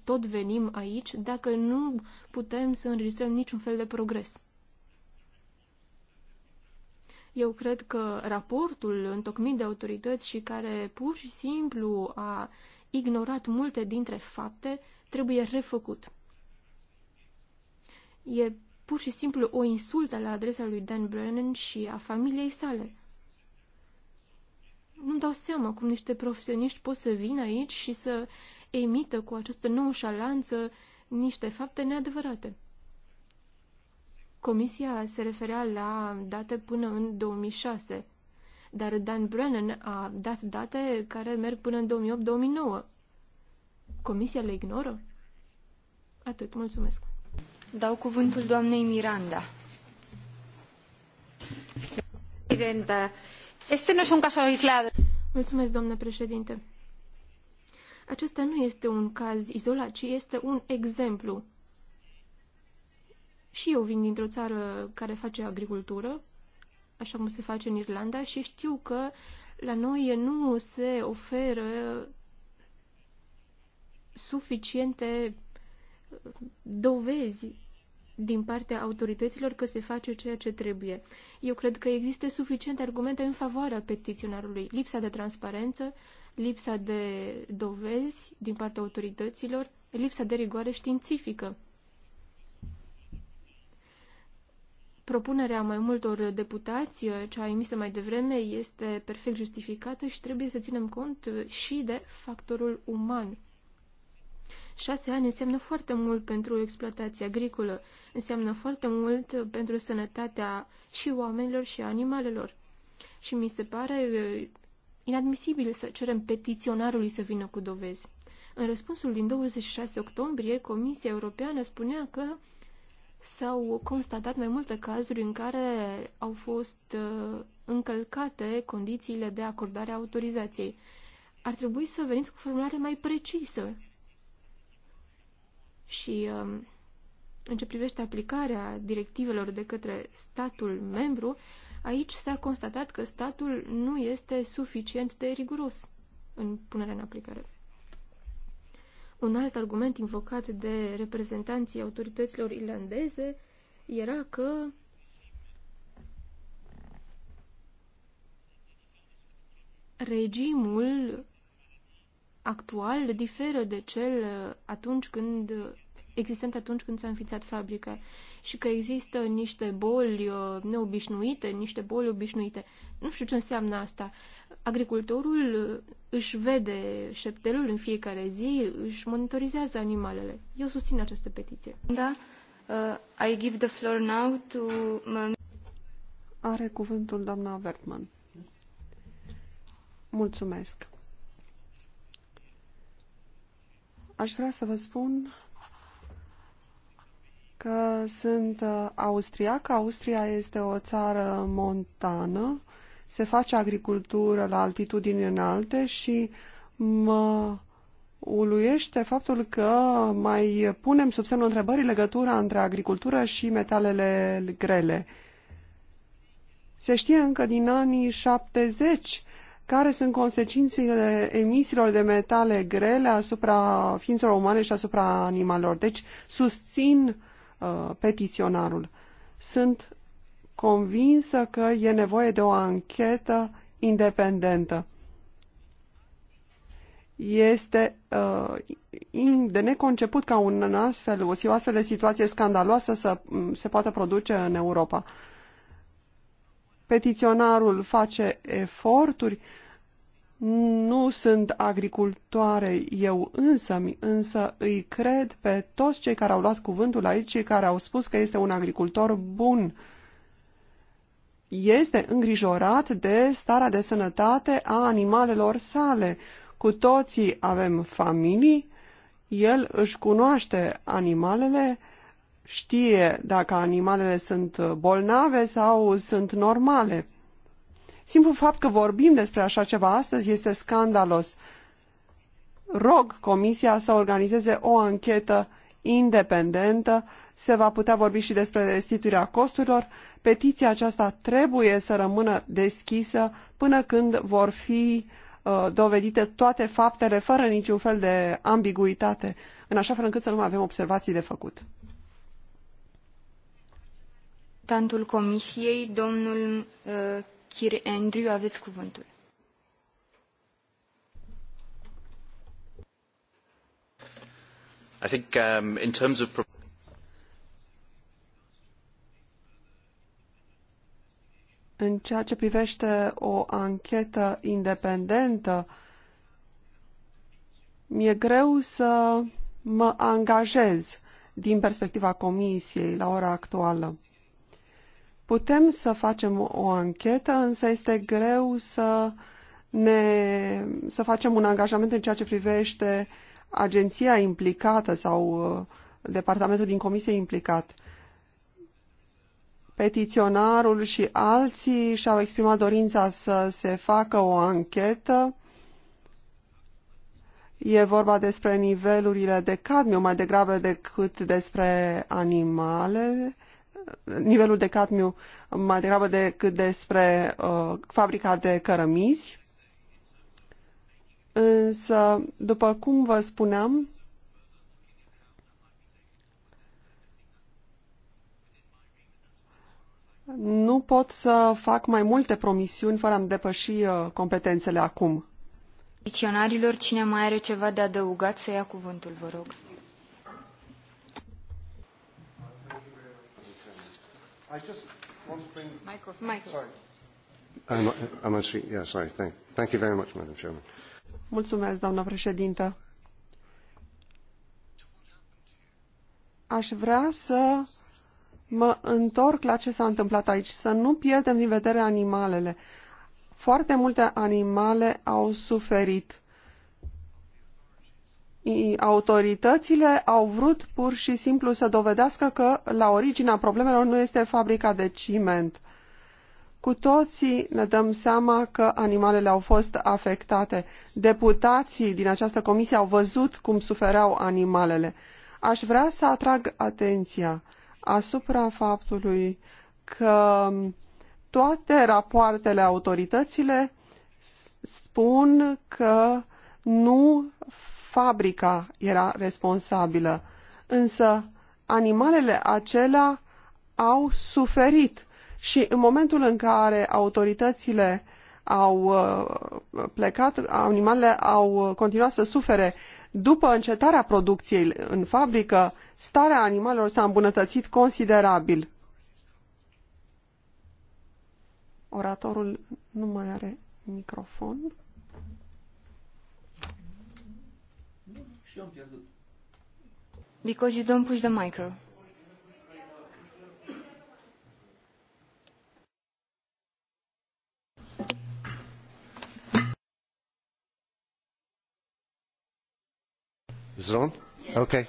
tot venim aici dacă nu putem să înregistrăm niciun fel de progres. Eu cred că raportul întocmit de autorități și care pur și simplu a ignorat multe dintre fapte trebuie refăcut. E pur și simplu o insultă la adresa lui Dan Brennan și a familiei sale. Nu-mi dau seama cum niște profesioniști pot să vină aici și să emită cu această șalanță niște fapte neadevărate. Comisia se referea la date până în 2006, dar Dan Brennan a dat date care merg până în 2008-2009. Comisia le ignoră? Atât, mulțumesc. Dau cuvântul doamnei Miranda. Presidenta, este nu un caz izolat. Mulțumesc, doamnă președinte. Acesta nu este un caz izolat, ci este un exemplu. Și eu vin dintr-o țară care face agricultură, așa cum se face în Irlanda, și știu că la noi nu se oferă suficiente uh, dovezi din partea autorităților că se face ceea ce trebuie. Eu cred că există suficiente argumente în favoarea petiționarului. Lipsa de transparență, lipsa de dovezi din partea autorităților, lipsa de rigoare științifică. Propunerea mai multor deputați, cea emisă mai devreme, este perfect justificată și trebuie să ținem cont și de factorul uman. Șase ani înseamnă foarte mult pentru exploatația agricolă, înseamnă foarte mult pentru sănătatea și oamenilor și animalelor. Și mi se pare uh, inadmisibil să cerem petiționarului să vină cu dovezi. În răspunsul din 26 octombrie, Comisia Europeană spunea că s-au constatat mai multe cazuri în care au fost uh, încălcate condițiile de acordare a autorizației. Ar trebui să veniți cu formulare mai precisă și um, în ce privește aplicarea directivelor de către statul membru, aici s-a constatat că statul nu este suficient de riguros în punerea în aplicare. Un alt argument invocat de reprezentanții autorităților irlandeze era că regimul actual diferă de cel uh, atunci când uh, existent atunci când s-a înființat fabrica și că există niște boli uh, neobișnuite, niște boli obișnuite. Nu știu ce înseamnă asta. Agricultorul își vede șeptelul în fiecare zi, își monitorizează animalele. Eu susțin această petiție. Da. Uh, I give the floor now to... Are cuvântul doamna Vertman. Mulțumesc. Aș vrea să vă spun că sunt uh, austriac. Austria este o țară montană. Se face agricultură la altitudini înalte și mă uluiește faptul că mai punem sub semnul întrebării legătura între agricultură și metalele grele. Se știe încă din anii 70 care sunt consecințele emisiilor de metale grele asupra ființelor umane și asupra animalelor. Deci susțin uh, petiționarul. Sunt convinsă că e nevoie de o anchetă independentă. Este uh, de neconceput ca un astfel, o astfel de situație scandaloasă să se poată produce în Europa. Uh, petiționarul face eforturi. Nu sunt agricultoare eu însă, însă îi cred pe toți cei care au luat cuvântul aici cei care au spus că este un agricultor bun. Este îngrijorat de starea de sănătate a animalelor sale. Cu toții avem familii, el își cunoaște animalele, știe dacă animalele sunt bolnave sau sunt normale. Simplu fapt că vorbim despre așa ceva astăzi este scandalos. Rog Comisia să organizeze o anchetă independentă, se va putea vorbi și despre restituirea costurilor. Petiția aceasta trebuie să rămână deschisă până când vor fi uh, dovedite toate faptele, fără niciun fel de ambiguitate, în așa fel încât să nu mai avem observații de făcut reprezentantul Comisiei, domnul uh, Kir Andrew, aveți cuvântul. I think um, in terms of În ceea ce privește o anchetă independentă, mi-e greu să mă angajez din perspectiva Comisiei la ora actuală. Putem să facem o anchetă, însă este greu să, ne, să facem un angajament în ceea ce privește agenția implicată sau uh, departamentul din comisie implicat. Petiționarul și alții și-au exprimat dorința să se facă o anchetă. E vorba despre nivelurile de cadmiu mai degrabă decât despre animale nivelul de cadmiu mai degrabă decât despre uh, fabrica de cărămizi. Însă, după cum vă spuneam, nu pot să fac mai multe promisiuni fără a-mi depăși uh, competențele acum. Dicționarilor, cine mai are ceva de adăugat să ia cuvântul, vă rog. I just want to bring... Microphone. Michael. Sorry. I'm, I'm actually, yeah, sorry. Thank, thank you very much, Madam Chairman. Mulțumesc, doamna președintă. Aș vrea să mă întorc la ce s-a întâmplat aici, să nu pierdem din vedere animalele. Foarte multe animale au suferit autoritățile au vrut pur și simplu să dovedească că la originea problemelor nu este fabrica de ciment. Cu toții ne dăm seama că animalele au fost afectate. Deputații din această comisie au văzut cum sufereau animalele. Aș vrea să atrag atenția asupra faptului că toate rapoartele autorităților spun că nu fabrica era responsabilă, însă animalele acelea au suferit și în momentul în care autoritățile au uh, plecat, animalele au continuat să sufere. După încetarea producției în fabrică, starea animalelor s-a îmbunătățit considerabil. Oratorul nu mai are microfon. eu am pierdut. Because you don't push the micro. Is it on? Okay.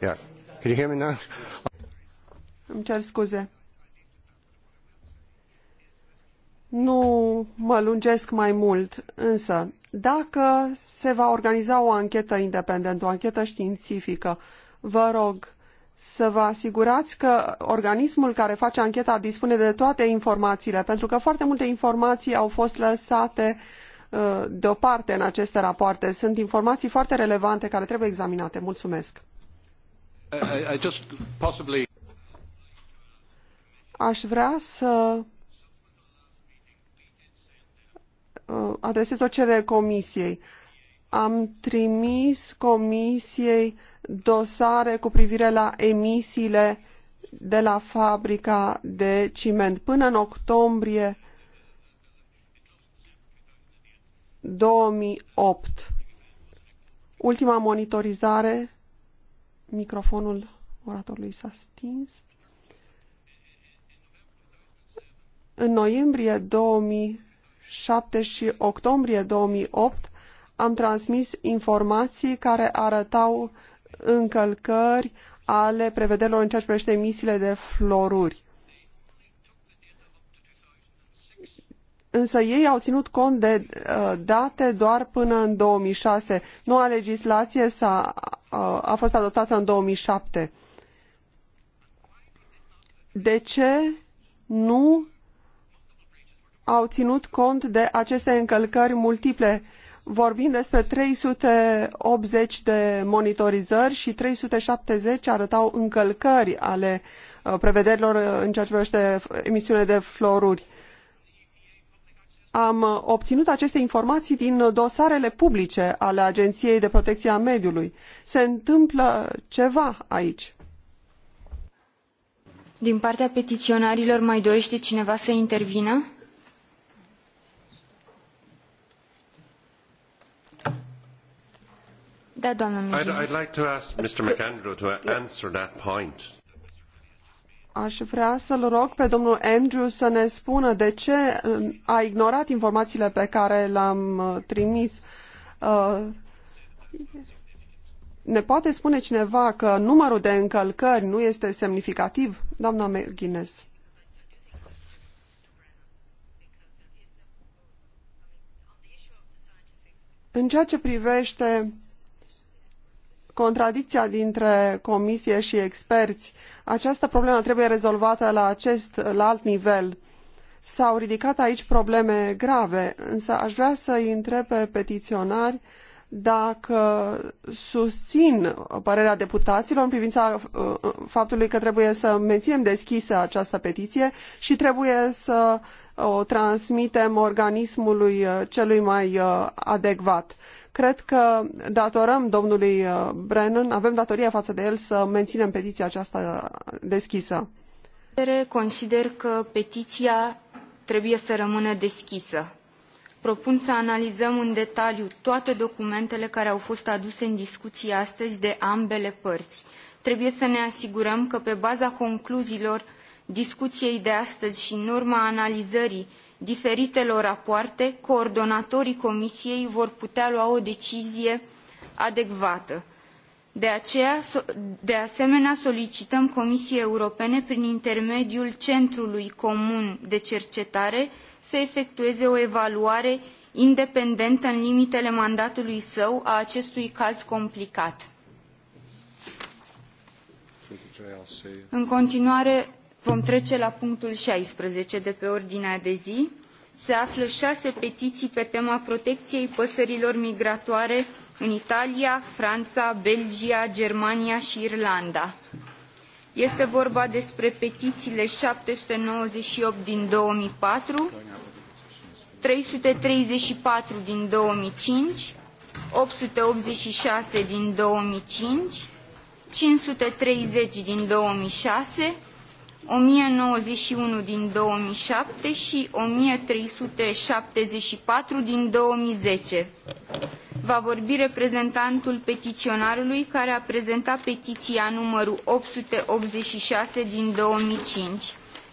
Yeah. Can you hear me now? Îmi cer scuze. Nu mă lungesc mai mult, însă dacă se va organiza o anchetă independentă, o anchetă științifică, vă rog să vă asigurați că organismul care face ancheta dispune de toate informațiile, pentru că foarte multe informații au fost lăsate uh, deoparte în aceste rapoarte. Sunt informații foarte relevante care trebuie examinate. Mulțumesc. I, I just possibly... Aș vrea să Uh, adresez o cerere comisiei. Am trimis comisiei dosare cu privire la emisiile de la fabrica de ciment până în octombrie 2008. Ultima monitorizare, microfonul oratorului s-a stins. În noiembrie 2007, 7 și octombrie 2008 am transmis informații care arătau încălcări ale prevederilor în ceea ce privește emisiile de floruri. Însă ei au ținut cont de uh, date doar până în 2006. Noua legislație s-a, uh, a fost adoptată în 2007. De ce nu au ținut cont de aceste încălcări multiple. Vorbim despre 380 de monitorizări și 370 arătau încălcări ale uh, prevederilor uh, în ceea ce privește emisiunile de fluoruri. Am uh, obținut aceste informații din dosarele publice ale Agenției de Protecție a Mediului. Se întâmplă ceva aici. Din partea petiționarilor mai dorește cineva să intervină? Da, doamnă I'd, I'd like to ask Mr. McAndrew to answer that point. Aș vrea să-l rog pe domnul Andrew să ne spună de ce uh, a ignorat informațiile pe care le-am uh, trimis. Uh, ne poate spune cineva că numărul de încălcări nu este semnificativ? Doamna McGuinness. În ceea ce privește contradicția dintre comisie și experți. Această problemă trebuie rezolvată la acest, la alt nivel. S-au ridicat aici probleme grave, însă aș vrea să îi întreb pe petiționari dacă susțin părerea deputaților în privința uh, faptului că trebuie să menținem deschisă această petiție și trebuie să uh, o transmitem organismului uh, celui mai adecvat. Cred că datorăm domnului uh, Brennan, avem datoria față de el să menținem petiția aceasta deschisă. Consider că petiția trebuie să rămână deschisă. Propun să analizăm în detaliu toate documentele care au fost aduse în discuție astăzi de ambele părți. Trebuie să ne asigurăm că pe baza concluziilor discuției de astăzi și în urma analizării diferitelor rapoarte coordonatorii comisiei vor putea lua o decizie adecvată. De, aceea, de asemenea solicităm comisiei europene prin intermediul centrului comun de cercetare să efectueze o evaluare independentă în limitele mandatului său a acestui caz complicat. În continuare vom trece la punctul șaisprezece de pe ordinea de zi se află ase petiii pe tema proteciei păsărilor migratoare în italia frana belgia germania i irlanda. este vorba despre petiiile șapte sute nouăzeci și opt din două mii patru trei sute treizeci și patru din două mii cinci opt sute optzeci și șase din două mii cinci cinci sute treizeci din două mii șase 1091 din 2007 și 1374 din 2010. Va vorbi reprezentantul petiționarului care a prezentat petiția numărul 886 din 2005.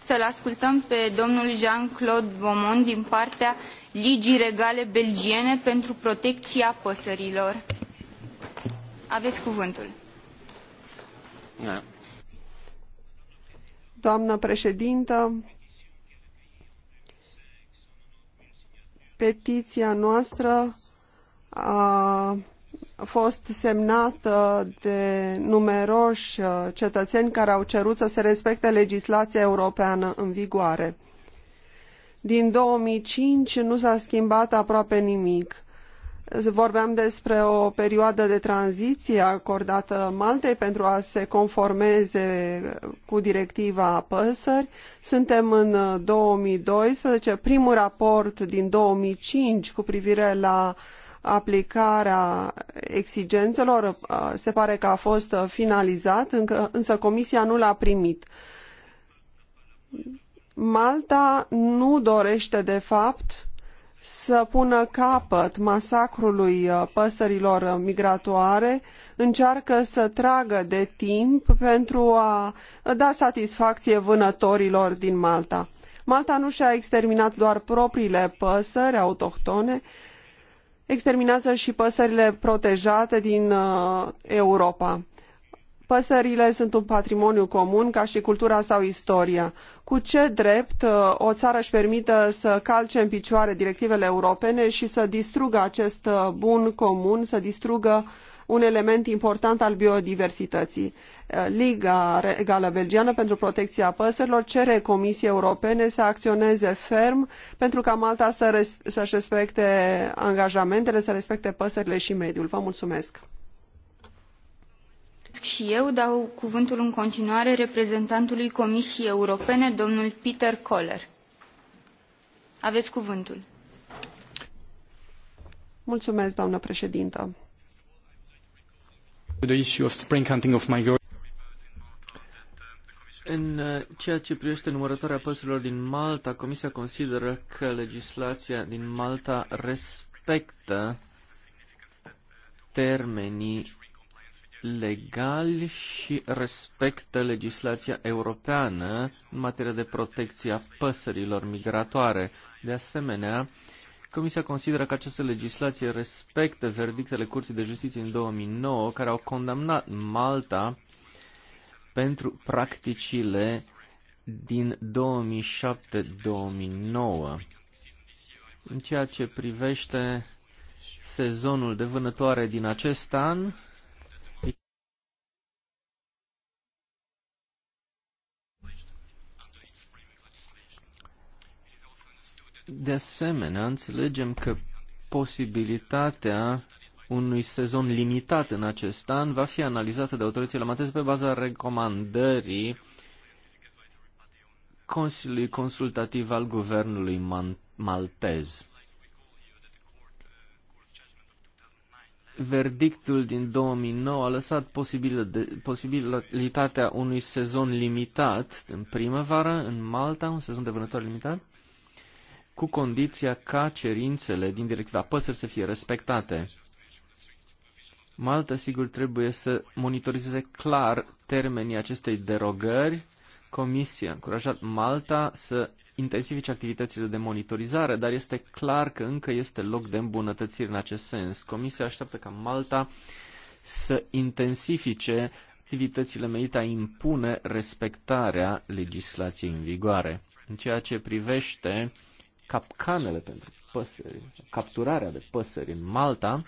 Să-l ascultăm pe domnul Jean-Claude Beaumont din partea Ligii Regale Belgiene pentru protecția păsărilor. Aveți cuvântul. Da. Doamnă președintă, petiția noastră a fost semnată de numeroși uh, cetățeni care au cerut să se respecte legislația europeană în vigoare. Din 2005 nu s-a schimbat aproape nimic. Vorbeam despre o perioadă de tranziție acordată Maltei pentru a se conformeze cu directiva păsări. Suntem în 2012, primul raport din 2005 cu privire la aplicarea exigențelor uh, se pare că a fost finalizat, încă, însă Comisia nu l-a primit. Malta nu dorește, de fapt, să pună capăt masacrului uh, păsărilor uh, migratoare, încearcă să tragă de timp pentru a uh, da satisfacție vânătorilor din Malta. Malta nu și-a exterminat doar propriile păsări autohtone, exterminează și păsările protejate din Europa. Păsările sunt un patrimoniu comun, ca și cultura sau istoria. Cu ce drept uh, o țară își permite să calce în picioare directivele europene și să distrugă acest uh, bun comun, să distrugă un element important al biodiversității. Uh, Liga Regală Belgiană pentru Protecția Păsărilor cere Comisiei Europene să acționeze ferm pentru ca Malta să-și respecte angajamentele, să respecte păsările și mediul. Vă mulțumesc! Și eu dau cuvântul în continuare reprezentantului Comisiei Europene, domnul Peter Koller. Mulțumesc, doamnă președintă. În uh, ceea ce privește numărătoarea păsărilor din Malta, Comisia consideră că legislația din Malta respectă termenii legali și respectă legislația europeană în materie de protecție a păsărilor migratoare. De asemenea, Comisia consideră că această legislație respectă verdictele Curții de Justiție în 2009, care au condamnat Malta pentru practicile din 2007-2009. În ceea ce privește sezonul de vânătoare din acest an, De asemenea, înțelegem că posibilitatea unui sezon limitat în acest an va fi analizată de autoritățile mateze pe baza recomandării Consiliului Consultativ al Guvernului Maltez. Verdictul din 2009 a lăsat posibilitatea unui sezon limitat în primăvară în Malta, un sezon de vânători limitat, cu condiția ca cerințele din directiva păsări să fie respectate. Malta, sigur, trebuie să monitorizeze clar termenii acestei derogări. Comisia a încurajat Malta să intensifice activitățile de monitorizare, dar este clar că încă este loc de îmbunătățiri în acest sens. Comisia așteaptă ca Malta să intensifice activitățile menite a impune respectarea legislației în vigoare. În ceea ce privește uh, capcanele pentru păsări, capturarea de păsări în Malta,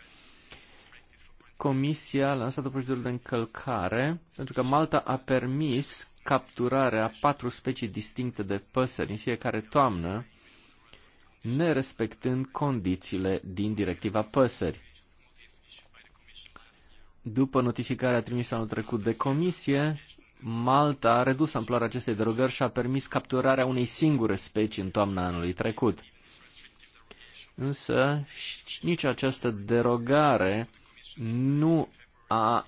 Comisia a lansat o procedură de încălcare pentru că Malta a permis capturarea patru specii distincte de păsări în fiecare toamnă, nerespectând condițiile din directiva păsări. După notificarea trimisă anul trecut de comisie, Malta a redus amploarea acestei derogări și a permis capturarea unei singure specii în toamna anului trecut. Însă nici această derogare nu a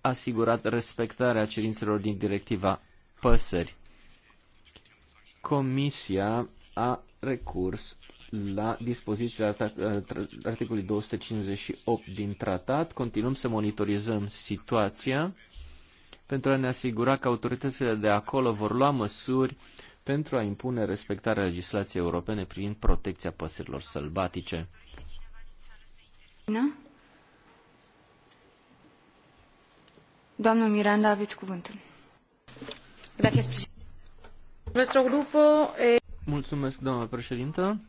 asigurat respectarea cerințelor din directiva păsări. Comisia a recurs la dispozițiile articolului 258 din tratat. Continuăm să monitorizăm situația pentru a ne asigura că autoritățile de acolo vor lua măsuri pentru a impune respectarea legislației europene privind protecția păsărilor sălbatice. Na? Doamnă Miranda, aveți cuvântul. Eh, Mulțumesc, doamnă președintă.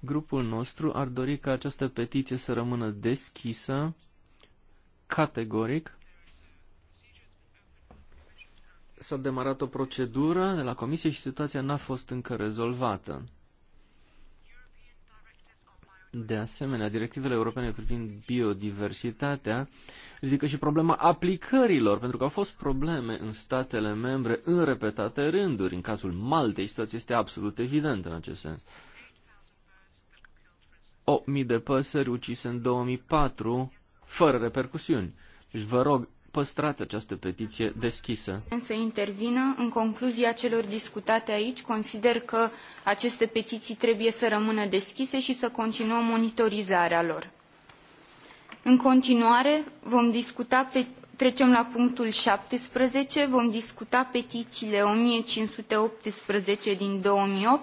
Grupul nostru ar dori ca această petiție să rămână deschisă, categoric, s-a demarat o procedură de la Comisie și situația n-a fost încă rezolvată. De asemenea, directivele europene privind biodiversitatea ridică și problema aplicărilor, pentru că au fost probleme în statele membre în repetate rânduri. În cazul Maltei, situația este absolut evidentă în acest sens. 8.000 de păsări ucise în 2004, fără repercusiuni. Deci vă rog, păstrați această petiție deschisă. Să intervină în concluzia celor discutate aici, consider că aceste petiții trebuie să rămână deschise și să continuăm monitorizarea lor. În continuare, vom discuta pe... trecem la punctul 17, vom discuta petițiile 1518 din 2008,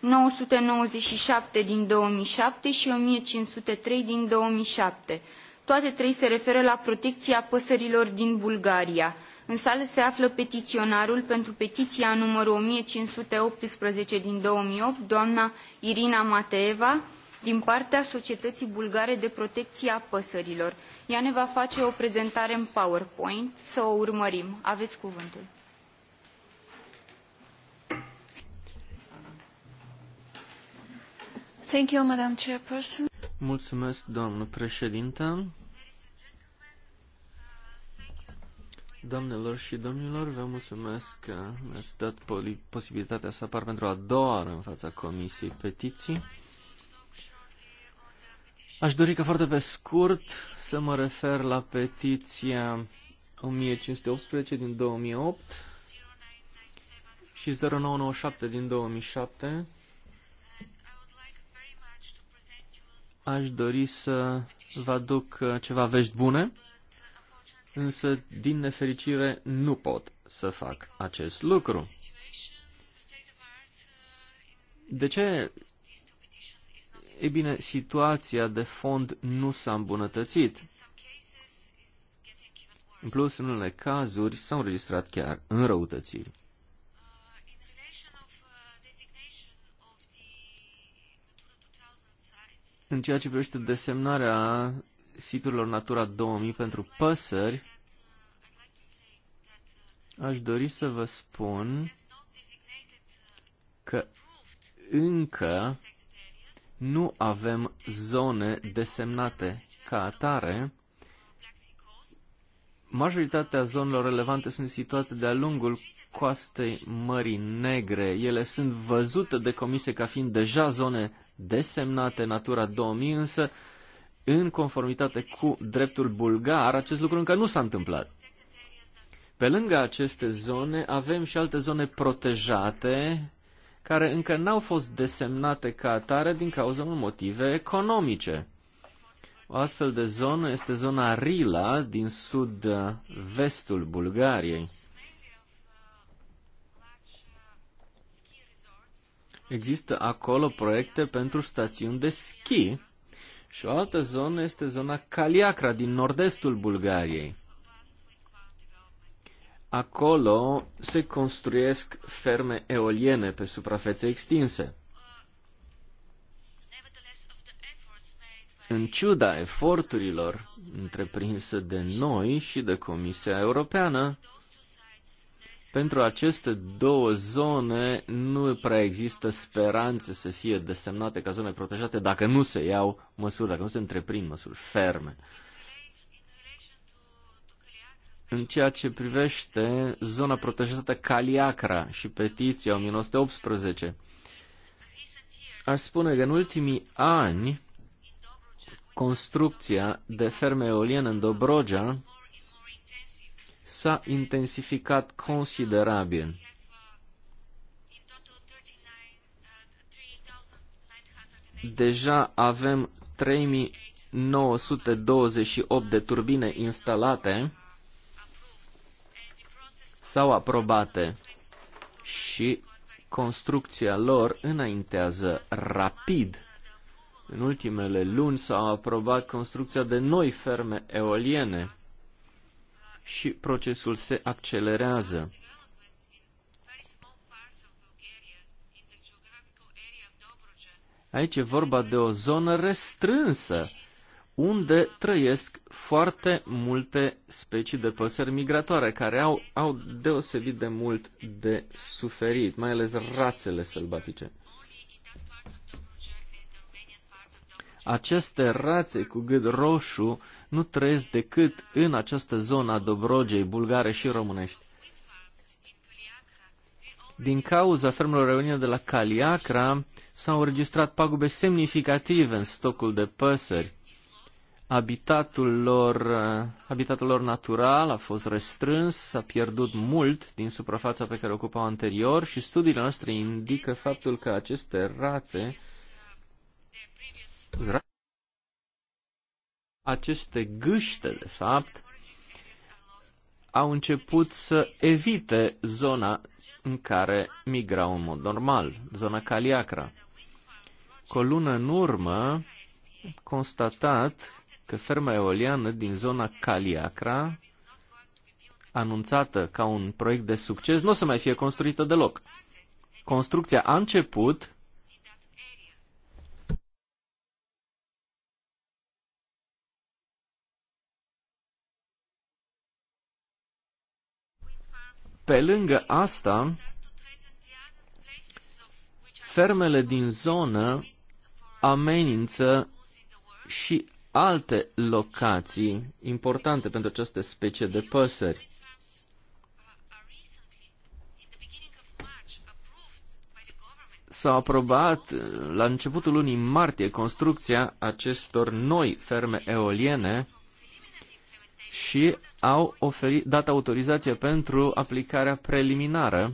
997 din 2007 și 1503 din 2007 toate trei se referă la protecia păsărilor din bulgaria. în sală se află petiionarul pentru petiia numărul o mie cinci sute optsprezece din două mii opt doamna irina mateeva din partea societăii bulgare de protecie a păsărilor. ea ne va face o prezentare în powerpoint să o urmărim. avei cuvântul. Mulțumesc, doamnă președintă. Doamnelor și domnilor, vă mulțumesc că mi-ați dat posibilitatea să apar pentru a doua oară în fața Comisiei Petiții. Aș dori ca foarte pe scurt să mă refer la petiția 1518 din 2008 și 0997 din 2007. Aș dori să vă aduc ceva vești bune însă, din nefericire, nu pot să fac acest lucru. De ce? E bine, situația de fond nu s-a îmbunătățit. În plus, în unele cazuri s-au înregistrat chiar înrăutățiri. În ceea ce privește desemnarea siturilor Natura 2000 pentru păsări, aș dori să vă spun că încă nu avem zone desemnate ca atare. Majoritatea zonelor relevante sunt situate de-a lungul coastei Mării Negre. Ele sunt văzute de comisie ca fiind deja zone desemnate Natura 2000, însă în conformitate cu dreptul bulgar, acest lucru încă nu s-a întâmplat. Pe lângă aceste zone, avem și alte zone protejate care încă n-au fost desemnate ca atare din cauza unor motive economice. O astfel de zonă este zona Rila din sud-vestul Bulgariei. Există acolo proiecte pentru stațiuni de schi și o altă zonă este zona Caliacra, din nord-estul Bulgariei. Acolo se construiesc ferme eoliene pe suprafețe extinse. În ciuda eforturilor întreprinse de noi și de Comisia Europeană, pentru aceste două zone nu prea există speranțe să fie desemnate ca zone protejate dacă nu se iau măsuri, dacă nu se întreprind măsuri ferme. În ceea ce privește zona protejată Caliacra și petiția 1918, aș spune că în ultimii ani construcția de ferme eoliene în Dobrogea s-a intensificat considerabil. Deja avem 3928 de turbine instalate sau aprobate și construcția lor înaintează rapid. În ultimele luni s-a aprobat construcția de noi ferme eoliene și procesul se accelerează. Aici e vorba de o zonă restrânsă, unde trăiesc foarte multe specii de păsări migratoare, care au, au deosebit de mult de suferit, mai ales rațele sălbatice. Aceste rațe cu gât roșu nu trăiesc decât în această zonă a Dobrogei, bulgare și românești. Din cauza fermelor reunite de la Caliacra s-au înregistrat pagube semnificative în stocul de păsări. Habitatul lor, habitatul lor natural a fost restrâns, s-a pierdut mult din suprafața pe care o ocupau anterior și studiile noastre indică faptul că aceste rațe aceste gâște, de fapt, au început să evite zona în care migrau în mod normal, zona Caliacra. Cu o lună în urmă, constatat că ferma eoliană din zona Caliacra, anunțată ca un proiect de succes, nu o să mai fie construită deloc. Construcția a început, Pe lângă asta, fermele din zonă amenință și alte locații importante pentru această specie de păsări. S-a aprobat la începutul lunii martie construcția acestor noi ferme eoliene și au oferit, dat autorizație pentru aplicarea preliminară,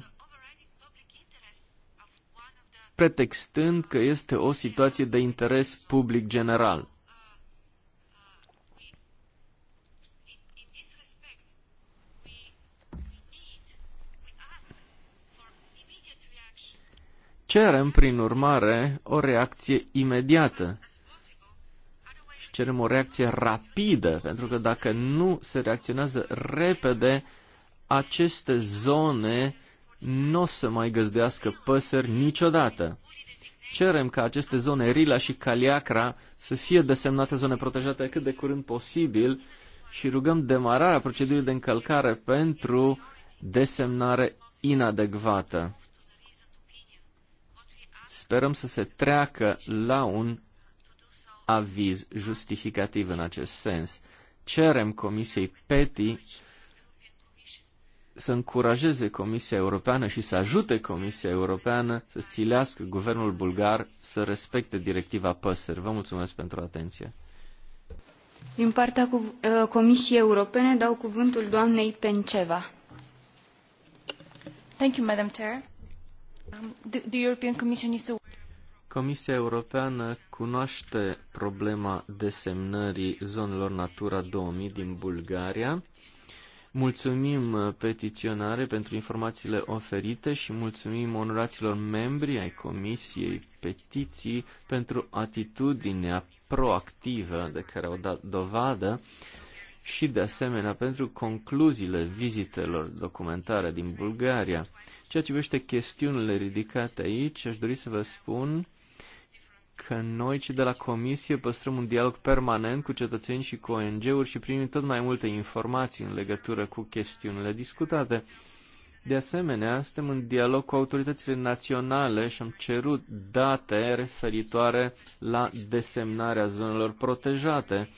pretextând că este o situație de interes public general. Cerem, prin urmare, o reacție imediată cerem o reacție rapidă, pentru că dacă nu se reacționează repede, aceste zone nu o să mai găzduiască păsări niciodată. Cerem ca aceste zone, Rila și Caliacra, să fie desemnate zone protejate cât de curând posibil și rugăm demararea procedurii de încălcare pentru desemnare inadecvată. Sperăm să se treacă la un aviz justificativ în acest sens. Cerem Comisiei PETI să încurajeze Comisia Europeană și să ajute Comisia Europeană să silească guvernul bulgar să respecte directiva păsări. Vă mulțumesc pentru atenție. Din partea uh, Comisiei Europene dau cuvântul doamnei Penceva. Thank you, Madam Chair. Um, the, the European Commission is Comisia Europeană cunoaște problema desemnării zonelor Natura 2000 din Bulgaria. Mulțumim uh, petiționare pentru informațiile oferite și mulțumim onoraților membri ai Comisiei Petiții pentru atitudinea proactivă de care au dat dovadă și de asemenea pentru concluziile vizitelor documentare din Bulgaria. Ceea ce privește chestiunile ridicate aici, aș dori să vă spun că noi, cei de la Comisie, păstrăm un dialog permanent cu cetățeni și cu ONG-uri și primim tot mai multe informații în legătură cu chestiunile discutate. De asemenea, suntem în dialog cu autoritățile naționale și am cerut date referitoare la desemnarea zonelor protejate.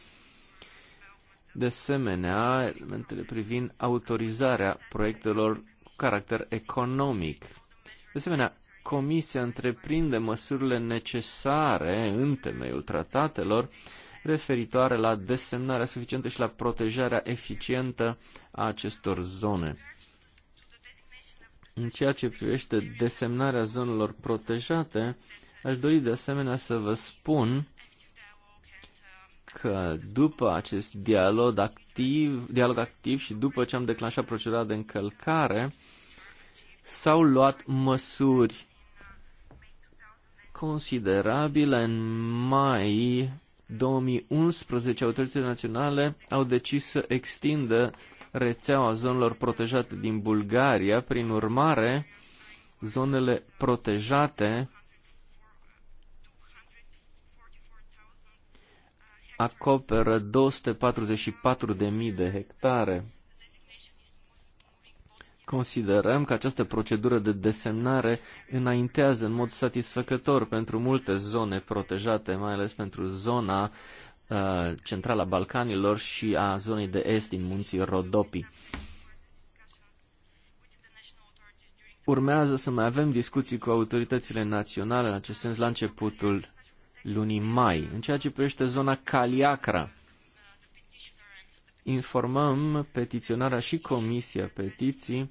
De asemenea, elementele privind autorizarea proiectelor cu caracter economic. De asemenea, Comisia întreprinde măsurile necesare în temeiul tratatelor referitoare la desemnarea suficientă și la protejarea eficientă a acestor zone. În ceea ce privește desemnarea zonelor protejate, aș dori de asemenea să vă spun că după acest dialog activ, dialog activ și după ce am declanșat procedura de încălcare, s-au luat măsuri Considerabil, În mai 2011, autoritățile naționale au decis să extindă rețeaua zonelor protejate din Bulgaria. Prin urmare, zonele protejate acoperă 244.000 de hectare. Considerăm că această procedură de desemnare înaintează în mod satisfăcător pentru multe zone protejate, mai ales pentru zona uh, centrală a Balcanilor și a zonei de est din munții Rodopi. Urmează să mai avem discuții cu autoritățile naționale, în acest sens, la începutul lunii mai. În ceea ce privește zona Caliacra, informăm petiționarea și Comisia Petiții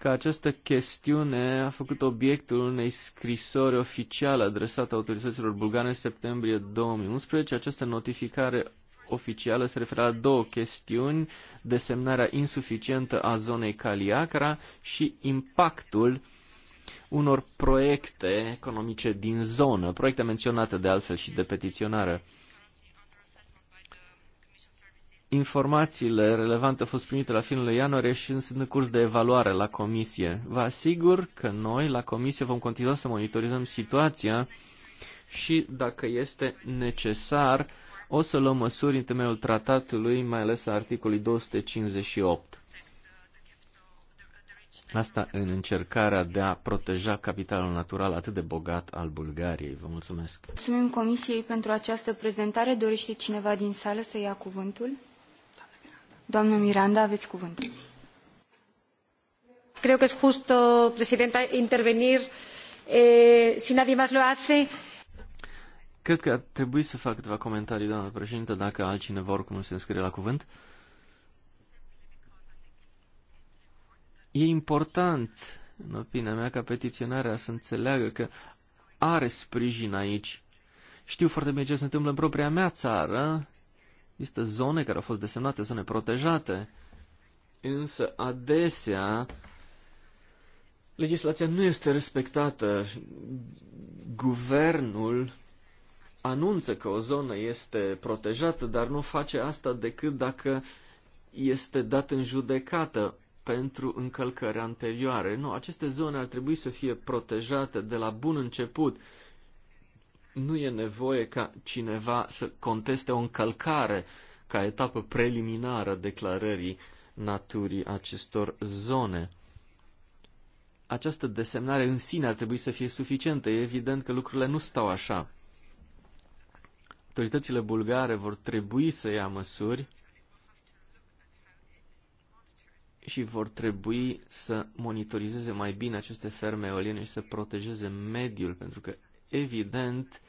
că această chestiune a făcut obiectul unei scrisori oficiale adresate autorităților bulgare în septembrie 2011. Această notificare oficială se referă la două chestiuni, desemnarea insuficientă a zonei Caliacra și impactul unor proiecte economice din zonă, proiecte menționate de altfel și de petiționare. Informațiile relevante au fost primite la finele ianuarie și sunt în curs de evaluare la comisie. Vă asigur că noi la comisie vom continua să monitorizăm situația și, dacă este necesar, o să luăm măsuri în temeiul tratatului, mai ales a articolului 258. Asta în încercarea de a proteja capitalul natural atât de bogat al Bulgariei. Vă mulțumesc. Mulțumim Comisiei pentru această prezentare. Dorește cineva din sală să ia cuvântul? Doamnă Miranda, aveți cuvântul. Creo que es justo, Presidenta, intervenir eh, si nadie más lo hace. Cred că ar trebui să fac câteva comentarii, doamnă președinte, dacă altcineva oricum nu se înscrie la cuvânt. E important, în opinia mea, ca petiționarea să înțeleagă că are sprijin aici. Știu foarte bine ce se întâmplă în propria mea țară, Există zone care au fost desemnate zone protejate, însă adesea legislația nu este respectată. Guvernul anunță că o zonă este protejată, dar nu face asta decât dacă este dat în judecată pentru încălcări anterioare. Nu, aceste zone ar trebui să fie protejate de la bun început nu e nevoie ca cineva să conteste o încălcare ca etapă preliminară declarării naturii acestor zone. Această desemnare în sine ar trebui să fie suficientă. E evident că lucrurile nu stau așa. Autoritățile bulgare vor trebui să ia măsuri și vor trebui să monitorizeze mai bine aceste ferme eoliene și să protejeze mediul, pentru că evident,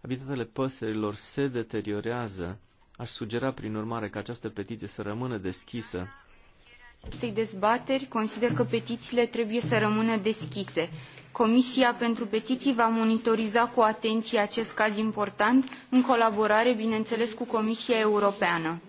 habitatele păsărilor se deteriorează. Aș sugera, prin urmare, ca această petiție să rămână deschisă. Acestei dezbateri, consider că petițiile trebuie să rămână deschise. Comisia pentru Petiții va monitoriza cu atenție acest caz important, în colaborare, bineînțeles, cu Comisia Europeană.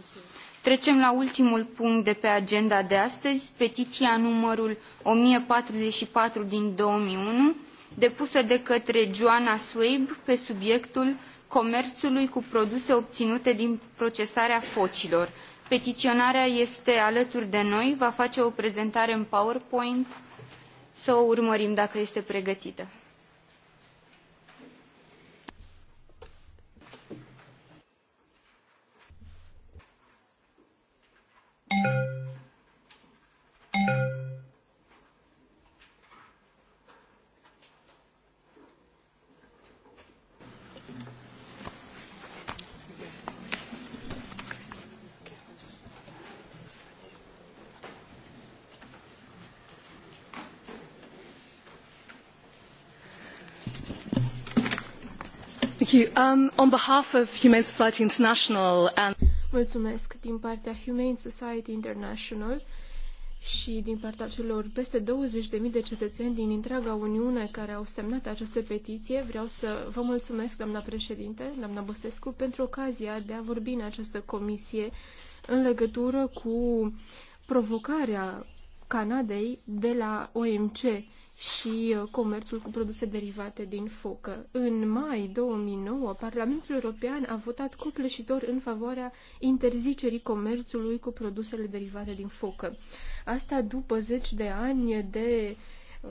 Trecem la ultimul punct de pe agenda de astăzi, petiția numărul 1044 din 2001, depusă de către joanna swaib pe subiectul comerului cu produse obinute din procesarea focilor. petiionarea este alături de noi va face o prezentare în powerpoint să o urmărim dacă este pregătită. Thank you. Um, mulțumesc din partea Humane Society International și din partea celor peste 20.000 de cetățeni din întreaga Uniune care au semnat această petiție, vreau să vă mulțumesc, doamna președinte, doamna Băsescu, pentru ocazia de a vorbi în această comisie în legătură cu provocarea Canadei de la OMC și uh, comerțul cu produse derivate din focă. În mai 2009, Parlamentul European a votat copleșitor în favoarea interzicerii comerțului cu produsele derivate din focă. Asta după zeci de ani de uh,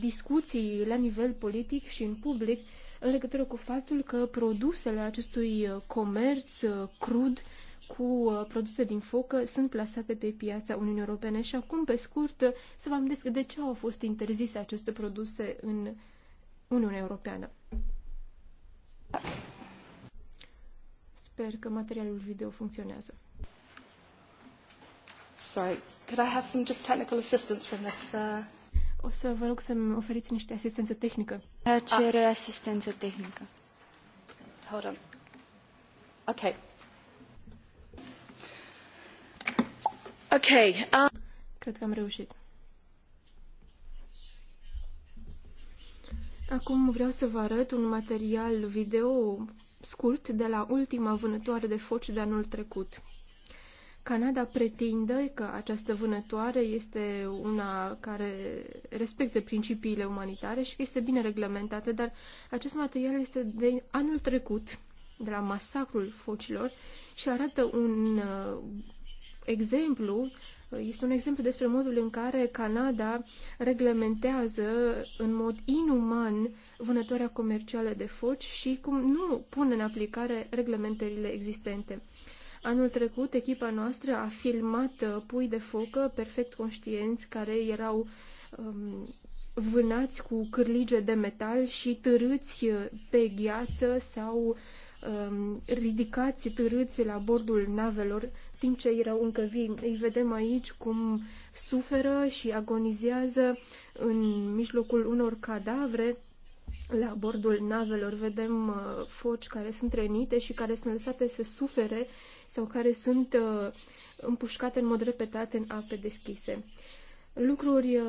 discuții la nivel politic și în public în legătură cu faptul că produsele acestui uh, comerț uh, crud uh, cu uh, produse din foc sunt plasate pe piața Uniunii Europene și acum, pe scurt, uh, să vă amintesc de ce au fost interzise aceste produse în Uniunea Europeană. Sper că materialul video funcționează. Sorry, could I have some just technical assistance from this? Uh... O să vă rog să-mi oferiți niște asistență tehnică. Cer ah. asistență tehnică. Hold on. Okay. Uh, Cred că am reușit. Acum vreau să vă arăt un material video scurt de la ultima vânătoare de foci de anul trecut. Canada pretinde că această vânătoare este una care respectă principiile umanitare și că este bine reglementată, dar acest material este de anul trecut, de la masacrul focilor, și arată un uh, exemplu este un exemplu despre modul în care Canada reglementează în mod inuman vânătoarea comercială de foci și cum nu pune în aplicare reglementările existente. Anul trecut, echipa noastră a filmat pui de focă perfect conștienți care erau um, vânați cu cârlige de metal și târâți pe gheață sau Um, ridicați târâții la bordul navelor timp ce erau încă vii. Îi vedem aici cum suferă și agonizează în mijlocul unor cadavre la bordul navelor. Vedem uh, foci care sunt rănite și care sunt lăsate să sufere sau care sunt uh, împușcate în mod repetat în ape deschise. Lucruri uh,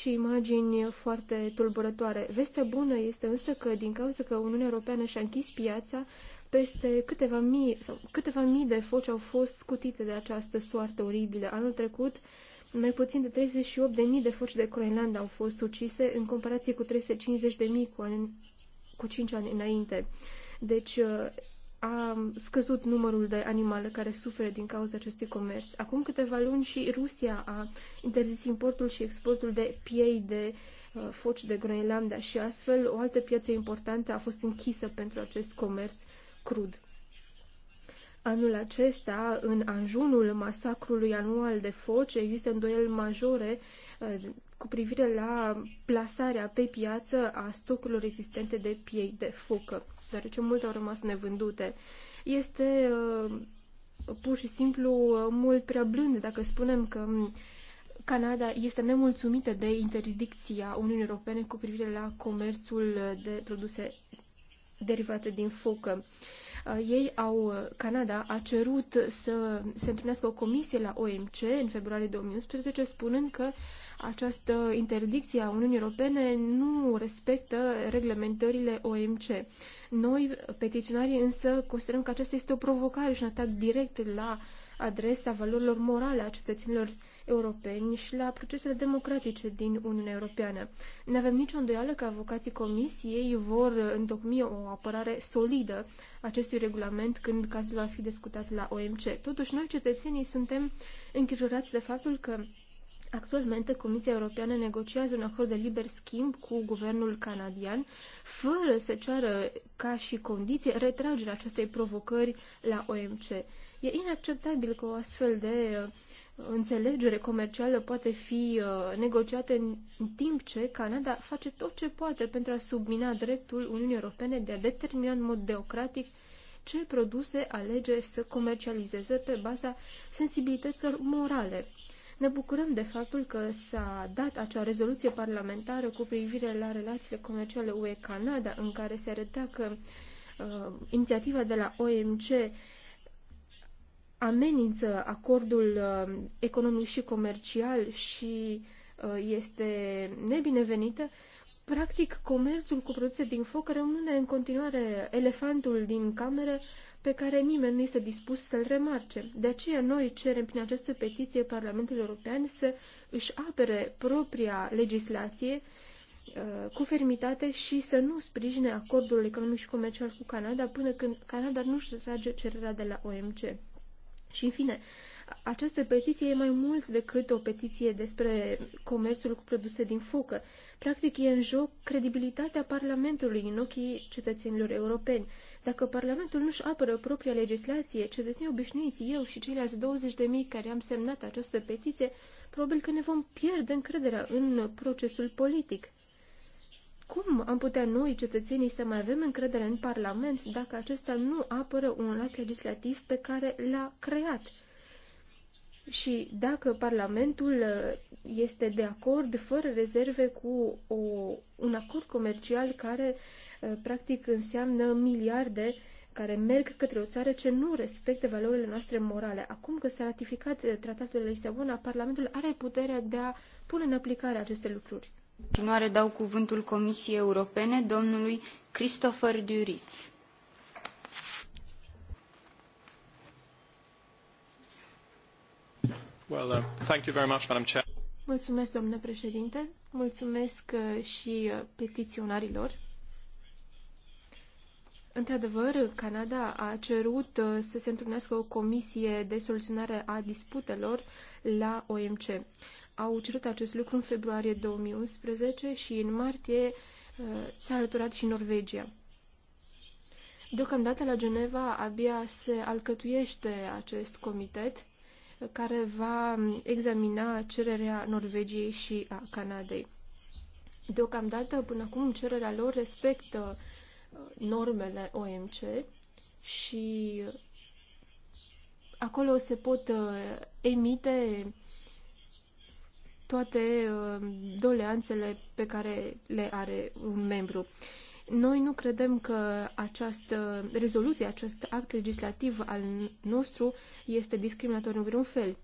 și imagini foarte tulburătoare. Vestea bună este însă că, din cauza că Uniunea Europeană și-a închis piața, peste câteva mii, sau câteva mii de foci au fost scutite de această soartă oribilă. Anul trecut, mai puțin de 38.000 de foci de Groenlanda au fost ucise, în comparație cu 350.000 cu, an, cu 5 ani înainte. Deci, a scăzut numărul de animale care suferă din cauza acestui comerț. Acum câteva luni și Rusia a interzis importul și exportul de piei de uh, foci de Groenlanda și astfel o altă piață importantă a fost închisă pentru acest comerț crud. Anul acesta, în anjunul masacrului anual de foci, există îndoieli majore uh, cu privire la plasarea pe piață a stocurilor existente de piei de focă deoarece multe au rămas nevândute. Este uh, pur și simplu uh, mult prea blând dacă spunem că um, Canada este nemulțumită de interdicția Uniunii Europene cu privire la comerțul de produse derivate din focă. Uh, ei au, Canada a cerut să se întâlnească o comisie la OMC în februarie 2011, spunând că această interdicție a Uniunii Europene nu respectă reglementările OMC. Noi, petiționarii, însă considerăm că aceasta este o provocare și un atac direct la adresa valorilor morale a cetățenilor europeni și la procesele democratice din Uniunea Europeană. Ne avem nicio îndoială că avocații Comisiei vor întocmi o apărare solidă acestui regulament când cazul va fi discutat la OMC. Totuși, noi, cetățenii, suntem îngrijorați de faptul că Actualmente, Comisia Europeană negociază un acord de liber schimb cu guvernul canadian, fără să ceară ca și condiție retragerea acestei provocări la OMC. E inacceptabil că o astfel de uh, înțelegere comercială poate fi uh, negociată în timp ce Canada face tot ce poate pentru a submina dreptul Uniunii Europene de a determina în mod democratic ce produse alege să comercializeze pe baza sensibilităților morale. Ne bucurăm de faptul că s-a dat acea rezoluție parlamentară cu privire la relațiile comerciale UE-Canada, în care se arăta că uh, inițiativa de la OMC amenință acordul uh, economic și comercial și uh, este nebinevenită, practic comerțul cu produse din foc rămâne în continuare elefantul din cameră uh, pe care nimeni nu este dispus să-l remarce. De aceea noi cerem prin această petiție Parlamentului European să își apere propria legislație uh, cu fermitate și să nu sprijine acordul economic și comercial cu Canada până când Canada nu-și trage cererea de la OMC. Și în fine, această petiție e mai mult decât o petiție despre comerțul cu produse din focă. Practic e în joc credibilitatea Parlamentului în ochii cetățenilor europeni. Dacă Parlamentul nu-și apără propria legislație, cetățenii obișnuiți, eu și ceilalți 20.000 care am semnat această petiție, probabil că ne vom pierde încrederea în procesul politic. Cum am putea noi, cetățenii, să mai avem încredere în Parlament dacă acesta nu apără un act legislativ pe care l-a creat? și dacă Parlamentul uh, este de acord, fără rezerve, cu o, un acord comercial care uh, practic înseamnă miliarde care merg către o țară ce nu respectă valorile noastre morale. Acum că s-a ratificat uh, tratatul de Lisabona, Parlamentul are puterea de a pune în aplicare aceste lucruri. În continuare dau cuvântul Comisiei Europene domnului Christopher Duritz. Uh, Mulțumesc, domnule președinte. Mulțumesc uh, și uh, petiționarilor. Într-adevăr, Canada a cerut să se întrunească o comisie de soluționare a disputelor la OMC. Au cerut acest lucru în februarie 2011 și în martie s-a alăturat și Norvegia. Deocamdată la Geneva abia se alcătuiește acest comitet care va examina cererea Norvegiei și a Canadei. Deocamdată, până acum, cererea lor respectă uh, normele OMC și acolo se pot uh, emite toate uh, doleanțele pe care le are un membru. Noi nu credem că această rezoluție, acest act legislativ al nostru este discriminatoriu în vreun fel.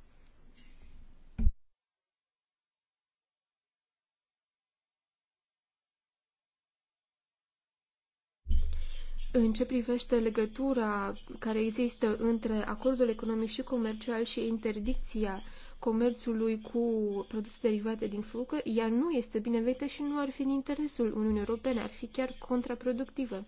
În ce privește legătura care există între acordul economic și comercial și interdicția uh, comerțului cu produse derivate din flucă, ea nu este binevenită și nu ar fi în interesul Uniunii Europene, ar fi chiar contraproductivă.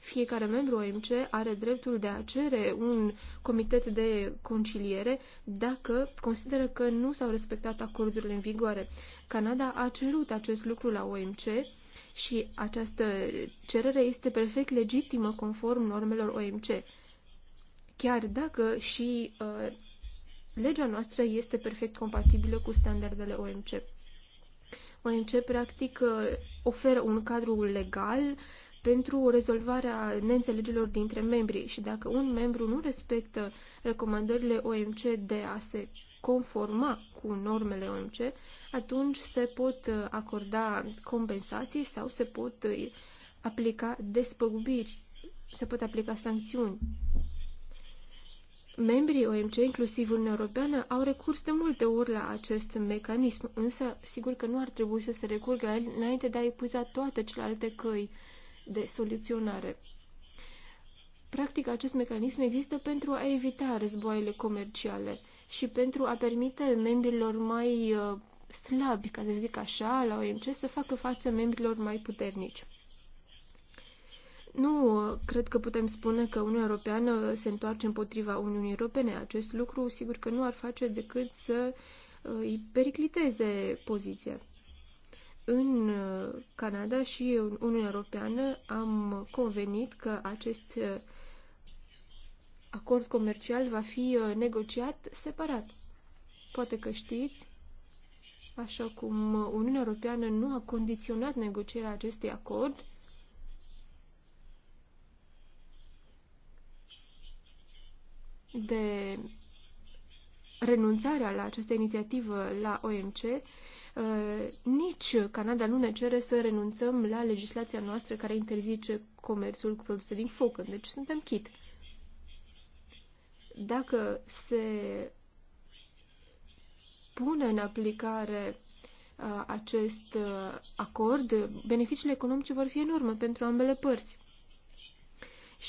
Fiecare membru OMC are dreptul de a cere un comitet de conciliere dacă consideră că nu s-au respectat acordurile în vigoare. Canada a cerut acest lucru la OMC și această cerere este perfect legitimă conform normelor OMC. Chiar dacă și uh, legea noastră este perfect compatibilă cu standardele OMC. OMC, practic, oferă un cadru legal pentru rezolvarea neînțelegerilor dintre membri și dacă un membru nu respectă recomandările OMC de a se conforma cu normele OMC, atunci se pot uh, acorda compensații sau se pot uh, aplica despăgubiri, se pot aplica sancțiuni. Membrii OMC, inclusiv Uniunea Europeană, au recurs de multe ori la acest mecanism, însă sigur că nu ar trebui să se recurgă înainte de a epuiza toate celelalte căi de soluționare. Practic, acest mecanism există pentru a evita războaiele comerciale și pentru a permite membrilor mai uh, slabi, ca să zic așa, la OMC să facă față membrilor mai puternici. Nu cred că putem spune că Uniunea Europeană se întoarce împotriva Uniunii Europene. Acest lucru sigur că nu ar face decât să uh, îi pericliteze poziția. În uh, Canada și în Uniunea Europeană am convenit că acest uh, acord comercial va fi negociat separat. Poate că știți, așa cum Uniunea Europeană nu a condiționat negocierea acestui acord, de renunțarea la această inițiativă la OMC, uh, nici Canada nu ne cere să renunțăm la legislația noastră care interzice comerțul cu produse din foc, deci suntem chit. Dacă se pune în aplicare uh, acest uh, acord, beneficiile economice vor fi enorme pentru ambele părți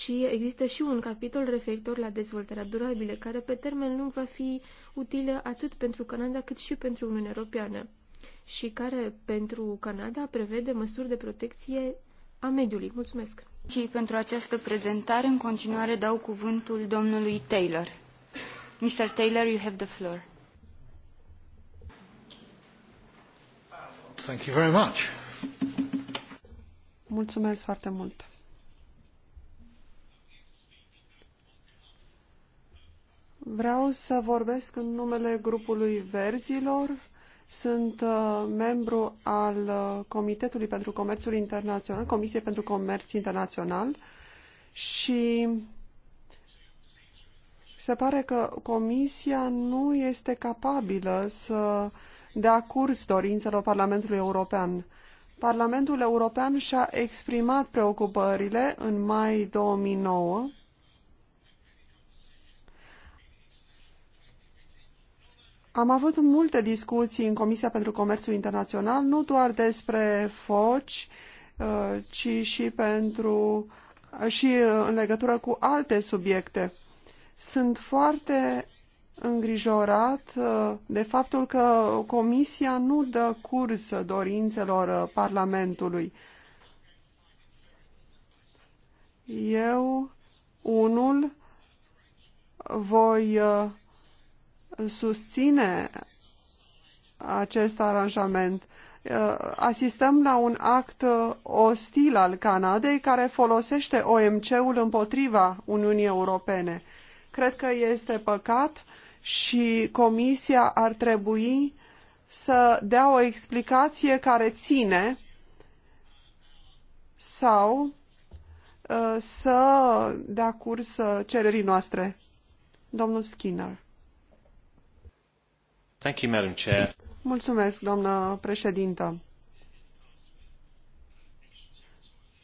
și există și un capitol referitor la dezvoltarea durabilă, care pe termen lung va fi utilă atât pentru Canada cât și pentru Uniunea Europeană și care pentru Canada prevede măsuri de protecție a mediului. Mulțumesc! Și pentru această prezentare, în continuare dau cuvântul domnului Taylor. Mr. Taylor, you have the floor. Thank you very much. Mulțumesc foarte mult. Vreau să vorbesc în numele grupului Verzilor. Sunt uh, membru al uh, Comitetului pentru Comerțul Internațional, Comisie pentru Comerț Internațional și se pare că Comisia nu este capabilă să dea curs dorințelor Parlamentului European. Parlamentul European și-a exprimat preocupările în mai 2009 Am avut multe discuții în Comisia pentru Comerțul Internațional, nu doar despre foci, uh, ci și pentru uh, și uh, în legătură cu alte subiecte. Sunt foarte îngrijorat de faptul că Comisia nu dă curs dorințelor Parlamentului. Eu, unul, voi susține acest aranjament. Uh, asistăm la un act uh, ostil al Canadei care folosește OMC-ul împotriva Uniunii Europene. Cred că este păcat și Comisia ar trebui să dea o explicație care ține sau uh, să dea curs cererii noastre. Domnul Skinner. Mulțumesc, președintă.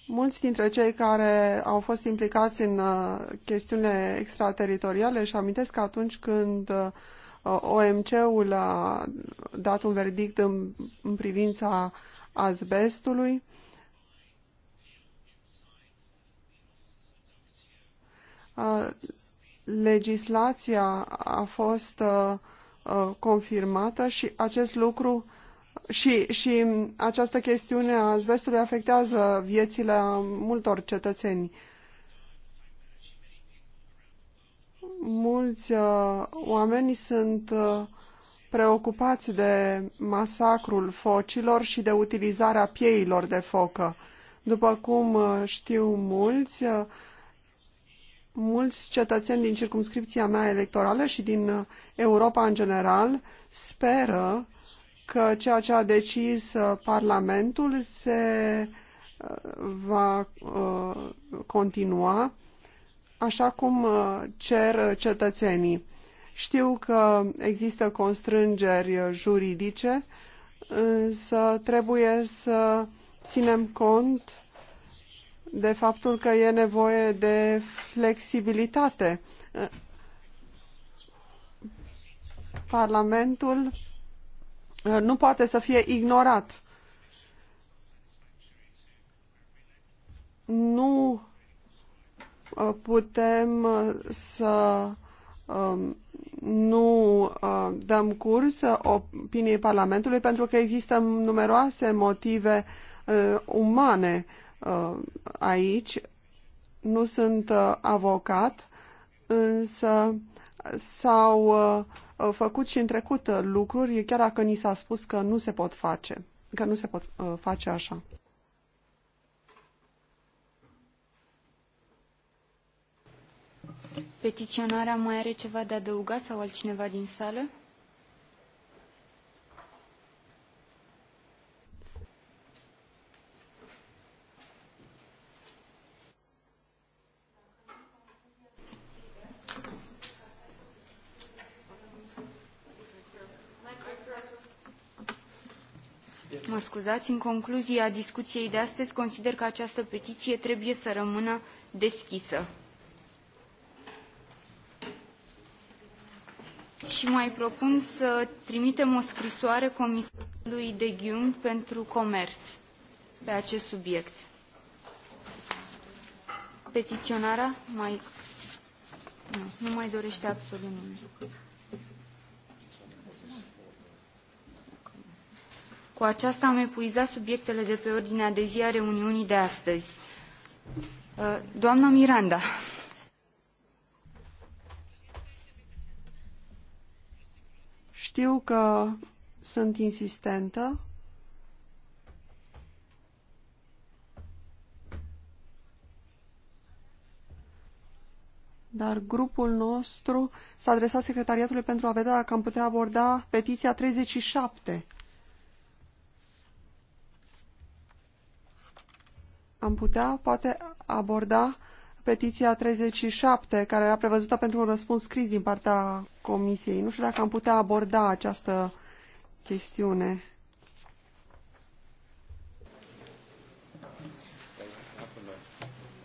Mulți dintre cei care au fost implicați în uh, chestiunile extrateritoriale și amintesc că atunci când uh, OMC-ul a dat un verdict în, în privința azbestului, uh, legislația a fost Uh, confirmată și acest lucru și, și această chestiune a azbestului afectează viețile a multor cetățeni. Mulți uh, oameni sunt uh, preocupați de masacrul focilor și de utilizarea pieilor de focă. După cum uh, știu mulți, uh, mulți cetățeni din circumscripția mea electorală și din uh, Europa în general speră că ceea ce a decis uh, Parlamentul se uh, va continua așa cum cer cetățenii. Știu că există constrângeri juridice, însă trebuie să ținem cont de faptul că e nevoie de flexibilitate. Parlamentul uh, nu poate să fie ignorat. Nu uh, putem uh, să um, nu dăm curs opiniei Parlamentului pentru că există numeroase motive umane Uh, aici. Nu sunt uh, avocat, însă s-au uh, făcut și în trecut lucruri, chiar dacă ni s-a spus că nu se pot face, că nu se pot face așa. Petiționarea mai are ceva de adăugat sau altcineva din sală? scuzați, în concluzie a discuției de astăzi, consider că această petiție trebuie să rămână deschisă. Și mai propun să trimitem o scrisoare comisarului de Ghiung pentru comerț pe acest subiect. Petiționarea mai... Nu, nu mai dorește absolut nimic. Cu aceasta am epuizat subiectele de pe ordinea de zi a reuniunii de astăzi. Uh, doamna Miranda. Știu că sunt insistentă. Dar grupul nostru s-a adresat secretariatului pentru a vedea dacă am putea aborda petiția 37 am putea poate aborda petiția 37, care era prevăzută pentru un răspuns scris din partea Comisiei. Nu știu dacă am putea aborda această chestiune.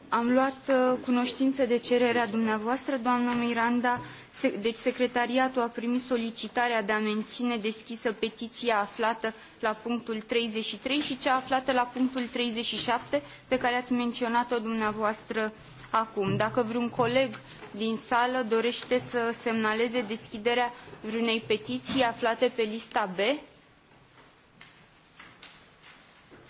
Am luat uh, cunoștință de cererea dumneavoastră, doamna Miranda, deci secretariatul a primit solicitarea de a menine deschisă petiia aflată la punctul treizeci și trei i cea aflată la punctul treizeci și șapte pe care ai menionat o dumneavoastră acum. dacă vreun coleg din sală dorete să semnaleze deschiderea vreunei petiii aflate pe lista b?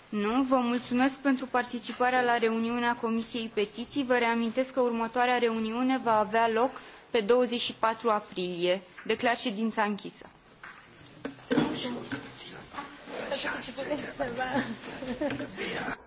Nu, vă mulțumesc pentru participarea la reuniunea Comisiei Petiții. Vă reamintesc că următoarea reuniune va avea loc pe și patru aprilie. Declar ședința închisă. Să